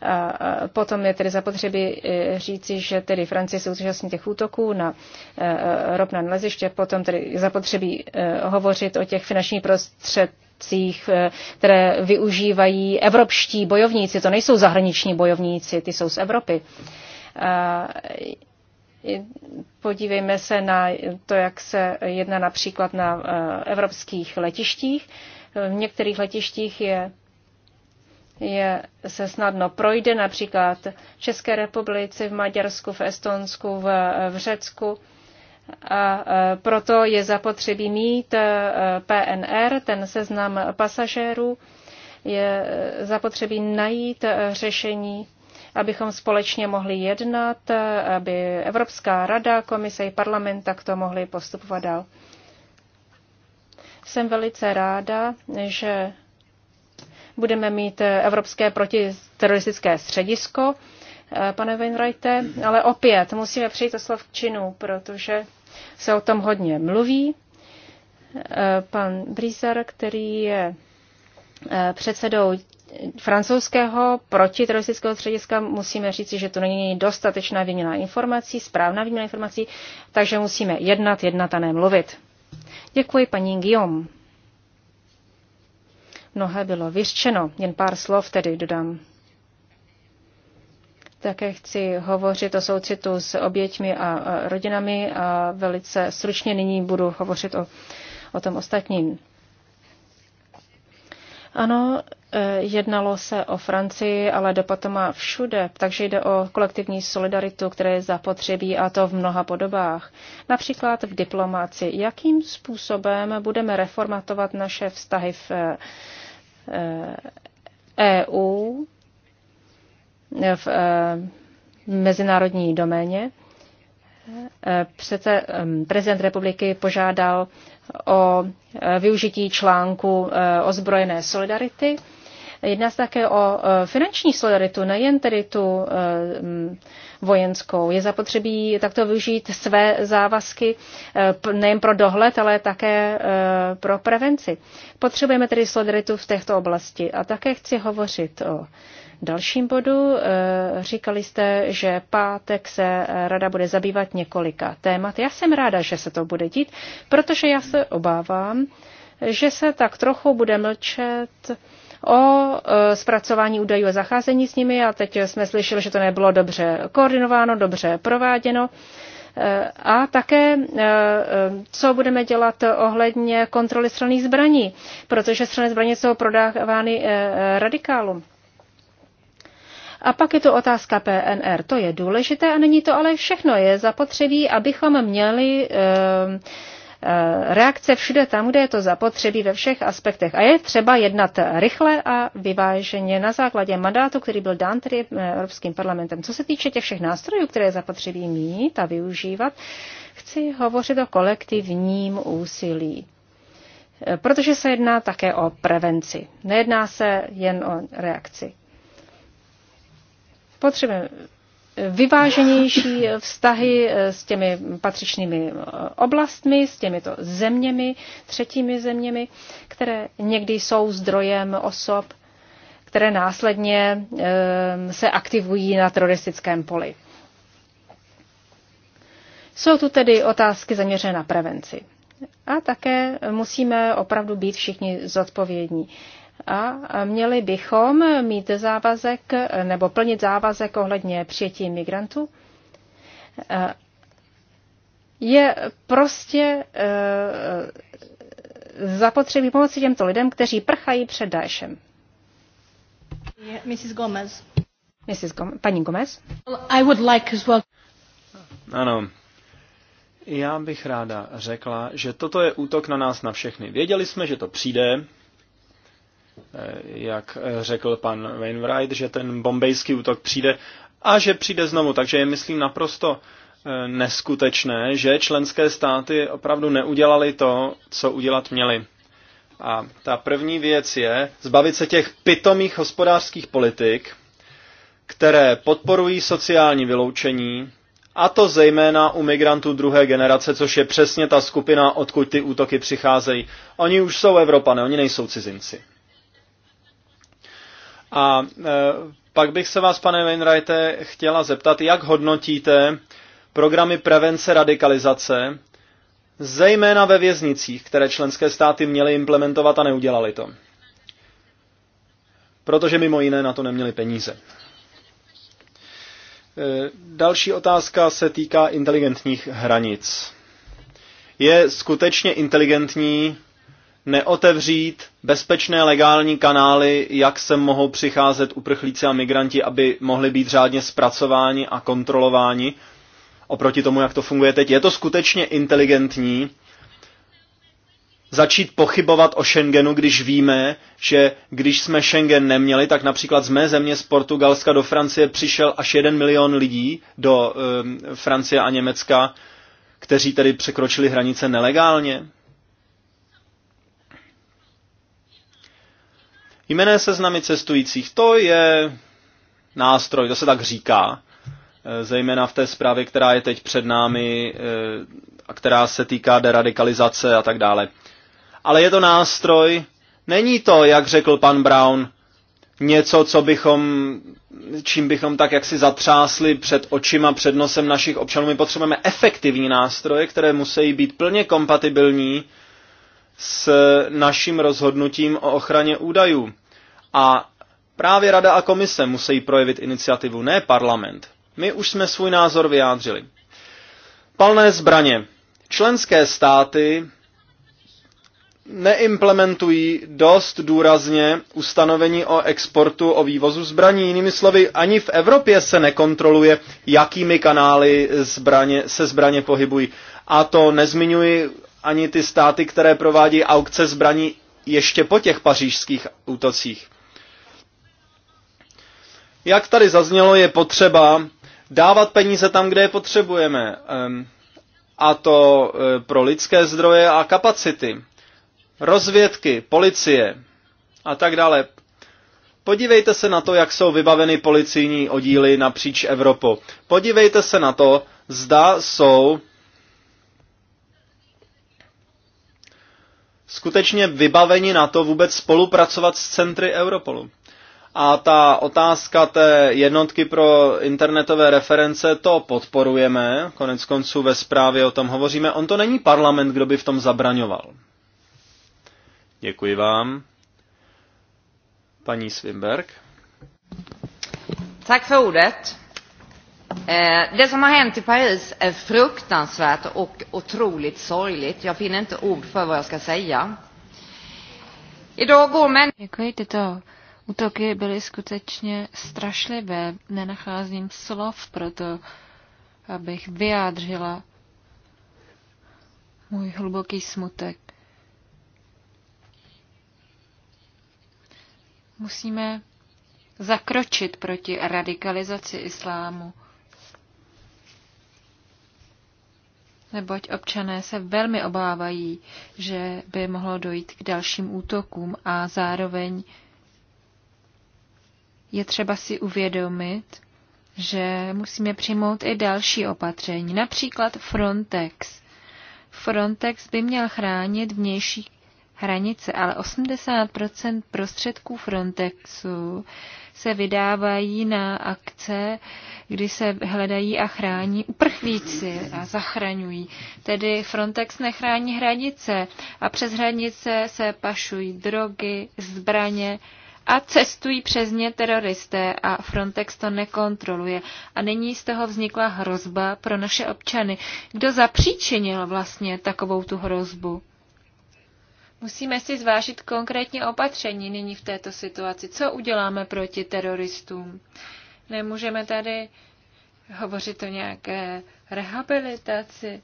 Speaker 1: A potom je tedy zapotřebí e, říci, že tedy Francie se účastní těch útoků na e, e, ropná naleziště, potom tedy zapotřebí hovořit o těch finančních prostředcích, které využívají evropští bojovníci. To nejsou zahraniční bojovníci, ty jsou z Evropy. podívejme se na to, jak se jedná například na evropských letištích. V některých letištích je je, se snadno projde, například v České republice, v Maďarsku, v Estonsku, v, v Řecku. A e, proto je zapotřebí mít e, PNR, ten seznam pasažérů, je e, zapotřebí najít řešení, abychom společně mohli jednat, aby Evropská rada, komise i parlament takto mohli postupovat dál. Jsem velice ráda, že Budeme mít eh, Evropské protiteroristické středisko, eh, pane Weinreite, ale opět musíme přijít o slov k činu, protože se o tom hodně mluví. Eh, pan Brizar, který je předsedou francouzského protiteroristického střediska musíme říci, že to není dostatečná výměna informací, správná výměna informací, takže musíme jednat, jednat a ne mluvit. Děkuji paní Guillaume mnohé bylo vyřčeno. Jen pár slov tedy dodám. Také chci hovořit o soucitu s oběťmi a rodinami a velice stručně nyní budu hovořit o, o tom ostatním. Ano, e, jednalo se o Francii, ale dopad to má všude, takže jde o kolektivní solidaritu, které je zapotřebí a to v mnoha podobách. Například v diplomaci. Jakým způsobem budeme reformatovat naše vztahy v EU eh, e v eh, mezinárodní doméně. Eh, přece prezident republiky požádal o využití článku ozbrojené solidarity Jedná se také o e, finanční solidaritu, nejen tedy tu e, vojenskou. Je zapotřebí takto využít své závazky e, nejen pro dohled, ale také pro prevenci. Potřebujeme tedy solidaritu v této oblasti. A také chci hovořit o dalším bodu. Říkali jste, že pátek se rada bude zabývat několika témat. Já jsem ráda, že se to bude dít, protože já se obávám, že se tak trochu bude mlčet o e, zpracování údajů a zacházení s nimi a teď jsme slyšeli, že to nebylo dobře koordinováno, dobře prováděno. E, a také, e, co budeme dělat ohledně kontroly střelných zbraní, protože střelné zbraně jsou prodávány radikálům. A pak je tu otázka PNR. To je důležité a není to ale všechno. Je zapotřebí, abychom měli e, Eh, reakce všude tam, kde je to zapotřebí ve všech aspektech. A je třeba jednat rychle a vyváženě na základě mandátu, který byl dán tedy eh, Evropským parlamentem. Co se týče těch všech nástrojů, které je zapotřebí mít a využívat, chci hovořit o kolektivním úsilí. Eh, protože se jedná také o prevenci. Nejedná se jen o reakci. Potřebujeme vyváženější vztahy eh, s těmi patřičnými eh, oblastmi, s těmito zeměmi, třetími zeměmi, které někdy jsou zdrojem osob, které následně eh, se aktivují na teroristickém poli. Jsou tu tedy otázky zaměřené na prevenci. A také musíme opravdu být všichni zodpovědní a měli bychom mít závazek nebo plnit závazek ohledně přijetí migrantů. Je prostě eh, zapotřebí pomoci těmto lidem, kteří prchají před Daešem. Mrs. Gomez. Mrs. Go- Paní Gomez. I would like as well...
Speaker 2: Ano, já bych ráda řekla, že toto je útok na nás na všechny. Věděli jsme, že to přijde, Eh, jak eh, řekl pan Wainwright, že ten bombejský útok přijde a že přijde znovu. Takže je, myslím, naprosto eh, neskutečné, že členské státy opravdu neudělali to, co udělat měli. A ta první věc je zbavit se těch pitomých hospodářských politik, které podporují sociální vyloučení, a to zejména u migrantů druhé generace, což je přesně ta skupina, odkud ty útoky přicházejí. Oni už jsou Evropané, oni nejsou cizinci. A e, pak bych se vás, pane Wainwrighte, chtěla zeptat, jak hodnotíte programy prevence radikalizace, zejména ve věznicích, které členské státy měly implementovat a neudělali to. Protože mimo jiné na to neměli peníze. E, další otázka se týká inteligentních hranic. Je skutečně inteligentní neotevřít bezpečné legální kanály, jak se mohou přicházet uprchlíci a migranti, aby mohli být řádně zpracováni a kontrolováni oproti tomu, jak to funguje teď. Je to skutečně inteligentní začít pochybovat o Schengenu, když víme, že když jsme Schengen neměli, tak například z mé země z Portugalska do Francie přišel až jeden milion lidí do um, Francie a Německa, kteří tedy překročili hranice nelegálně. Jmené seznamy cestujících, to je nástroj, to se tak říká, e, zejména v té zprávě, která je teď před námi e, a která se týká deradikalizace a tak dále. Ale je to nástroj, není to, jak řekl pan Brown, něco, co bychom, čím bychom tak jaksi zatřásli před očima, před nosem našich občanů. My potřebujeme efektivní nástroje, které musí být plně kompatibilní s naším rozhodnutím o ochraně údajů. A právě Rada a komise musí projevit iniciativu, ne parlament. My už jsme svůj názor vyjádřili. Palné zbraně. Členské státy neimplementují dost důrazně ustanovení o exportu, o vývozu zbraní. Jinými slovy, ani v Evropě se nekontroluje, jakými kanály zbraně, se zbraně pohybují. A to nezmiňuji ani ty státy, které provádí aukce zbraní ještě po těch pařížských útocích. Jak tady zaznělo, je potřeba dávat peníze tam, kde je potřebujeme. A to e, pro lidské zdroje a kapacity. Rozvědky, policie a tak dále. Podívejte se na to, jak jsou vybaveny policijní oddíly napříč Evropou. Podívejte se na to, zda jsou skutečně vybaveni na to vůbec spolupracovat s centry Europolu. A ta otázka té jednotky pro internetové reference, to podporujeme, konec konců ve zprávě o tom hovoříme. On to není parlament, kdo by v tom zabraňoval. Děkuji vám.
Speaker 3: Paní Svimberg. Tak för ordet. Eh, det som har hänt i Paris är fruktansvärt och otroligt sorgligt. Jag finner inte ord för vad jag ska säga. Idag går män... Děkuji, tyto útoky byly skutečně strašlivé. Nenacházím slov pro to, abych vyjádřila můj hluboký smutek. Musíme zakročit proti radikalizaci islámu. neboť občané se velmi obávají, že by mohlo dojít k dalším útokům a zároveň je třeba si uvědomit, že musíme přijmout i další opatření, například Frontex. Frontex by měl chránit vnější hranice, ale 80% prostředků Frontexu se vydávají na akce, kdy se hledají a chrání uprchlíci a zachraňují. Tedy Frontex nechrání hranice a přes hranice se pašují drogy, zbraně, a cestují přes ně teroristé a Frontex to nekontroluje. A nyní z toho vznikla hrozba pro naše občany. Kdo zapříčinil vlastně takovou tu hrozbu? Musíme si zvážit konkrétně opatření nyní v této situaci. Co uděláme proti teroristům? Nemůžeme tady hovořit o nějaké rehabilitaci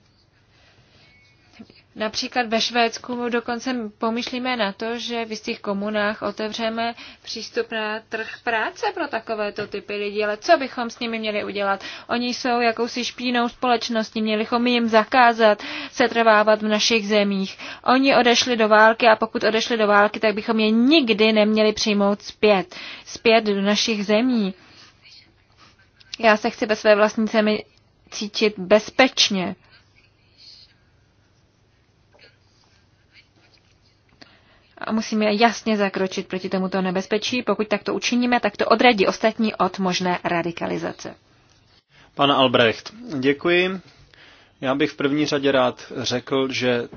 Speaker 3: Například ve Švédsku dokonce pomyšlíme na to, že v jistých komunách otevřeme přístup na trh práce pro takovéto typy lidí, ale co bychom s nimi měli udělat? Oni jsou jakousi špínou společností, měli bychom jim zakázat setrvávat v našich zemích. Oni odešli do války a pokud odešli do války, tak bychom je nikdy neměli přijmout zpět, zpět do našich zemí. Já se chci ve své vlastní zemi cítit bezpečně. a musíme jasně zakročit proti tomuto nebezpečí. Pokud takto učiníme, tak to odradí ostatní od možné radikalizace.
Speaker 2: Pane Albrecht, děkuji. Já bych v první řadě rád řekl, že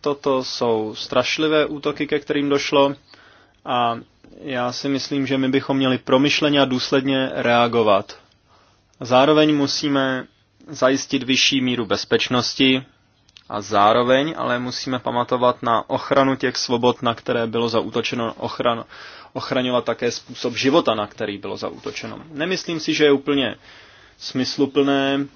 Speaker 2: toto jsou strašlivé útoky, ke kterým došlo a já si myslím, že my bychom měli promyšleně a důsledně reagovat. Zároveň musíme zajistit vyšší míru bezpečnosti a zároveň ale musíme pamatovat na ochranu těch svobod, na které bylo zautočeno, ochran, ochraňovat také způsob života, na který bylo zautočeno. Nemyslím si, že je úplně smysluplné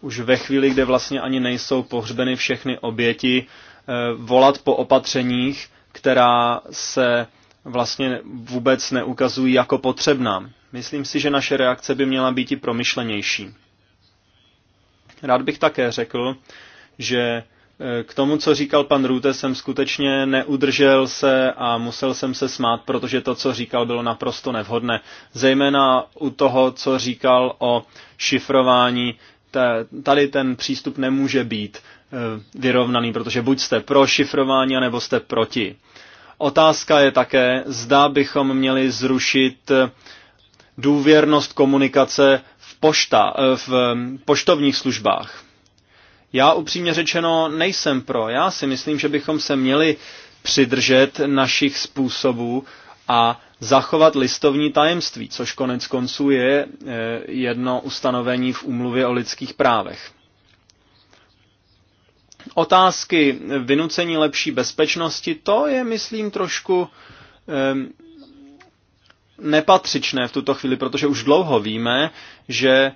Speaker 2: už ve chvíli, kde vlastně ani nejsou pohřbeny všechny oběti, eh, volat po opatřeních, která se vlastně vůbec neukazují jako potřebná. Myslím si, že naše reakce by měla být i promyšlenější. Rád bych také řekl, že e, k tomu, co říkal pan Rute, jsem skutečně neudržel se a musel jsem se smát, protože to, co říkal, bylo naprosto nevhodné. Zejména u toho, co říkal o šifrování, tady ten přístup nemůže být e, vyrovnaný, protože buď jste pro šifrování, nebo jste proti. Otázka je také, zda bychom měli zrušit e, důvěrnost komunikace v, pošta, v poštovních službách já upřímně řečeno nejsem pro. Já si myslím, že bychom se měli přidržet našich způsobů a zachovat listovní tajemství, což konec konců je eh, jedno ustanovení v úmluvě o lidských právech. Otázky vynucení lepší bezpečnosti, to je, myslím, trošku ehm, nepatřičné v tuto chvíli, protože už dlouho víme, že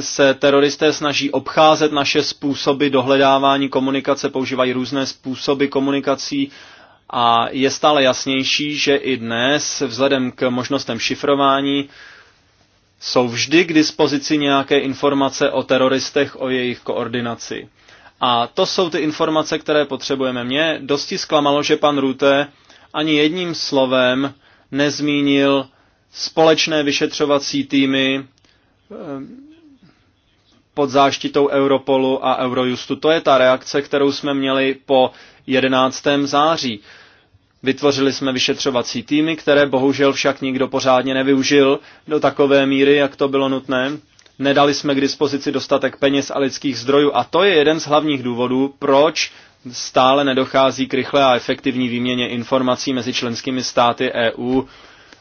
Speaker 2: se teroristé snaží obcházet naše způsoby dohledávání komunikace, používají různé způsoby komunikací a je stále jasnější, že i dnes vzhledem k možnostem šifrování jsou vždy k dispozici nějaké informace o teroristech, o jejich koordinaci. A to jsou ty informace, které potřebujeme. Mě dosti zklamalo, že pan Rute ani jedním slovem nezmínil společné vyšetřovací týmy, pod záštitou Europolu a Eurojustu. To je ta reakce, kterou jsme měli po 11. září. Vytvořili jsme vyšetřovací týmy, které bohužel však nikdo pořádně nevyužil do takové míry, jak to bylo nutné. Nedali jsme k dispozici dostatek peněz a lidských zdrojů a to je jeden z hlavních důvodů, proč stále nedochází k rychlé a efektivní výměně informací mezi členskými státy EU,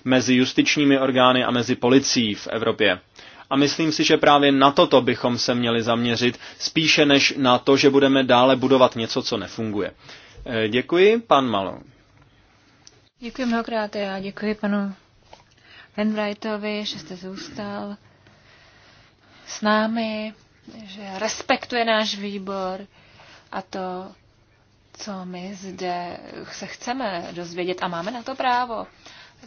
Speaker 2: mezi justičními orgány a mezi policií v Evropě. A myslím si, že právě na toto bychom se měli zaměřit, spíše než na to, že budeme dále budovat něco, co nefunguje. Eh, děkuji, pan Malo.
Speaker 3: Děkuji mnohokrát a děkuji panu Henrightovi, že jste zůstal s námi, že respektuje náš výbor a to, co my zde se chceme dozvědět a máme na to právo.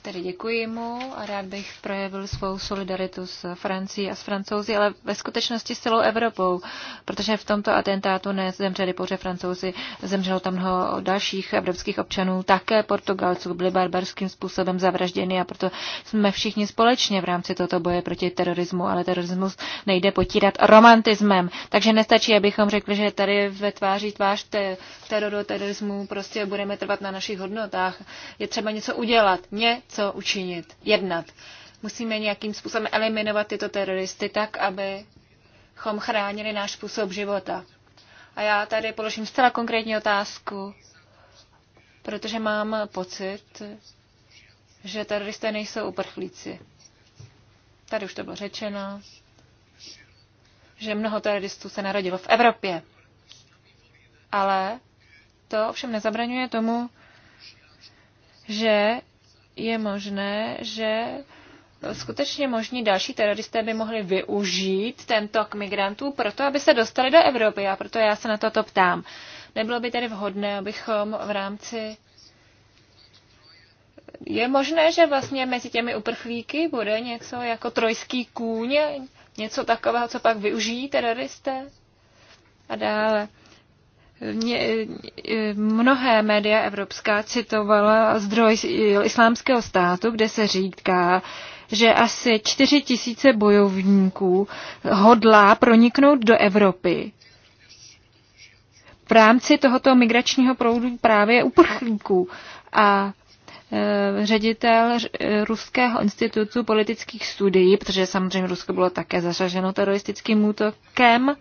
Speaker 3: Tedy děkuji mu a rád bych projevil svou solidaritu s Francií a s Francouzi, ale ve skutečnosti s celou Evropou, protože v tomto atentátu nezemřeli pouze Francouzi, zemřelo tam mnoho dalších evropských občanů, také Portugalců, byli barbarským způsobem zavražděni a proto jsme všichni společně v rámci tohoto boje proti terorismu, ale terorismus nejde potírat romantismem. Takže nestačí, abychom řekli, že tady ve tváří tvář te- teroru, terorismu prostě budeme trvat na našich hodnotách. Je třeba něco udělat. Mě co učinit, jednat. Musíme nějakým způsobem eliminovat tyto teroristy tak, abychom chránili náš způsob života. A já tady položím zcela konkrétní otázku, protože mám pocit, že teroristé nejsou uprchlíci. Tady už to bylo řečeno, že mnoho teroristů se narodilo v Evropě. Ale to ovšem nezabraňuje tomu, že je možné, že skutečně možní další teroristé by mohli využít tento tok migrantů proto, aby se dostali do Evropy. A proto já se na toto ptám. Nebylo by tedy vhodné, abychom v rámci je možné, že vlastně mezi těmi uprchlíky bude něco jako trojský kůň, něco takového, co pak využijí teroristé? A dále. E, mnohé média evropská citovala zdroj islámského státu, kde se říká, že asi čtyři tisíce bojovníků hodlá proniknout do Evropy. V rámci tohoto migračního proudu právě uprchlíků. A e, ředitel e, Ruského institutu politických studií, protože samozřejmě Rusko bylo také zařaženo teroristickým útokem,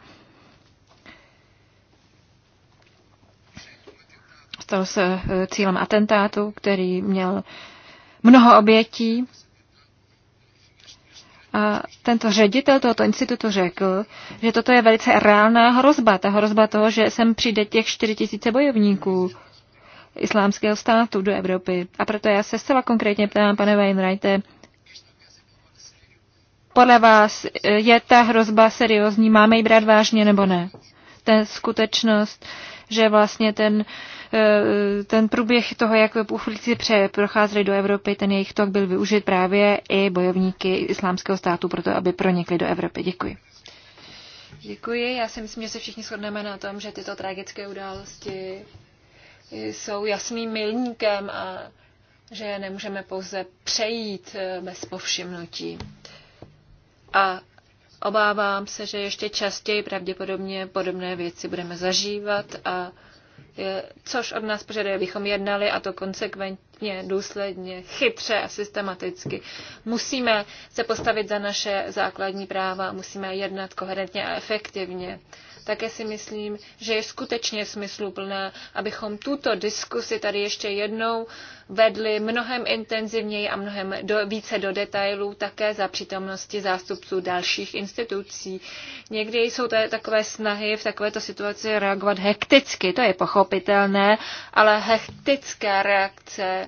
Speaker 3: stal se eh, cílem atentátu, který měl mnoho obětí. A tento ředitel tohoto institutu řekl, že toto je velice reálná hrozba. Ta hrozba toho, že sem přijde těch 4 tisíce bojovníků islámského státu do Evropy. A proto já se zcela konkrétně ptám, pane Weinreite, podle vás eh, je ta hrozba seriózní, máme ji brát vážně nebo ne? Ten skutečnost, že vlastně ten uh, Eh, ten průběh toho, jak uprchlíci procházeli do Evropy, ten jejich tok byl využit právě i bojovníky islámského státu proto, aby pronikli do Evropy. Děkuji. Děkuji. Já si myslím, že se všichni shodneme na tom, že tyto tragické události jsou jasným milníkem a že nemůžeme pouze přejít eh, bez povšimnutí. A obávám se, že ještě častěji pravděpodobně podobné věci budeme zažívat a Eh, což od nás požaduje, abychom jednali a to konsekventně, důsledně, chytře a systematicky. Musíme se postavit za naše základní práva, musíme jednat koherentně a efektivně. Také si myslím, že je skutečně smysluplné, abychom tuto diskusi tady ještě jednou vedli mnohem intenzivněji a mnohem do, více do detailů, také za přítomnosti zástupců dalších institucí. Někdy jsou to takové snahy v takovéto situaci reagovat hekticky, to je pochopitelné, ale hektická reakce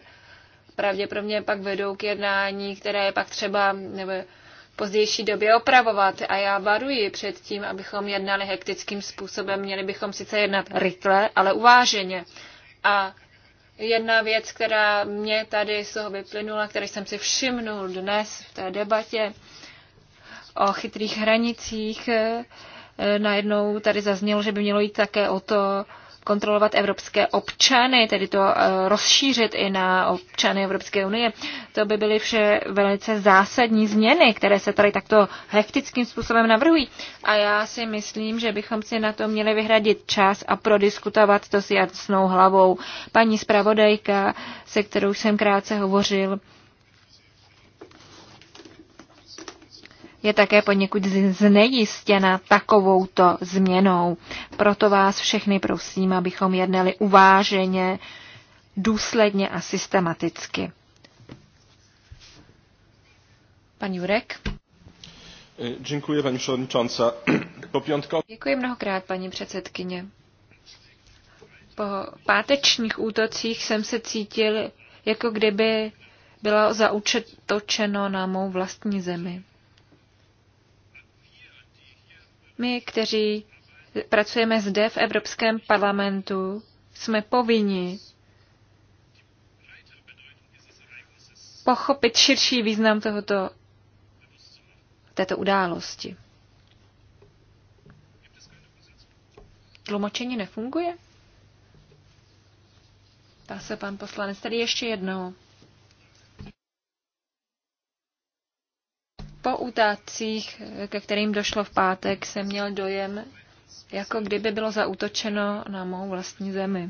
Speaker 3: pravděpodobně pak vedou k jednání, které je pak třeba nebo pozdější době opravovat. A já varuji před tím, abychom jednali hektickým způsobem. Měli bychom sice jednat rychle, ale uváženě. A jedna věc, která mě tady z toho vyplynula, které jsem si všimnul dnes v té debatě o chytrých hranicích, eh, najednou tady zaznělo, že by mělo jít také o to, kontrolovat evropské občany, tedy to eh, rozšířit i na občany Evropské unie. To by byly vše velice zásadní změny, které se tady takto hektickým způsobem navrhují. A já si myslím, že bychom si na to měli vyhradit čas a prodiskutovat to s jasnou hlavou. Paní zpravodajka, se kterou jsem krátce hovořil, je také poněkud znejistěna takovouto změnou. Proto vás všechny prosím, abychom jednali uváženě, důsledně a systematicky. Pan Jurek.
Speaker 2: Děkuji, paní předsedkyně. Po piątko...
Speaker 3: Děkuji mnohokrát, paní předsedkyně. Po pátečních útocích jsem se cítil, jako kdyby bylo zaučetočeno na mou vlastní zemi. My, kteří pracujeme zde v Evropském parlamentu, jsme povinni pochopit širší význam tohoto, této události. Tlumočení nefunguje? Ptá se pan poslanec. Tady ještě jednou. po útácích, ke kterým došlo v pátek, jsem měl dojem, jako kdyby bylo zautočeno na mou vlastní zemi.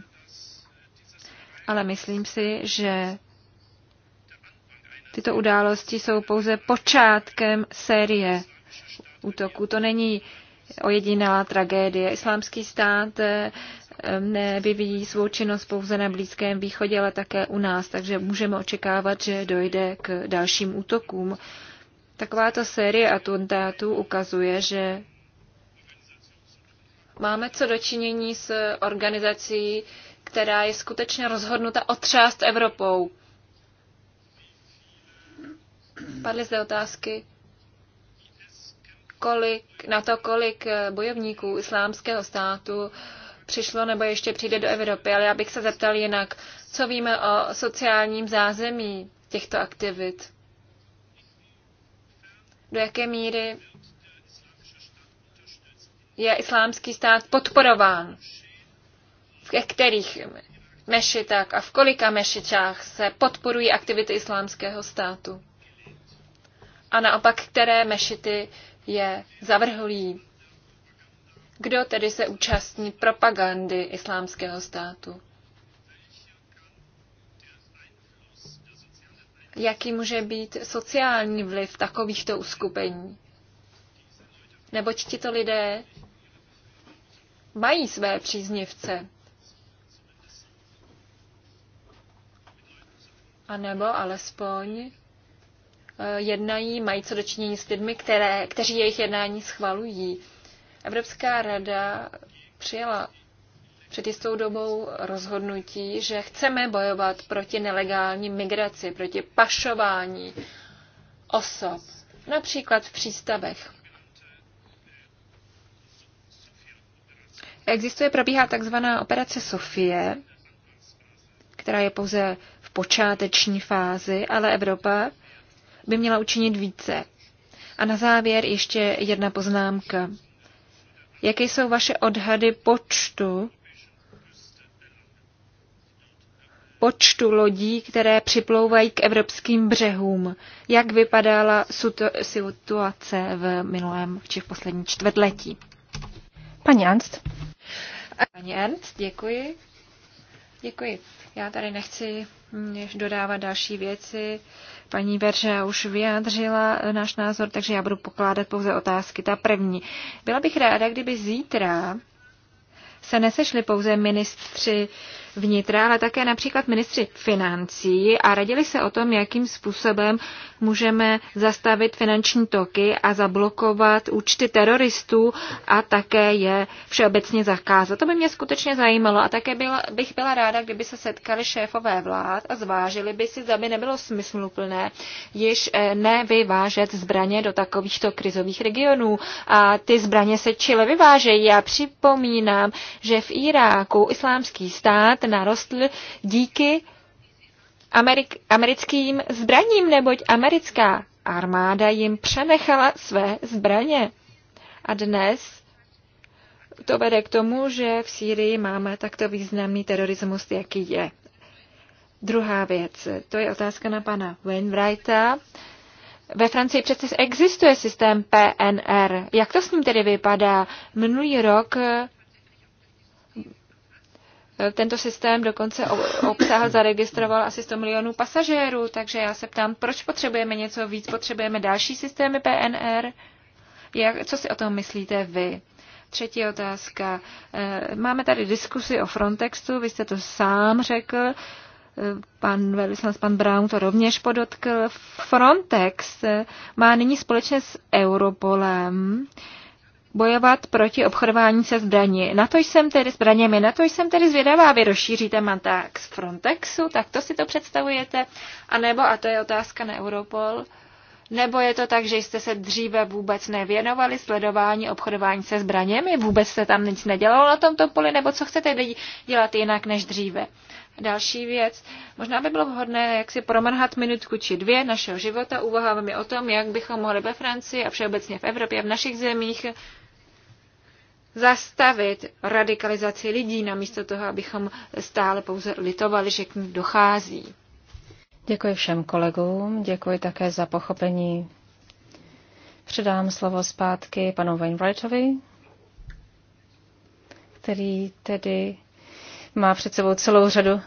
Speaker 3: Ale myslím si, že tyto události jsou pouze počátkem série útoků. To není ojedinělá tragédie. Islámský stát eh, nevyvíjí svou činnost pouze na Blízkém východě, ale také u nás, takže můžeme očekávat, že dojde k dalším útokům. Takováto série atentátů ukazuje, že máme co dočinění s organizací, která je skutečně rozhodnuta otřást Evropou. Padly zde otázky, kolik, na to, kolik eh, bojovníků islámského státu přišlo nebo ještě přijde do Evropy, ale já bych se zeptal jinak, co víme o sociálním zázemí těchto aktivit do jaké míry je islámský stát podporován, v kterých mešitách a v kolika mešičách se podporují aktivity islámského státu. A naopak, které mešity je zavrhlí. Kdo tedy se účastní propagandy islámského státu? jaký může být sociální vliv takovýchto uskupení. Neboť tito lidé mají své příznivce. A nebo alespoň eh, jednají, mají co dočinění s lidmi, které, kteří jejich jednání schvalují. Evropská rada přijela před jistou dobou rozhodnutí, že chceme bojovat proti nelegální migraci, proti pašování osob, například v přístavech. Existuje, probíhá takzvaná operace Sofie, která je pouze v počáteční fázi, ale Evropa by měla učinit více. A na závěr ještě jedna poznámka. Jaké jsou vaše odhady počtu počtu lodí, které připlouvají k evropským břehům. Jak vypadala situace v minulém či v posledním čtvrtletí? Pani Ernst. Pani Ernst, děkuji. Děkuji. Já tady nechci dodávat další věci. Paní Verža už vyjádřila eh, náš názor, takže já budu pokládat pouze otázky. Ta první. Byla bych ráda, kdyby zítra se nesešli pouze ministři vnitra, ale také například ministři financí a radili se o tom, jakým způsobem můžeme zastavit finanční toky a zablokovat účty teroristů a také je všeobecně zakázat. To by mě skutečně zajímalo a také byla, bych byla ráda, kdyby se setkali šéfové vlád a zvážili by si, zda by nebylo smysluplné již eh, nevyvážet zbraně do takovýchto krizových regionů. A ty zbraně se čile vyvážejí. Já připomínám, že v Iráku islámský stát narostl díky Amerik- americkým zbraním, neboť americká armáda jim přenechala své zbraně. A dnes to vede k tomu, že v Sýrii máme takto významný terorismus, jaký je. Druhá věc, to je otázka na pana Wainwrighta. Ve Francii přece existuje systém PNR. Jak to s ním tedy vypadá? Minulý rok Eh, tento systém dokonce obsahl, zaregistroval asi 100 milionů pasažérů, takže já se ptám, proč potřebujeme něco víc, potřebujeme další systémy PNR? Jak, co si o tom myslíte vy? Třetí otázka. Eh, máme tady diskusi o Frontextu, vy jste to sám řekl, eh, pan velvyslanec, pan Brown to rovněž podotkl. Frontex má nyní společně s Europolem bojovat proti obchodování se zbraní. Na to jsem tedy zbraněmi, na to jsem tedy zvědavá, vy rozšíříte mandát z Frontexu, tak to si to představujete, a nebo, a to je otázka na Europol, nebo je to tak, že jste se dříve vůbec nevěnovali sledování obchodování se zbraněmi, vůbec se tam nic nedělalo na tomto poli, nebo co chcete dělat jinak než dříve? Další věc, možná by bylo vhodné jak si promrhat minutku či dvě našeho života, uvaháváme o tom, jak bychom mohli ve Francii a všeobecně v Evropě a v našich zemích zastavit radikalizaci lidí, namísto toho, abychom stále pouze litovali, že k ní dochází.
Speaker 1: Děkuji všem kolegům, děkuji také za pochopení. Předám slovo zpátky panu Wainwrightovi, který tedy má před sebou celou řadu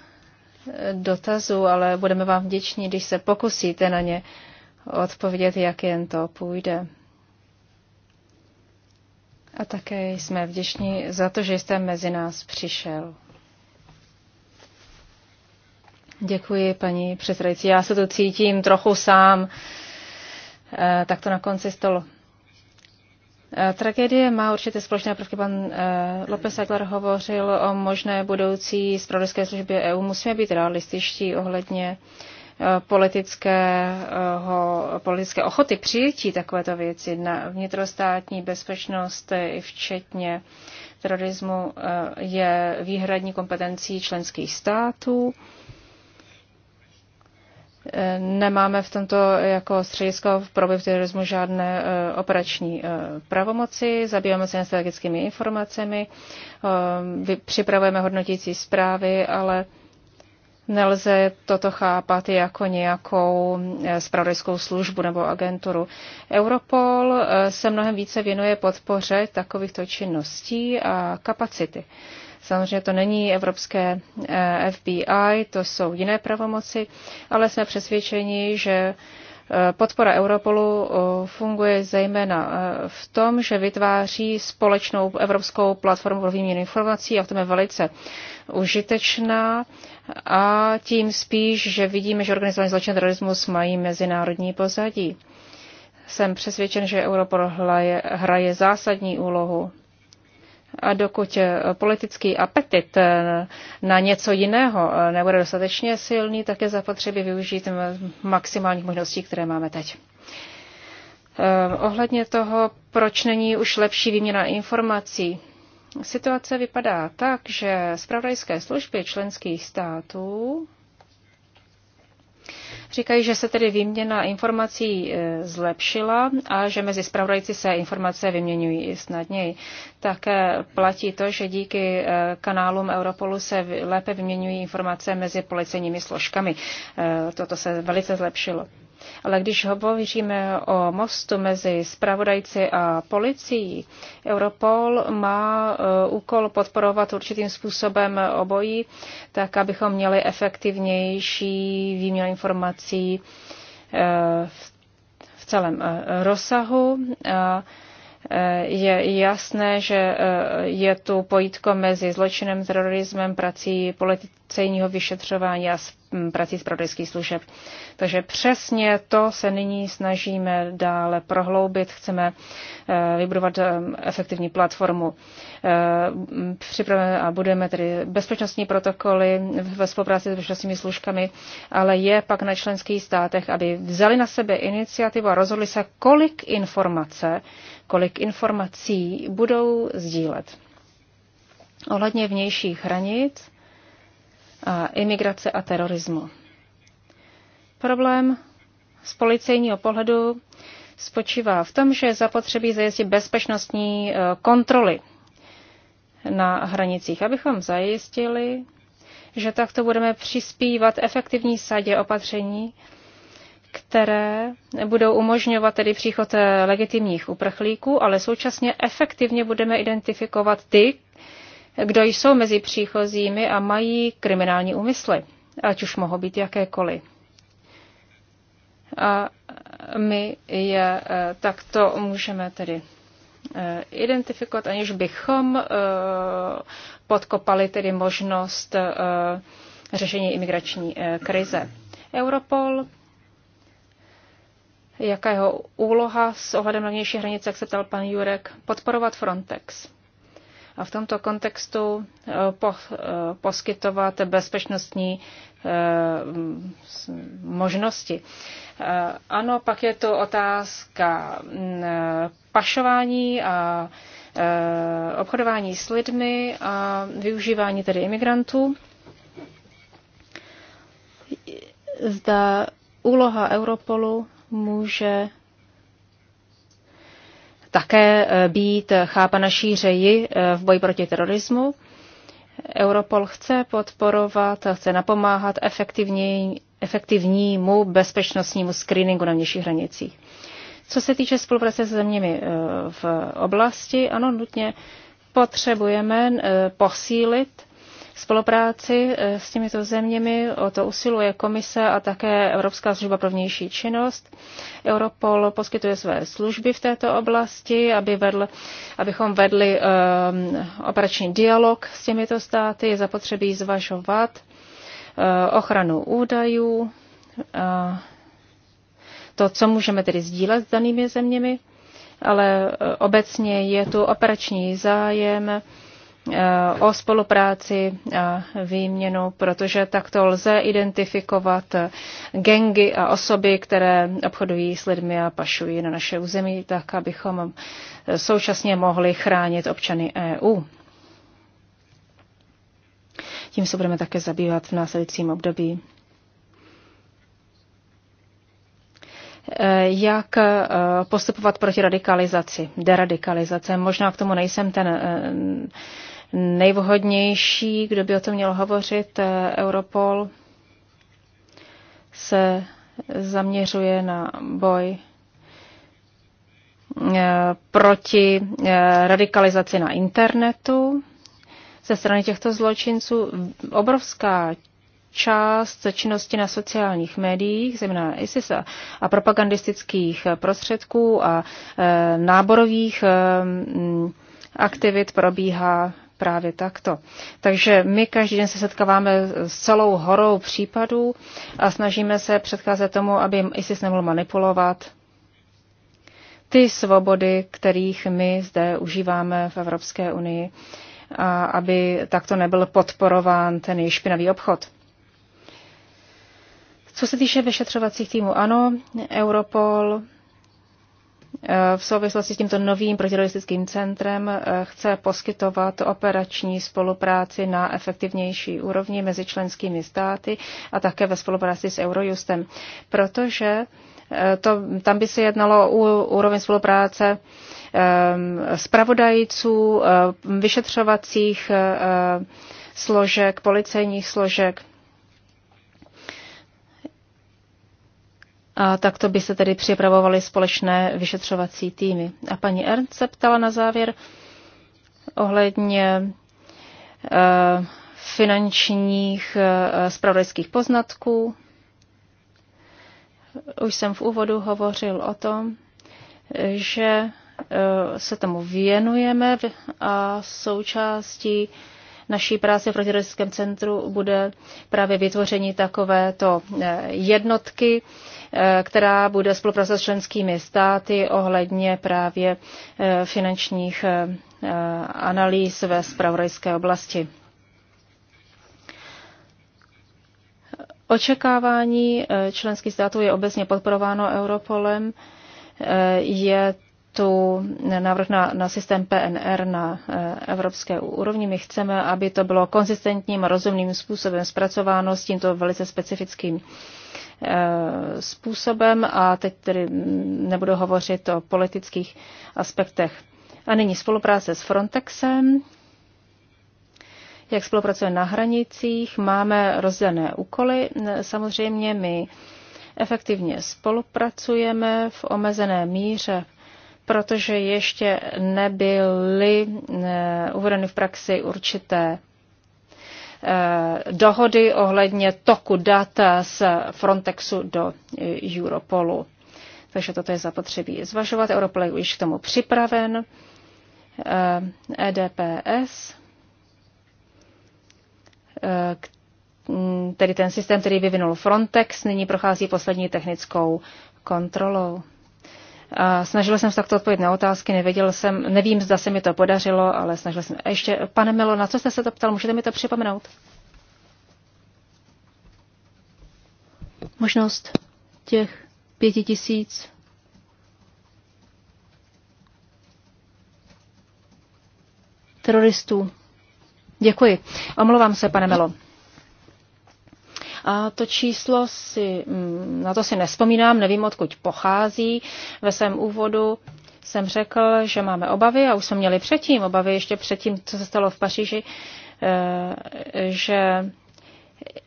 Speaker 1: eh, dotazů, ale budeme vám vděční, když se pokusíte na ně odpovědět, jak jen to půjde. A také jsme vděční za to, že jste mezi nás přišel. Děkuji, paní předsedající. Já se tu cítím trochu sám, eh, tak to na konci stolu. Eh, tragédie má určité společné prvky. Pan eh, López Aguilar hovořil o možné budoucí zpravodajské službě EU. Musíme být realističtí ohledně uh, politického, politické ochoty přijetí takovéto věci na vnitrostátní bezpečnost, včetně terorismu, eh, je výhradní kompetencí členských států. Eh, nemáme v tomto jako středisko v probě terorismu žádné eh, operační pravomoci, zabýváme se strategickými informacemi, připravujeme hodnotící zprávy, ale Nelze toto chápat jako nějakou eh, spravodajskou službu nebo agenturu. Europol eh, se mnohem více věnuje podpoře takovýchto činností a kapacity. Samozřejmě to není evropské eh, FBI, to jsou jiné pravomoci, ale jsme přesvědčeni, že Podpora Europolu eh, funguje zejména eh, v tom, že vytváří společnou evropskou platformu pro výměnu informací a v tom je velice užitečná a tím spíš, že vidíme, že organizovaný zločin terorismus mají mezinárodní pozadí. Jsem přesvědčen, že Europol hraje, hraje zásadní úlohu a dokud eh, politický apetit eh, na něco jiného eh, nebude dostatečně silný, tak je zapotřebí využít maximálních možností, které máme teď. Ohledně toho, proč není už lepší výměna informací, situace vypadá tak, že zpravodajské služby členských států Říkají, že se tedy výměna informací e, zlepšila a že mezi spravodajci se informace vyměňují snadněji. Také platí to, že díky e, kanálům Europolu se lépe vyměňují informace mezi policejními složkami. E, toto se velice zlepšilo. Ale když hovoříme o mostu mezi spravodajci a policií, Europol má eh, úkol podporovat určitým způsobem obojí, tak abychom měli efektivnější výměnu informací eh, v celém eh, rozsahu. Je jasné, že je tu pojítko mezi zločinem, terorismem, prací politi- policejního vyšetřování a prací prodejských služeb. Takže přesně to se nyní snažíme dále prohloubit. Chceme eh, vybudovat eh, efektivní platformu. Eh, připravujeme a budeme tedy bezpečnostní protokoly ve spolupráci s bezpečnostními služkami, ale je pak na členských státech, aby vzali na sebe iniciativu a rozhodli se, kolik informace, kolik informací budou sdílet. Ohledně vnějších hranic, a imigrace a terorismu. Problém z policejního pohledu spočívá v tom, že zapotřebí zajistit bezpečnostní eh, kontroly na hranicích, abychom zajistili, že takto budeme přispívat efektivní sadě opatření, které budou umožňovat tedy příchod eh, legitimních uprchlíků, ale současně efektivně budeme identifikovat ty, kdo jsou mezi příchozími a mají kriminální úmysly, ať už mohou být jakékoliv. A my je eh, takto můžeme tedy eh, identifikovat, aniž bychom eh, podkopali tedy možnost řešení imigrační krize. Europol, jaká jeho úloha s ohledem na vnější hranice, jak se ptal pan Jurek, podporovat Frontex v tomto kontextu eh, po, eh, poskytovat bezpečnostní eh, možnosti. Ano, pak je to otázka mm, pašování a obchodování s lidmi a využívání tedy imigrantů. Zda úloha Europolu může také eh, být eh, chápana šířeji eh, v boji proti terorismu. Europol chce podporovat, chce napomáhat efektivní, efektivnímu bezpečnostnímu screeningu na vnějších hranicích. Co se týče spolupráce s zeměmi v oblasti, ano, nutně potřebujeme posílit Spolupráci eh, s těmito zeměmi o to usiluje komise a také Evropská služba pro vnější činnost. Europol poskytuje své služby v této oblasti, aby vedl, abychom vedli um, operační dialog s těmito státy. Je zapotřebí zvažovat uh, ochranu údajů, uh, to, co můžeme tedy sdílet s danými zeměmi, ale eh, obecně je tu operační zájem Eh, o spolupráci a výměnu, protože takto lze identifikovat gengy a osoby, které obchodují s lidmi a pašují na naše území, tak abychom současně mohli chránit občany EU. Tím se budeme také zabývat v následujícím období. Eh, jak eh, postupovat proti radikalizaci, deradikalizace. Možná k tomu nejsem ten nejvhodnější, kdo by o tom měl hovořit, eh, Europol se zaměřuje na boj eh, proti eh, radikalizaci na internetu ze strany těchto zločinců. Obrovská část činnosti na sociálních médiích, zejména ISIS a, a propagandistických prostředků a e, náborových e, aktivit probíhá právě takto. Takže my každý den se setkáváme s celou horou případů a snažíme se předcházet tomu, aby ISIS nemohl manipulovat ty svobody, kterých my zde užíváme v Evropské unii, a aby takto nebyl podporován ten špinavý obchod. Co se týče vyšetřovacích týmů, ano, Europol Eh, v souvislosti s tímto novým protiteroristickým centrem eh, chce poskytovat operační spolupráci na efektivnější úrovni mezi členskými státy a také ve spolupráci s Eurojustem, protože eh, to, tam by se jednalo o úroveň spolupráce spravodajců, ehm, vyšetřovacích složek, policejních složek A takto by se tedy připravovaly společné vyšetřovací týmy. A paní Ernst se ptala na závěr ohledně eh, finančních spravodajských eh, poznatků. Už jsem v úvodu hovořil o tom, že eh, se tomu věnujeme a součástí naší práce v protiteroristickém centru bude právě vytvoření takovéto eh, jednotky, eh, která bude spolupracovat s členskými státy ohledně právě eh, finančních analýz ve spravodajské oblasti. Očekávání členských států je obecně podporováno Europolem. Je tu návrh na, na systém PNR na eh, evropské úrovni. My chceme, aby to bylo konzistentním a rozumným způsobem zpracováno s tímto velice specifickým eh, způsobem a teď tedy nebudu hovořit o politických aspektech. A nyní spolupráce s Frontexem. Jak spolupracujeme na hranicích? Máme rozdělené úkoly. Eh, samozřejmě my efektivně spolupracujeme v omezené míře protože ještě nebyly eh, uvedeny v praxi určité eh, dohody ohledně toku dat z Frontexu do Europolu. Takže toto je zapotřebí zvažovat. Europol je již k tomu připraven. EDPS, eh, e tedy ten systém, který vyvinul Frontex, nyní prochází poslední technickou kontrolou snažila snažil jsem se takto odpovědět na otázky, nevěděl jsem, nevím, zda se mi to podařilo, ale snažil jsem. A ještě, pane Milo, na co jste se to ptal, můžete mi to připomenout? Možnost těch pěti tisíc. teroristů. Děkuji. Omlouvám se, pane Melo. A to číslo si, mm, na to si nespomínám, nevím, odkud pochází. Ve svém úvodu jsem řekl, že máme obavy, a už jsme měli předtím obavy, ještě předtím, co se stalo v Paříži, eh, že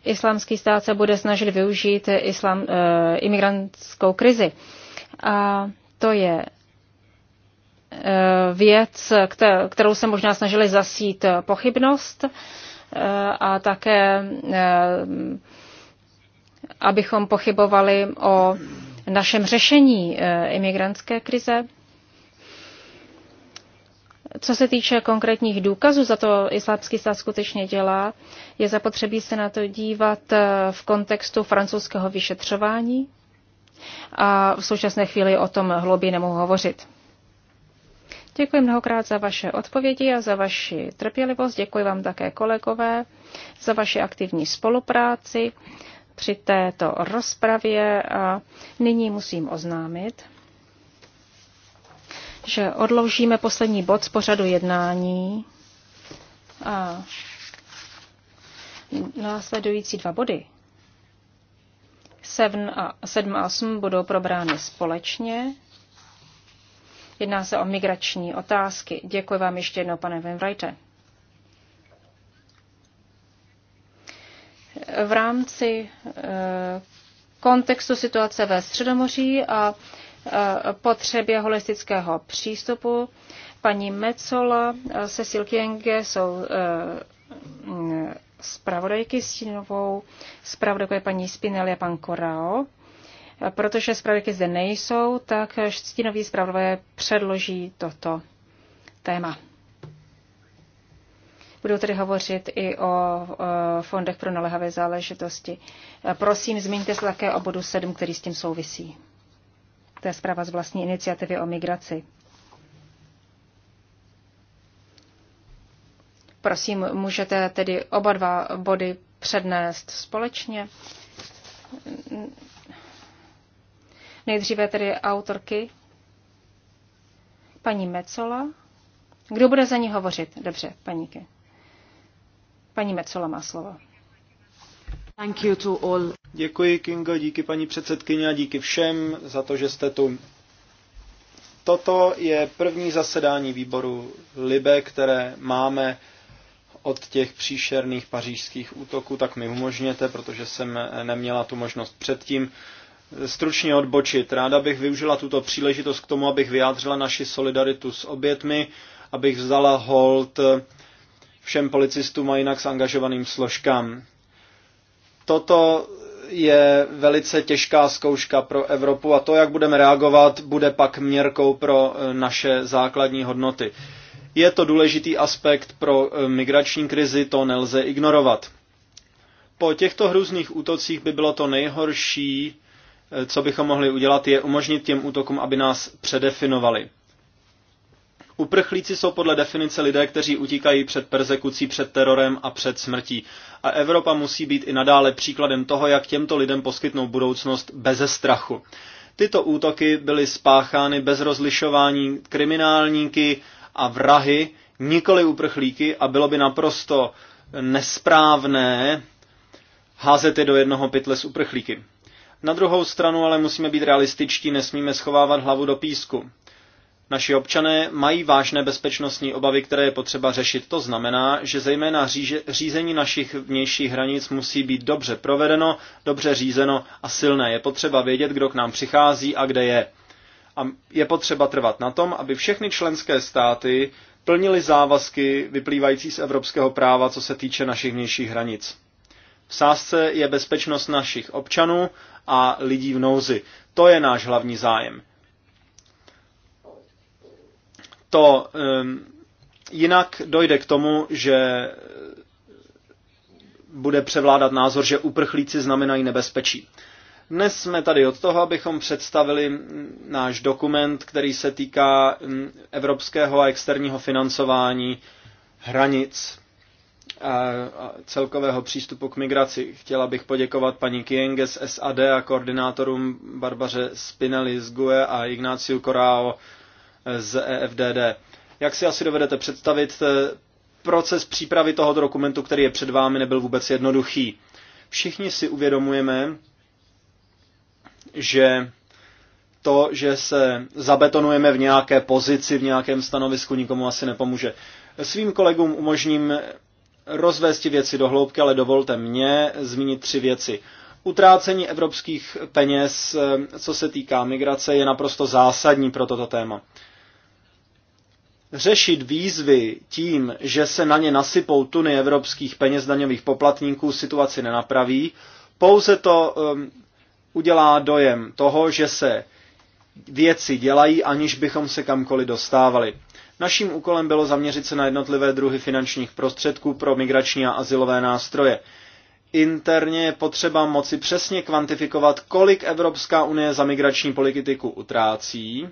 Speaker 1: islámský stát se bude snažit využít eh, islám, eh, imigrantskou krizi. A to je věc, kterou se možná snažili zasít pochybnost a také abychom pochybovali o našem řešení eh, imigrantské krize. Co se týče konkrétních důkazů, za to islámský stát skutečně dělá, je zapotřebí se na to dívat eh, v kontextu francouzského vyšetřování a v současné chvíli o tom hlouběji nemohu hovořit. Děkuji mnohokrát za vaše odpovědi a za vaši trpělivost. Děkuji vám také kolegové za vaši aktivní spolupráci při této rozpravě a nyní musím oznámit, že odložíme poslední bod z pořadu jednání a následující dva body 7 a 7 a 8 budou probrány společně. Jedná se o migrační otázky. Děkuji vám ještě jednou, pane Wenwrighte. v rámci eh, kontextu situace ve Středomoří a eh, potřebě holistického přístupu. Paní Mecola, Cecil Kienge jsou eh, zpravodajky stínovou, zpravodajkou je paní Spinelli a pan Korao. Protože zpravodajky zde nejsou, tak stínoví zpravodajé předloží toto téma. Budu tedy hovořit i o fondech pro nalehavé záležitosti. Prosím, zmiňte se také o bodu 7, který s tím souvisí. To je zpráva z vlastní iniciativy o migraci. Prosím, můžete tedy oba dva body přednést společně. Nejdříve tedy autorky paní Mecola. Kdo bude za ní hovořit? Dobře, paníky. Paní Mecola má slovo.
Speaker 2: Thank you to all. Děkuji, Kingo, díky paní předsedkyně a díky všem za to, že jste tu. Toto je první zasedání výboru LIBE, které máme od těch příšerných pařížských útoků, tak mi umožněte, protože jsem neměla tu možnost předtím stručně odbočit. Ráda bych využila tuto příležitost k tomu, abych vyjádřila naši solidaritu s obětmi, abych vzala hold všem policistům a jinak angažovaným složkám. Toto je velice těžká zkouška pro Evropu a to, jak budeme reagovat, bude pak měrkou pro eh, naše základní hodnoty. Je to důležitý aspekt pro eh, migrační krizi, to nelze ignorovat. Po těchto hrůzných útocích by bylo to nejhorší, eh, co bychom mohli udělat, je umožnit těm útokům, aby nás předefinovali. Uprchlíci jsou podle definice lidé, kteří utíkají před persekucí, před terorem a před smrtí. A Evropa musí být i nadále příkladem toho, jak těmto lidem poskytnout budoucnost bez strachu. Tyto útoky byly spáchány bez rozlišování kriminálníky a vrahy, nikoli uprchlíky a bylo by naprosto nesprávné házet je do jednoho pytle s uprchlíky. Na druhou stranu ale musíme být realističtí, nesmíme schovávat hlavu do písku. Naši občané mají vážné bezpečnostní obavy, které je potřeba řešit. To znamená, že zejména řízení našich vnějších hranic musí být dobře provedeno, dobře řízeno a silné. Je potřeba vědět, kdo k nám přichází a kde je. A je potřeba trvat na tom, aby všechny členské státy plnili závazky vyplývající z evropského práva, co se týče našich vnějších hranic. V sázce je bezpečnost našich občanů a lidí v nouzi. To je náš hlavní zájem to ehm, jinak dojde k tomu, že bude převládat názor, že uprchlíci znamenají nebezpečí. Dnes jsme tady od toho, abychom představili náš dokument, který se týká mm, evropského a externího financování hranic a celkového přístupu k migraci. Chtěla bych poděkovat paní Kienge z SAD a koordinátorům Barbaře Spinelli z GUE a Ignáciu Corao z EFDD. Jak si asi dovedete představit, eh, proces přípravy tohoto dokumentu, který je před vámi, nebyl vůbec jednoduchý. Všichni si uvědomujeme, že to, že se zabetonujeme v nějaké pozici, v nějakém stanovisku, nikomu asi nepomůže. Svým kolegům umožním rozvést věci do hloubky, ale dovolte mě zmínit tři věci. Utrácení evropských peněz, eh, co se týká migrace, je naprosto zásadní pro toto téma. Řešit výzvy tím, že se na ně nasypou tuny evropských peněz daňových poplatníků, situaci nenapraví. Pouze to um, udělá dojem toho, že se věci dělají, aniž bychom se kamkoliv dostávali. Naším úkolem bylo zaměřit se na jednotlivé druhy finančních prostředků pro migrační a asilové nástroje. Interně je potřeba moci přesně kvantifikovat, kolik Evropská unie za migrační politiku utrácí,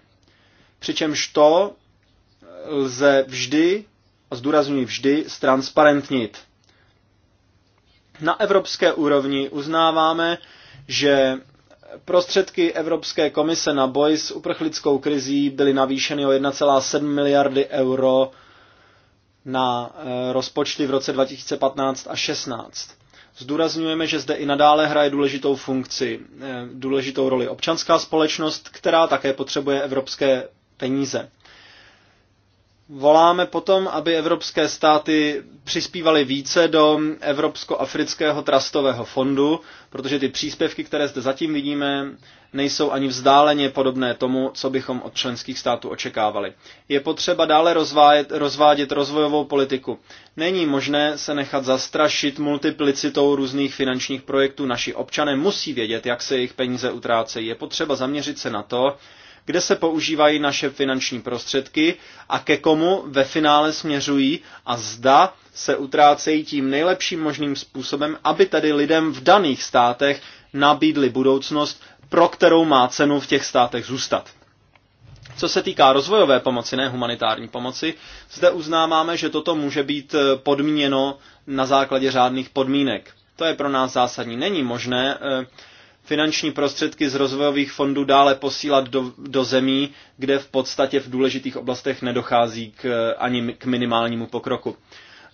Speaker 2: přičemž to lze vždy, a zdůrazňuji vždy, ztransparentnit. Na evropské úrovni uznáváme, že prostředky Evropské komise na boj s uprchlickou krizí byly navýšeny o 1,7 miliardy euro na eh, rozpočty v roce 2015 a 16. Zdůrazňujeme, že zde i nadále hraje důležitou funkci, eh, důležitou roli občanská společnost, která také potřebuje evropské peníze voláme potom, aby evropské státy přispívaly více do Evropsko-afrického trastového fondu, protože ty příspěvky, které zde zatím vidíme, nejsou ani vzdáleně podobné tomu, co bychom od členských států očekávali. Je potřeba dále rozvádět, rozvádět rozvojovou politiku. Není možné se nechat zastrašit multiplicitou různých finančních projektů. Naši občané musí vědět, jak se jejich peníze utrácejí. Je potřeba zaměřit se na to, kde se používají naše finanční prostředky a ke komu ve finále směřují a zda se utrácejí tím nejlepším možným způsobem, aby tedy lidem v daných státech nabídli budoucnost, pro kterou má cenu v těch státech zůstat. Co se týká rozvojové pomoci, ne humanitární pomoci, zde uznáváme, že toto může být eh, podmíněno na základě řádných podmínek. To je pro nás zásadní. Není možné eh, finanční prostředky z rozvojových fondů dále posílat do, do zemí, kde v podstatě v důležitých oblastech nedochází k, ani k minimálnímu pokroku.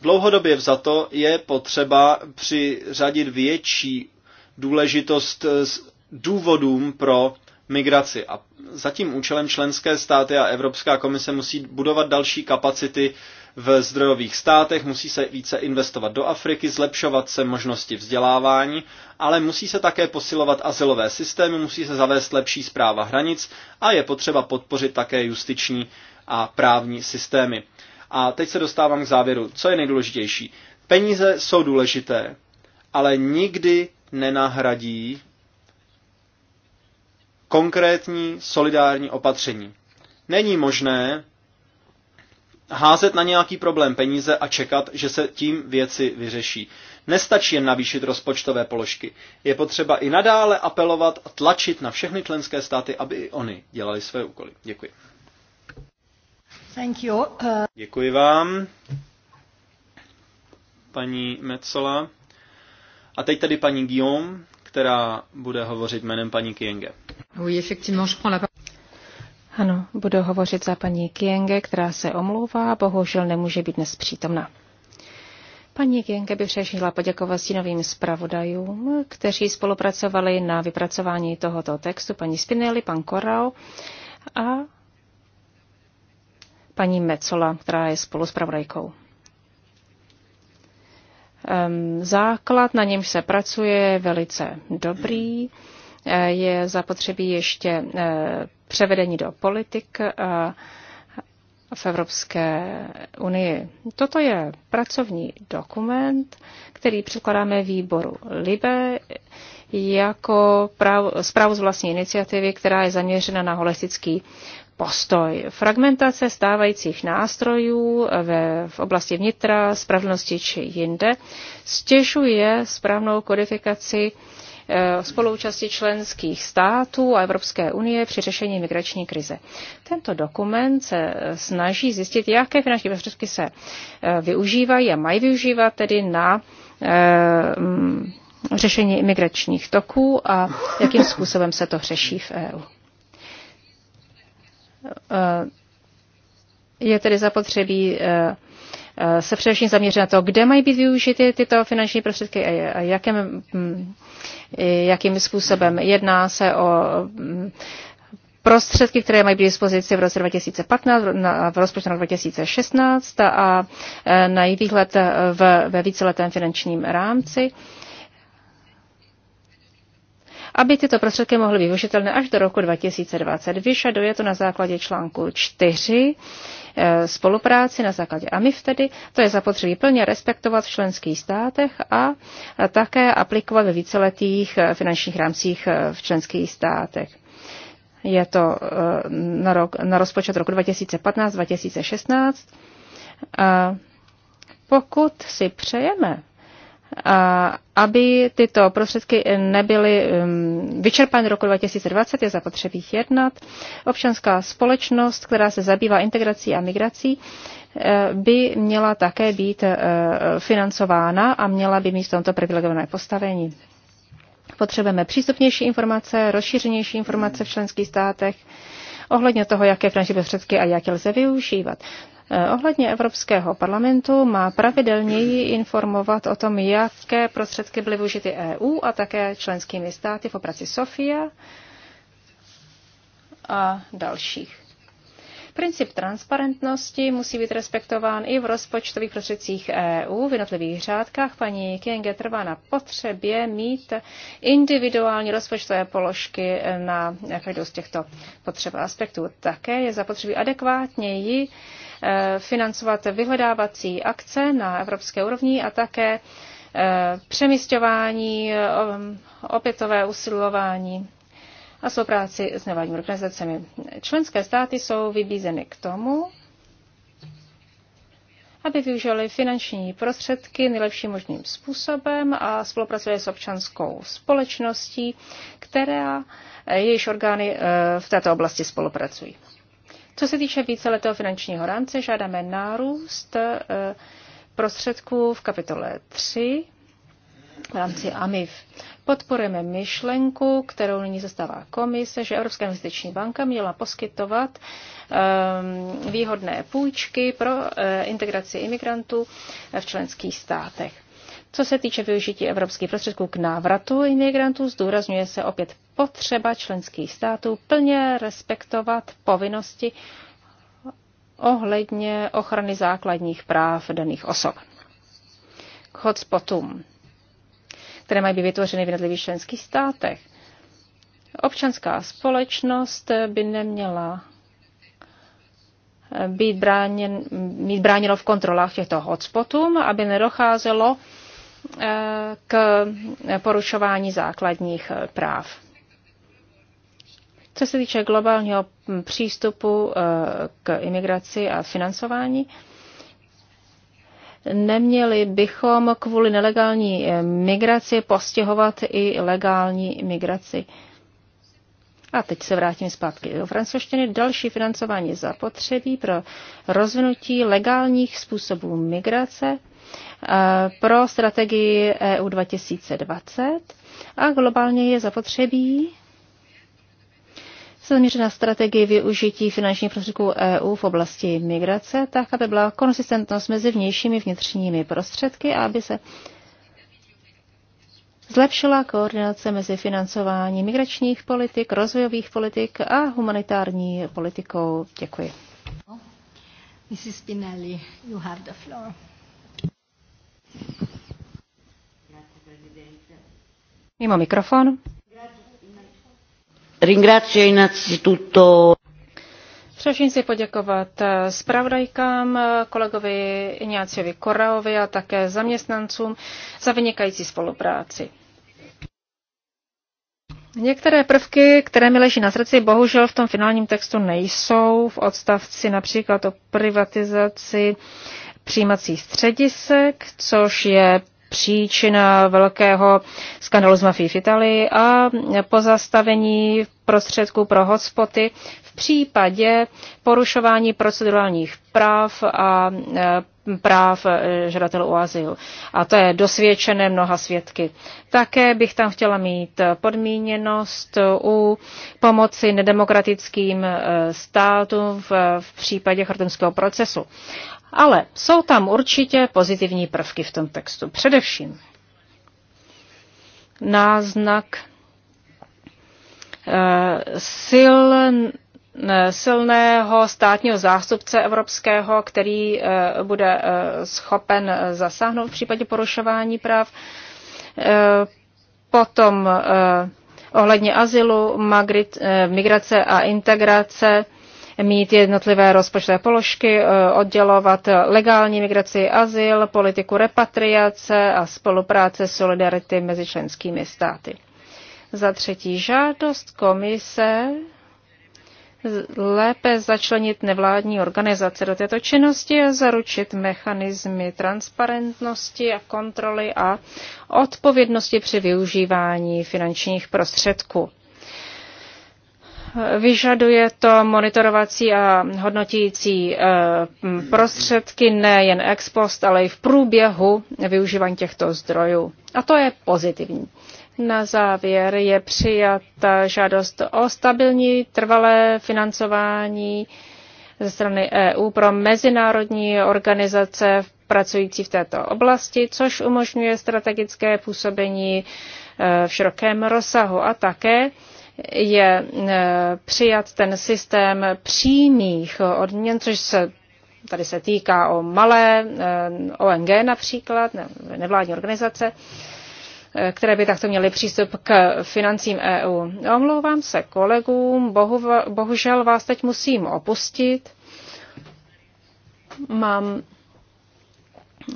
Speaker 2: Dlouhodobě vzato je potřeba přiřadit větší důležitost s důvodům pro migraci. A za tím účelem členské státy a Evropská komise musí budovat další kapacity v zdrojových státech, musí se více investovat do Afriky, zlepšovat se možnosti vzdělávání, ale musí se také posilovat asilové systémy, musí se zavést lepší zpráva hranic a je potřeba podpořit také justiční a právní systémy. A teď se dostávám k závěru. Co je nejdůležitější? Peníze jsou důležité, ale nikdy nenahradí konkrétní solidární opatření. Není možné házet na nějaký problém peníze a čekat, že se tím věci vyřeší. Nestačí jen navýšit rozpočtové položky. Je potřeba i nadále apelovat a tlačit na všechny členské státy, aby i oni dělali své úkoly. Děkuji. Thank you. Uh... Děkuji vám, paní Metzola. A teď tady paní Guillaume, která bude hovořit jménem paní
Speaker 1: Kienge. Oui, effectivement, je prends la ano, budu hovořit za paní Kienge, která se omlouvá, bohužel nemůže být dnes přítomna. Paní Kienge by řešila poděkovat novým zpravodajům, kteří spolupracovali na vypracování tohoto textu, paní Spinelli, pan Korao a paní Mecola, která je spolu s pravodajkou. Ehm, základ, na němž se pracuje, je velice dobrý. Eh, je zapotřebí ještě eh, převedení do politik eh, v Evropské unii. Toto je pracovní dokument, který předkládáme výboru LIBE jako zprávu z vlastní iniciativy, která je zaměřena na holistický postoj. Fragmentace stávajících nástrojů ve, v oblasti vnitra, spravedlnosti či jinde stěžuje správnou kodifikaci Eh, spolúčasti členských států a Evropské unie při řešení migrační krize. Tento dokument se eh, snaží zjistit, jaké finanční prostředky se eh, využívají a mají využívat tedy na mm, řešení imigračních toků a jakým způsobem se to řeší v EU. Je tedy zapotřebí se především zaměřit na to, kde mají být využity tyto finanční prostředky a jakém mm, jakým způsobem. Jedná se o mm, prostředky, které mají být dispozici v roce 2015, v rozpočtu na 2016 a e, na jejich výhled v, ve víceletém finančním rámci aby tyto prostředky mohly být využitelné až do roku 2020. Vyšaduje to na základě článku 4 Eh, spolupráci na základě AMIF tedy. To je zapotřebí plně respektovat v členských státech a také aplikovat ve víceletých eh, finančních rámcích eh, v členských státech. Je to na, rok, na rozpočet roku 2015-2016. Pokud si přejeme aby tyto prostředky nebyly um, vyčerpány roku 2020, je zapotřebí jednat. Občanská společnost, která se zabývá integrací a migrací, eh, by měla také být eh, financována a měla by mít v tomto privilegované postavení. Potřebujeme přístupnější informace, rozšířenější informace v členských státech ohledně toho, jaké finanční prostředky a jak je lze využívat. Eh, ohledně Evropského parlamentu má pravidelněji informovat o tom, jaké prostředky byly využity EU a také členskými státy v operaci Sofia a dalších. Princip transparentnosti musí být respektován i v rozpočtových prostředcích EU v jednotlivých řádkách. Paní Kienge trvá na potřebě mít individuální rozpočtové položky na každou z těchto potřeb aspektů. Také je zapotřebí adekvátněji Eh, financovat vyhledávací akce na evropské úrovni a také eh, přemysťování, eh, opětové usilování a spolupráci s nevládními organizacemi. Členské státy jsou vybízeny k tomu, aby využili finanční prostředky nejlepším možným způsobem a spolupracovali s občanskou společností, která jejíž orgány v této oblasti spolupracují. Co se týče víceletého finančního rámce, žádáme nárůst eh, prostředků v kapitole 3 v rámci AMIF. Podporujeme myšlenku, kterou nyní zastává komise, že Evropská investiční banka měla poskytovat um, výhodné půjčky pro uh, integraci imigrantů v členských státech. Co se týče využití evropských prostředků k návratu imigrantů, zdůrazňuje se opět potřeba členských států plně respektovat povinnosti ohledně ochrany základních práv daných osob. K hotspotům, které mají být vytvořeny v jednotlivých členských státech. Občanská společnost by neměla být bráněn, mít bráněno v kontrolách těchto hotspotů, aby nedocházelo eh, k porušování základních eh, práv. Co se týče globálního přístupu eh, k imigraci a financování, neměli bychom kvůli nelegální eh, migraci postihovat i legální migraci. A teď se vrátím zpátky do francouzštiny. Další financování zapotřebí pro rozvinutí legálních způsobů migrace eh, pro strategii EU 2020 a globálně je zapotřebí se zaměřit na strategii využití finančních prostředků EU v oblasti migrace, tak aby byla konsistentnost mezi vnějšími vnitřními prostředky a aby se zlepšila koordinace mezi financováním migračních politik, rozvojových politik a humanitární politikou. Děkuji.
Speaker 3: Mrs. you have the floor.
Speaker 1: Mimo mikrofon.
Speaker 3: Ringrazio
Speaker 1: Především si poděkovat eh, zpravodajkám, eh, kolegovi Ináciovi Koraovi a také zaměstnancům za vynikající spolupráci. Některé prvky, které mi leží na srdci, bohužel v tom finálním textu nejsou. V odstavci například o privatizaci přijímacích středisek, což je příčina velkého skandalu z mafii v Italii a pozastavení prostředků pro hotspoty v případě porušování procedurálních práv a e, práv e, žadatelů o azyl. A to je dosvědčené mnoha svědky. Také bych tam chtěla mít podmíněnost u pomoci nedemokratickým e, státům v, v případě chartumského procesu. Ale jsou tam určitě pozitivní prvky v tom textu. Především náznak sil Eh, silného státního zástupce evropského, který eh, bude eh, schopen zasáhnout v případě porušování práv. Potom ohledně azylu, migrace a integrace mít jednotlivé rozpočtové položky, oddělovat legální migraci, azyl, politiku repatriace a spolupráce solidarity mezi členskými státy. Za třetí žádost komise lépe začlenit nevládní organizace do této činnosti a zaručit mechanismy transparentnosti a kontroly a odpovědnosti při využívání finančních prostředků. Vyžaduje to monitorovací a hodnotící eh, prostředky nejen ex post, ale i v průběhu využívání těchto zdrojů. A to je pozitivní. Na závěr je přijata žádost o stabilní trvalé financování ze strany EU pro mezinárodní organizace pracující v této oblasti, což umožňuje strategické působení e, v širokém rozsahu a také je e, přijat ten systém přímých odměn, což se tady se týká o malé e, ONG například, nevládní organizace, které by takto měly přístup k financím EU. Omlouvám se kolegům, bohu, bohužel vás teď musím opustit. Mám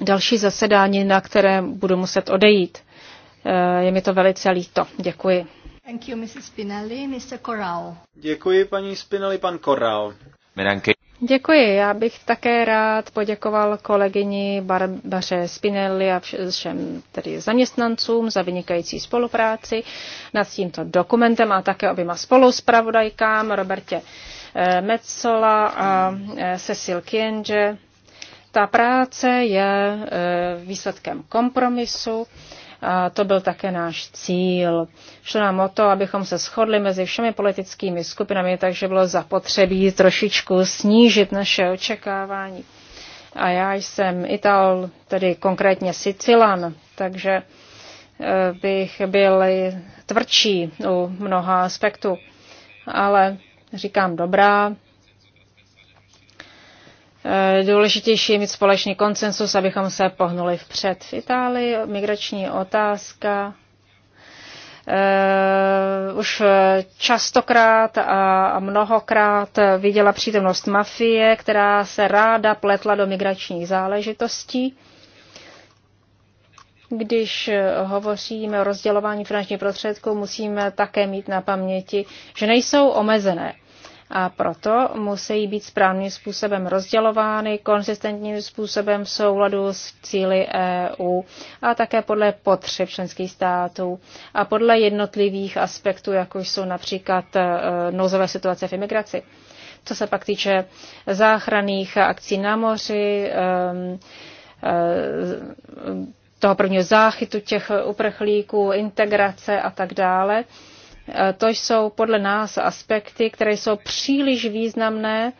Speaker 1: další zasedání, na které budu muset odejít. Eh, je mi to velice líto. Děkuji.
Speaker 3: Thank you, Mrs. Spinelli. Mr. Corral.
Speaker 2: Děkuji, paní Spinelli, pan Corral. Medanky.
Speaker 1: Děkuji. Já bych také rád poděkoval kolegyni Barbaře Spinelli a všem tedy zaměstnancům za vynikající spolupráci nad tímto dokumentem a také oběma spoluspravodajkám Robertě eh, Metzola a eh, Cecil Kienže. Ta práce je eh, výsledkem kompromisu a to byl také náš cíl. Šlo nám o to, abychom se shodli mezi všemi politickými skupinami, takže bylo zapotřebí trošičku snížit naše očekávání. A já jsem Ital, tedy konkrétně Sicilan, takže e, bych byl tvrdší u mnoha aspektů. Ale říkám dobrá, Eh, důležitější je mít společný konsensus, abychom se pohnuli vpřed. V Itálii migrační otázka uh, už častokrát a mnohokrát viděla přítomnost mafie, která se ráda pletla do migračních záležitostí. Když hovoříme o rozdělování finančních prostředků, musíme také mít na paměti, že nejsou omezené a proto musí být správným způsobem rozdělovány, konsistentním způsobem v souladu s cíly EU a také podle potřeb členských států a podle jednotlivých aspektů, jako jsou například e, nouzové situace v imigraci. Co se pak týče záchranných akcí na moři, e, toho prvního záchytu těch uprchlíků, integrace a tak dále, Eh, to jsou podle nás aspekty, které jsou příliš významné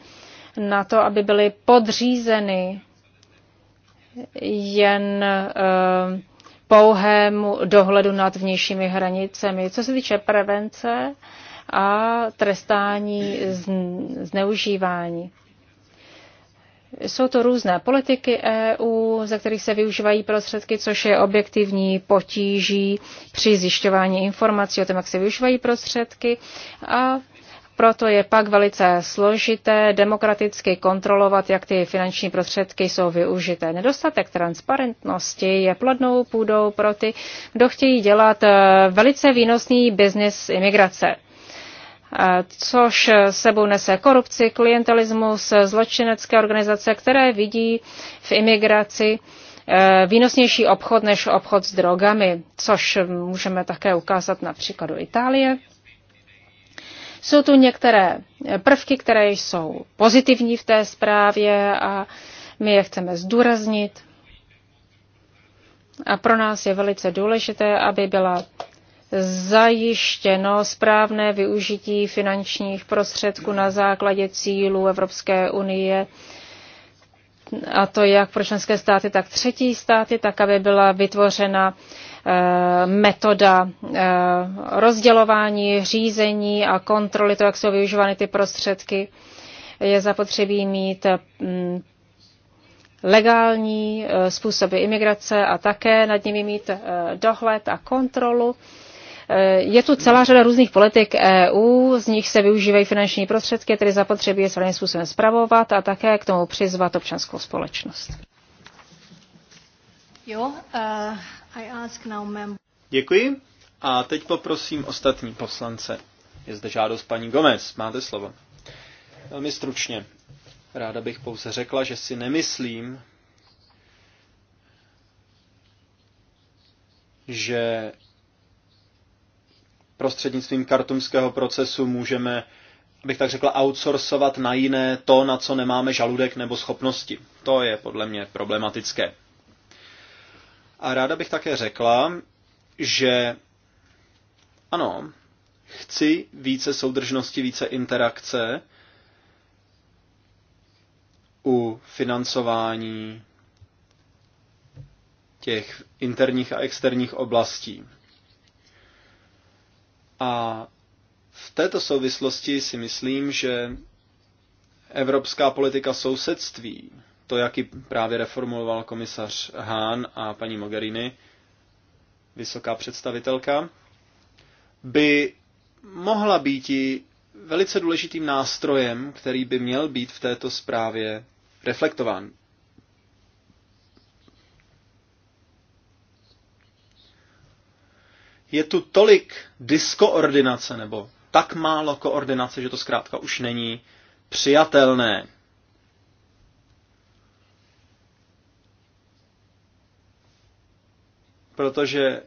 Speaker 1: na to, aby byly podřízeny jen eh, pouhému dohledu nad vnějšími hranicemi. Co se týče prevence a trestání zneužívání. Jsou to různé politiky EU, za kterých se využívají prostředky, což je objektivní potíží při zjišťování informací o tom, jak se využívají prostředky. A proto je pak velice složité demokraticky kontrolovat, jak ty finanční prostředky jsou využité. Nedostatek transparentnosti je plodnou půdou pro ty, kdo chtějí dělat eh, velice výnosný biznis imigrace což sebou nese korupci, klientelismus, zločinecké organizace, které vidí v imigraci eh, výnosnější obchod než obchod s drogami, což můžeme také ukázat na příkladu Itálie. Jsou tu některé prvky, které jsou pozitivní v té zprávě a my je chceme zdůraznit. A pro nás je velice důležité, aby byla zajištěno správné využití finančních prostředků na základě cílů Evropské unie, a to jak pro členské státy, tak třetí státy, tak aby byla vytvořena eh, metoda eh, rozdělování, řízení a kontroly, to, jak jsou využívány ty prostředky. Je zapotřebí mít mm, legální eh, způsoby imigrace a také nad nimi mít dohled a kontrolu. Eh, je tu celá řada různých politik EU, z nich se využívají finanční prostředky, tedy zapotřebí je svým způsobem zpravovat a také k tomu přizvat občanskou společnost.
Speaker 3: Jo, uh, I ask
Speaker 1: now mem-
Speaker 2: Děkuji. A teď poprosím ostatní poslance. Je zde žádost paní Gomez. Máte slovo. Velmi stručně. Ráda bych pouze řekla, že si nemyslím, že prostřednictvím kartumského procesu můžeme, abych tak řekl, outsourcovat na jiné to, na co nemáme žaludek nebo schopnosti. To je podle mě problematické. A ráda bych také řekla, že ano, chci více soudržnosti, více interakce u financování těch interních a externích oblastí. A v této souvislosti si myslím, že evropská politika sousedství, to, jak ji právě reformuloval komisař Hahn a paní Mogherini, vysoká představitelka, by mohla být i velice důležitým nástrojem, který by měl být v této zprávě reflektován. je tu tolik diskoordinace nebo tak málo koordinace, že to zkrátka už není přijatelné. Protože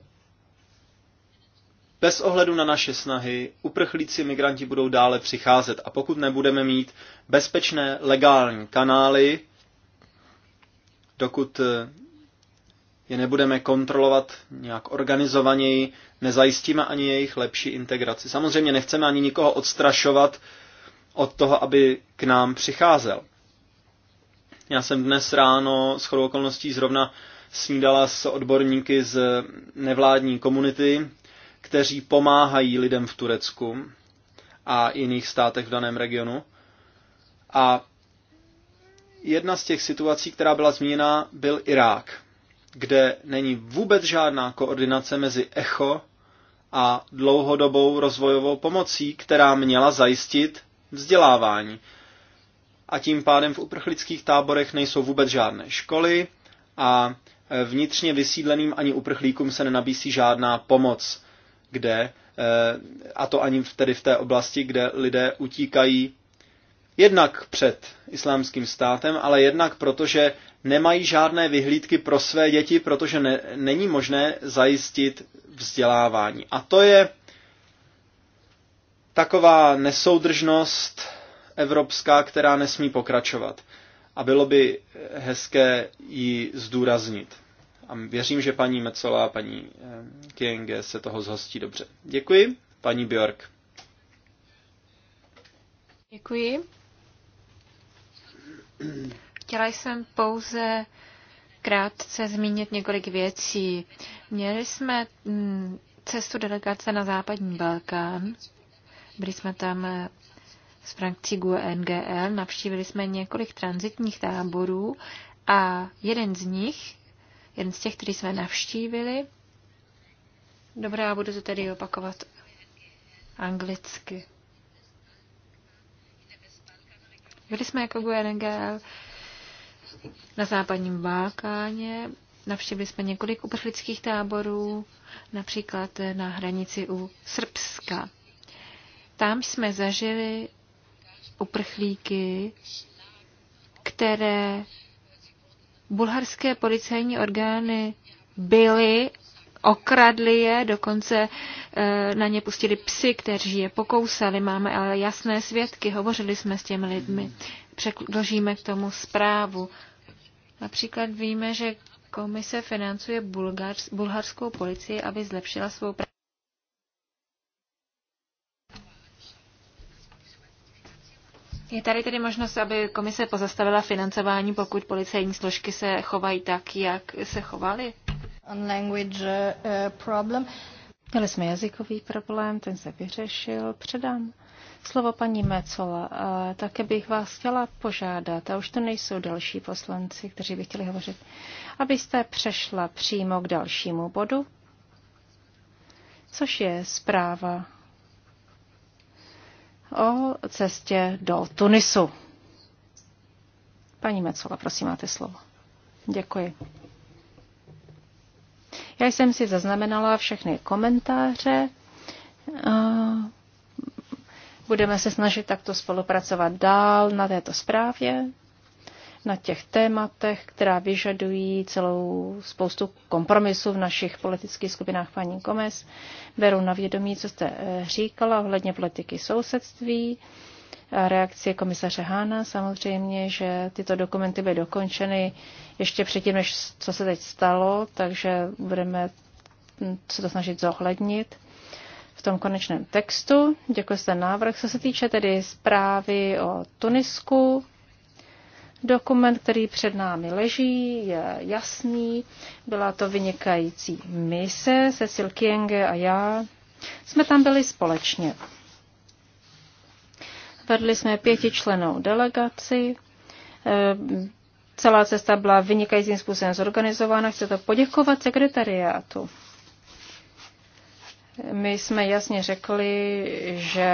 Speaker 2: bez ohledu na naše snahy uprchlíci migranti budou dále přicházet a pokud nebudeme mít bezpečné legální kanály, dokud je nebudeme kontrolovat nějak organizovaněji, nezajistíme ani jejich lepší integraci. Samozřejmě nechceme ani nikoho odstrašovat od toho, aby k nám přicházel. Já jsem dnes ráno s chodou okolností zrovna snídala s odborníky z nevládní komunity, kteří pomáhají lidem v Turecku a jiných státech v daném regionu. A jedna z těch situací, která byla zmíněna, byl Irák kde není vůbec žádná koordinace mezi ECHO a dlouhodobou rozvojovou pomocí, která měla zajistit vzdělávání. A tím pádem v uprchlických táborech nejsou vůbec žádné školy a vnitřně vysídleným ani uprchlíkům se nenabízí žádná pomoc, kde, eh, a to ani tedy v té oblasti, kde lidé utíkají Jednak před islámským státem, ale jednak protože nemají žádné vyhlídky pro své děti, protože ne, není možné zajistit vzdělávání. A to je taková nesoudržnost evropská, která nesmí pokračovat. A bylo by hezké ji zdůraznit. A věřím, že paní Mecola a paní eh, Kienge se toho zhostí dobře. Děkuji, paní Björk.
Speaker 3: Děkuji. Chtěla jsem pouze krátce zmínit několik věcí. Měli jsme mm, cestu delegace na západní Balkán. Byli jsme tam eh, s frakcí GUNGL, e navštívili jsme několik transitních táborů a jeden z nich, jeden z těch, který jsme navštívili, dobrá, budu to tedy opakovat anglicky. Byli jsme jako GNGL na západním Balkáně, navštívili jsme několik uprchlických táborů, například na hranici u Srbska. Tam jsme zažili uprchlíky, které bulharské policejní orgány byly okradli je, dokonce eh, na ně pustili psy, kteří je pokousali. Máme ale jasné svědky, hovořili jsme s těmi lidmi. Předložíme k tomu zprávu. Například víme, že komise financuje bulgars, bulharskou policii, aby zlepšila svou práci. Je tady tedy možnost, aby komise pozastavila financování, pokud policejní složky se chovají tak, jak se chovaly? on language
Speaker 1: eh, problem. Měli jsme jazykový problém, ten se vyřešil. Předám slovo paní Mecola. A eh, také bych vás chtěla požádat, a už to nejsou další poslanci, kteří by chtěli hovořit, abyste přešla přímo k dalšímu bodu, což je zpráva o cestě do Tunisu. Paní Mecola, prosím, máte slovo. Děkuji. Já jsem si zaznamenala všechny komentáře. Budeme se snažit takto spolupracovat dál na této zprávě, na těch tématech, která vyžadují celou spoustu kompromisů v našich politických skupinách. Paní Gomez, beru na vědomí, co jste eh, říkala ohledně politiky sousedství reakci komisaře Hána samozřejmě, že tyto dokumenty byly dokončeny ještě předtím, než co se teď stalo, takže budeme se to snažit zohlednit v tom konečném textu. Děkuji za návrh. Co se týče tedy zprávy o Tunisku, Dokument, který před námi leží, je jasný. Byla to vynikající mise. Cecil Kienge a já jsme tam byli společně. Vedli jsme pětičlenou delegaci. Eh, celá cesta byla vynikajícím způsobem zorganizována. Chci to poděkovat sekretariátu. My jsme jasně řekli, že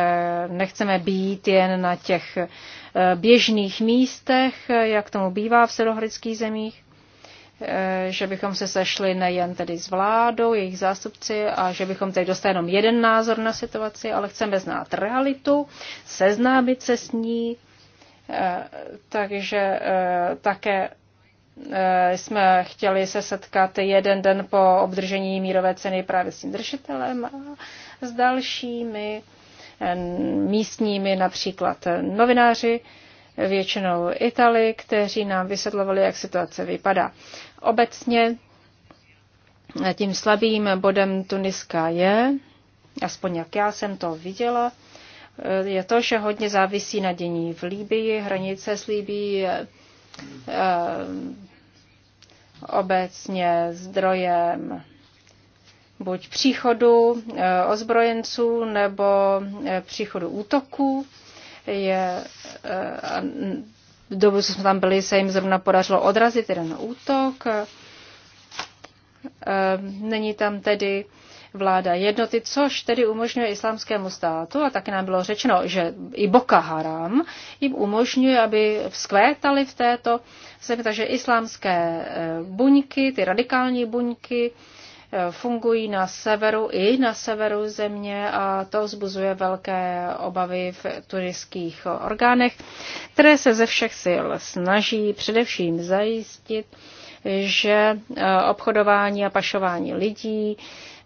Speaker 1: nechceme být jen na těch eh, běžných místech, jak tomu bývá v sedohorických zemích, Eh, že bychom se sešli nejen tedy s vládou, jejich zástupci a že bychom tady dostali jenom jeden názor na situaci, ale chceme znát realitu, seznámit se s ní, eh, takže eh, také jsme chtěli se setkat jeden den po obdržení mírové ceny právě s tím držitelem a s dalšími místními, například novináři, většinou Itali, kteří nám vysvětlovali, jak situace vypadá. Obecně tím slabým bodem Tuniska je, aspoň jak já jsem to viděla, je to, že hodně závisí na dění v Líbii, hranice s Líbií, eh, obecně zdrojem buď příchodu eh, ozbrojenců nebo eh, příchodu útoků je, v eh, dobu, co jsme tam byli, se jim zrovna podařilo odrazit jeden útok. Eh, není tam tedy vláda jednoty, což tedy umožňuje islámskému státu, a taky nám bylo řečeno, že i Boko Haram jim umožňuje, aby vzkvétali v této zemi, takže islámské eh, buňky, ty radikální buňky, fungují na severu i na severu země a to vzbuzuje velké obavy v turistických orgánech, které se ze všech sil snaží především zajistit, že eh, obchodování a pašování lidí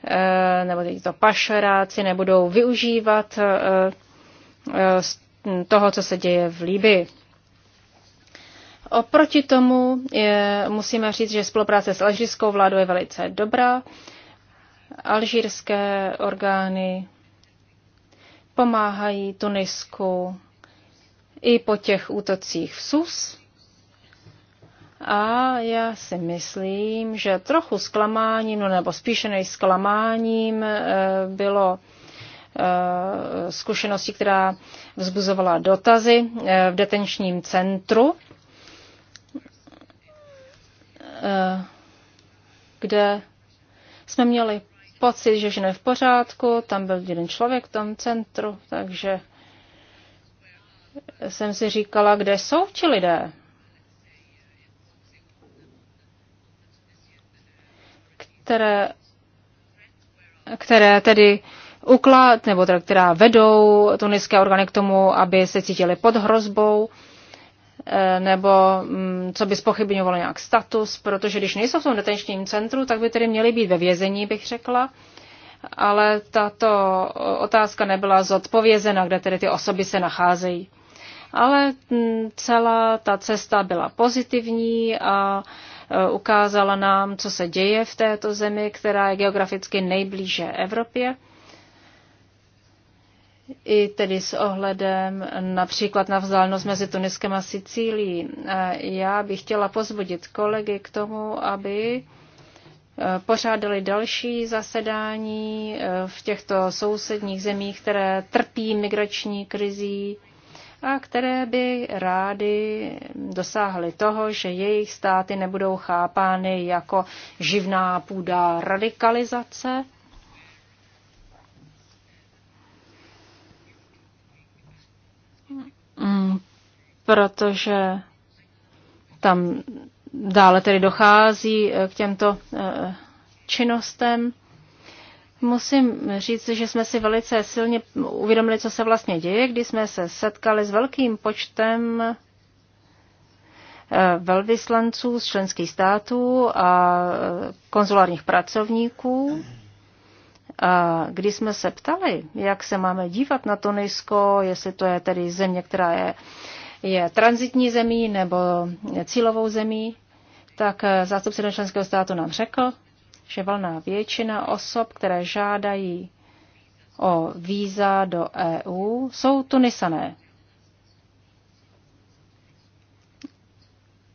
Speaker 1: eh, nebo tyto pašeráci nebudou využívat eh, toho, co se děje v Líbii. Oproti tomu je, musíme říct, že spolupráce s alžírskou vládou je velice dobrá. Alžírské orgány pomáhají Tunisku i po těch útocích v SUS. A já si myslím, že trochu zklamáním, no nebo spíše než zklamáním, eh, bylo eh, zkušeností, která vzbuzovala dotazy eh, v detenčním centru Eh, kde jsme měli pocit, že žene v pořádku, tam byl jeden člověk v tom centru, takže jsem si říkala, kde jsou ti lidé, které, které tedy uklad, nebo teda, která vedou tuniské orgány k tomu, aby se cítili pod hrozbou. Eh, nebo mm, co by spochybňovalo nějak status, protože když nejsou v tom detenčním centru, tak by tedy měly být ve vězení, bych řekla. Ale tato otázka nebyla zodpovězena, kde tedy ty osoby se nacházejí. Ale mm, celá ta cesta byla pozitivní a eh, ukázala nám, co se děje v této zemi, která je geograficky nejblíže Evropě i tedy s ohledem například na vzdálenost mezi Tuniskem a Sicílií. E, já bych chtěla pozbudit kolegy k tomu, aby e, pořádali další zasedání e, v těchto sousedních zemích, které trpí migrační krizí a které by rády dosáhly toho, že jejich státy nebudou chápány jako živná půda radikalizace, Mm, protože tam dále tedy dochází eh, k těmto eh, činnostem. Musím říct, že jsme si velice silně uvědomili, co se vlastně děje, když jsme se setkali s velkým počtem eh, velvyslanců z členských států a konzulárních pracovníků. A když jsme se ptali, jak se máme dívat na Tunisko, jestli to je tedy země, která je, je transitní zemí nebo cílovou zemí, tak zástupce členského státu nám řekl, že valná většina osob, které žádají o víza do EU, jsou tunisané.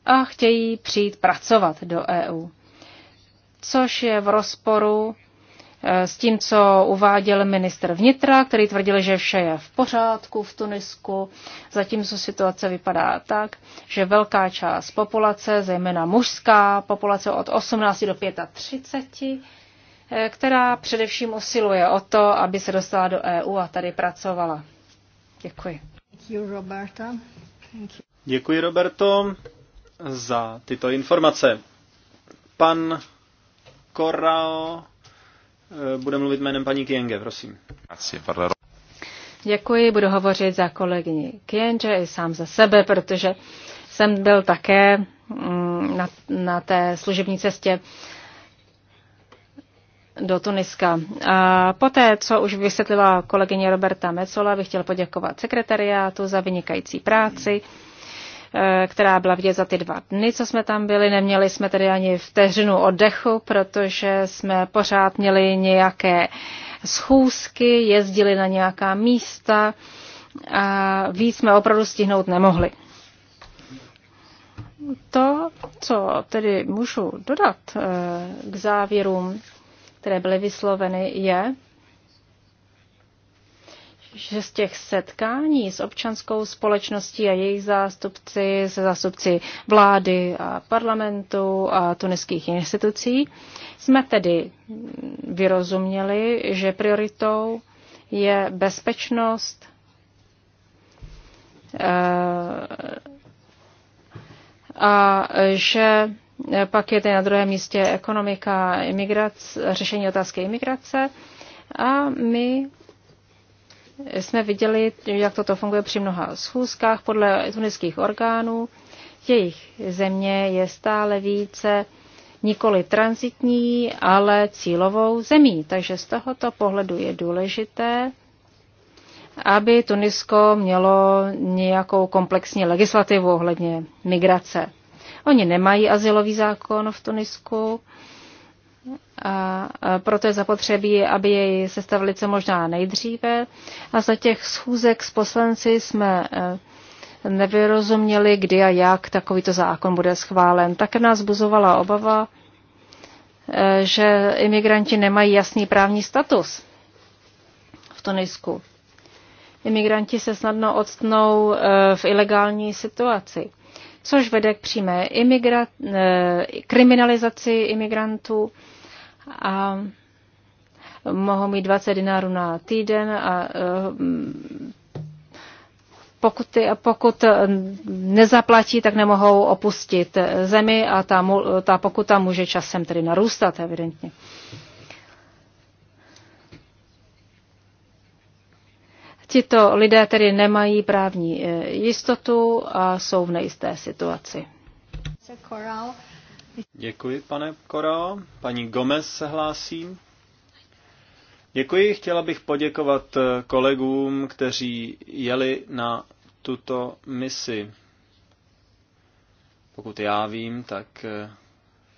Speaker 1: A chtějí přijít pracovat do EU, což je v rozporu Eh, s tím, co uváděl ministr vnitra, který tvrdil, že vše je v pořádku v Tunisku, zatímco situace vypadá tak, že velká část populace, zejména mužská populace od 18 do 35, eh, která především osiluje o to, aby se dostala do EU a tady pracovala. Děkuji.
Speaker 2: Děkuji, Roberto, za tyto informace. Pan Korao. Eh, bude mluvit jménem paní Kienge, prosím.
Speaker 1: Děkuji, budu hovořit za kolegyni Kienge i sám za sebe, protože jsem byl také mm, na, na té služební cestě do Tuniska. A poté, co už vysvětlila kolegyně Roberta Mecola, bych chtěl poděkovat sekretariátu za vynikající práci. Eh, která byla vidět za ty dva dny, co jsme tam byli. Neměli jsme tedy ani vteřinu oddechu, protože jsme pořád měli nějaké schůzky, jezdili na nějaká místa a víc jsme opravdu stihnout nemohli. To, co tedy můžu dodat eh, k závěrům, které byly vysloveny, je, že z těch setkání s občanskou společností a jejich zástupci, se zástupci vlády a parlamentu a tuniských institucí, jsme tedy vyrozuměli, že prioritou je bezpečnost eh, a že pak je tady na druhém místě ekonomika, imigrace, řešení otázky imigrace a my jsme viděli, jak toto funguje při mnoha schůzkách podle tuniských orgánů. Jejich země je stále více nikoli transitní, ale cílovou zemí. Takže z tohoto pohledu je důležité, aby Tunisko mělo nějakou komplexní legislativu ohledně migrace. Oni nemají asilový zákon v Tunisku, a proto je zapotřebí, aby jej sestavili co možná nejdříve. A za těch schůzek s poslanci jsme e, nevyrozuměli, kdy a jak takovýto zákon bude schválen. Také nás buzovala obava, e, že imigranti nemají jasný právní status v Tunisku. Imigranti se snadno odstnou e, v ilegální situaci, což vede k přímé imigra- kriminalizaci imigrantů a mohou mít 20 dinárů na týden a eh, pokud, eh, pokud eh, nezaplatí, tak nemohou opustit zemi a ta, ta pokuta může časem tedy narůstat evidentně. Tito lidé tedy nemají právní jistotu a jsou v nejisté situaci.
Speaker 2: Děkuji, pane Kora. Paní Gomez se hlásí. Děkuji, chtěla bych poděkovat eh, kolegům, kteří jeli na tuto misi. Pokud já vím, tak eh,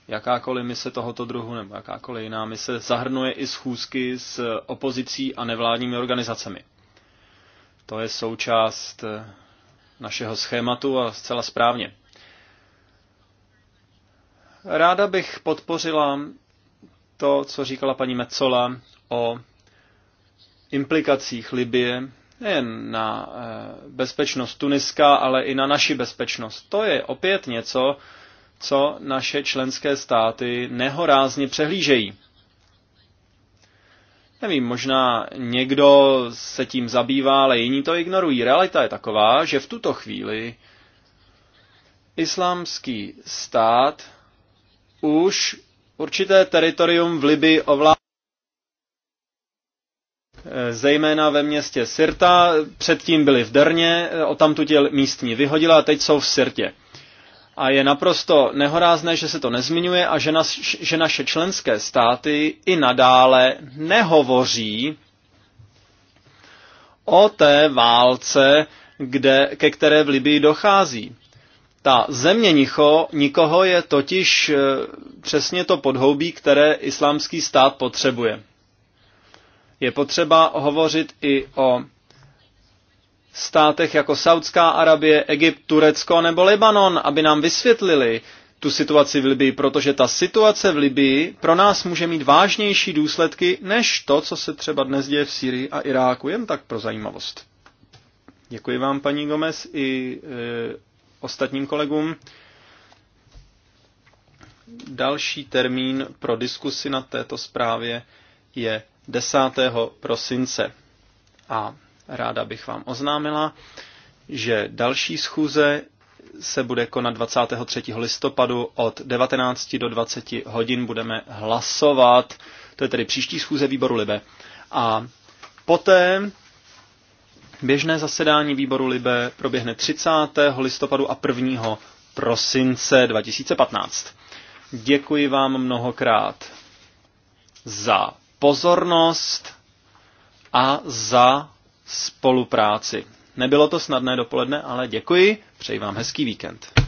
Speaker 2: jakákoliv mise tohoto druhu nebo jakákoliv jiná mise zahrnuje i schůzky s opozicí a nevládními organizacemi. To je součást eh, našeho schématu a zcela správně. Ráda bych podpořila to, co říkala paní Mecola o implikacích Libie nejen na eh, bezpečnost Tuniska, ale i na naši bezpečnost. To je opět něco, co naše členské státy nehorázně přehlížejí. Nevím, možná někdo se tím zabývá, ale jiní to ignorují. Realita je taková, že v tuto chvíli islámský stát už určité teritorium v Libii ovládá eh, zejména ve městě Sirta, předtím byli v Drně, eh, tamtu je místní vyhodila a teď jsou v Sirtě. A je naprosto nehorázné, že se to nezmiňuje a že, nas, že naše členské státy i nadále nehovoří o té válce, kde, ke které v Libii dochází. Ta země nicho, nikoho je totiž eh, přesně to podhoubí, které islámský stát potřebuje. Je potřeba hovořit i o státech jako Saudská Arabie, Egypt, Turecko nebo Libanon, aby nám vysvětlili tu situaci v Libii, protože ta situace v Libii pro nás může mít vážnější důsledky než to, co se třeba dnes děje v Sýrii a Iráku, jen tak pro zajímavost. Děkuji vám, paní Gomez, i eh, ostatním kolegům. Další termín pro diskusi na této zprávě je 10. prosince. A ráda bych vám oznámila, že další schůze se bude konat 23. listopadu od 19 do 20 hodin. Budeme hlasovat, to je tedy příští schůze výboru Libe. A poté Běžné zasedání výboru Libe proběhne 30. listopadu a 1. prosince 2015. Děkuji vám mnohokrát za pozornost a za spolupráci. Nebylo to snadné dopoledne, ale děkuji. Přeji vám hezký víkend.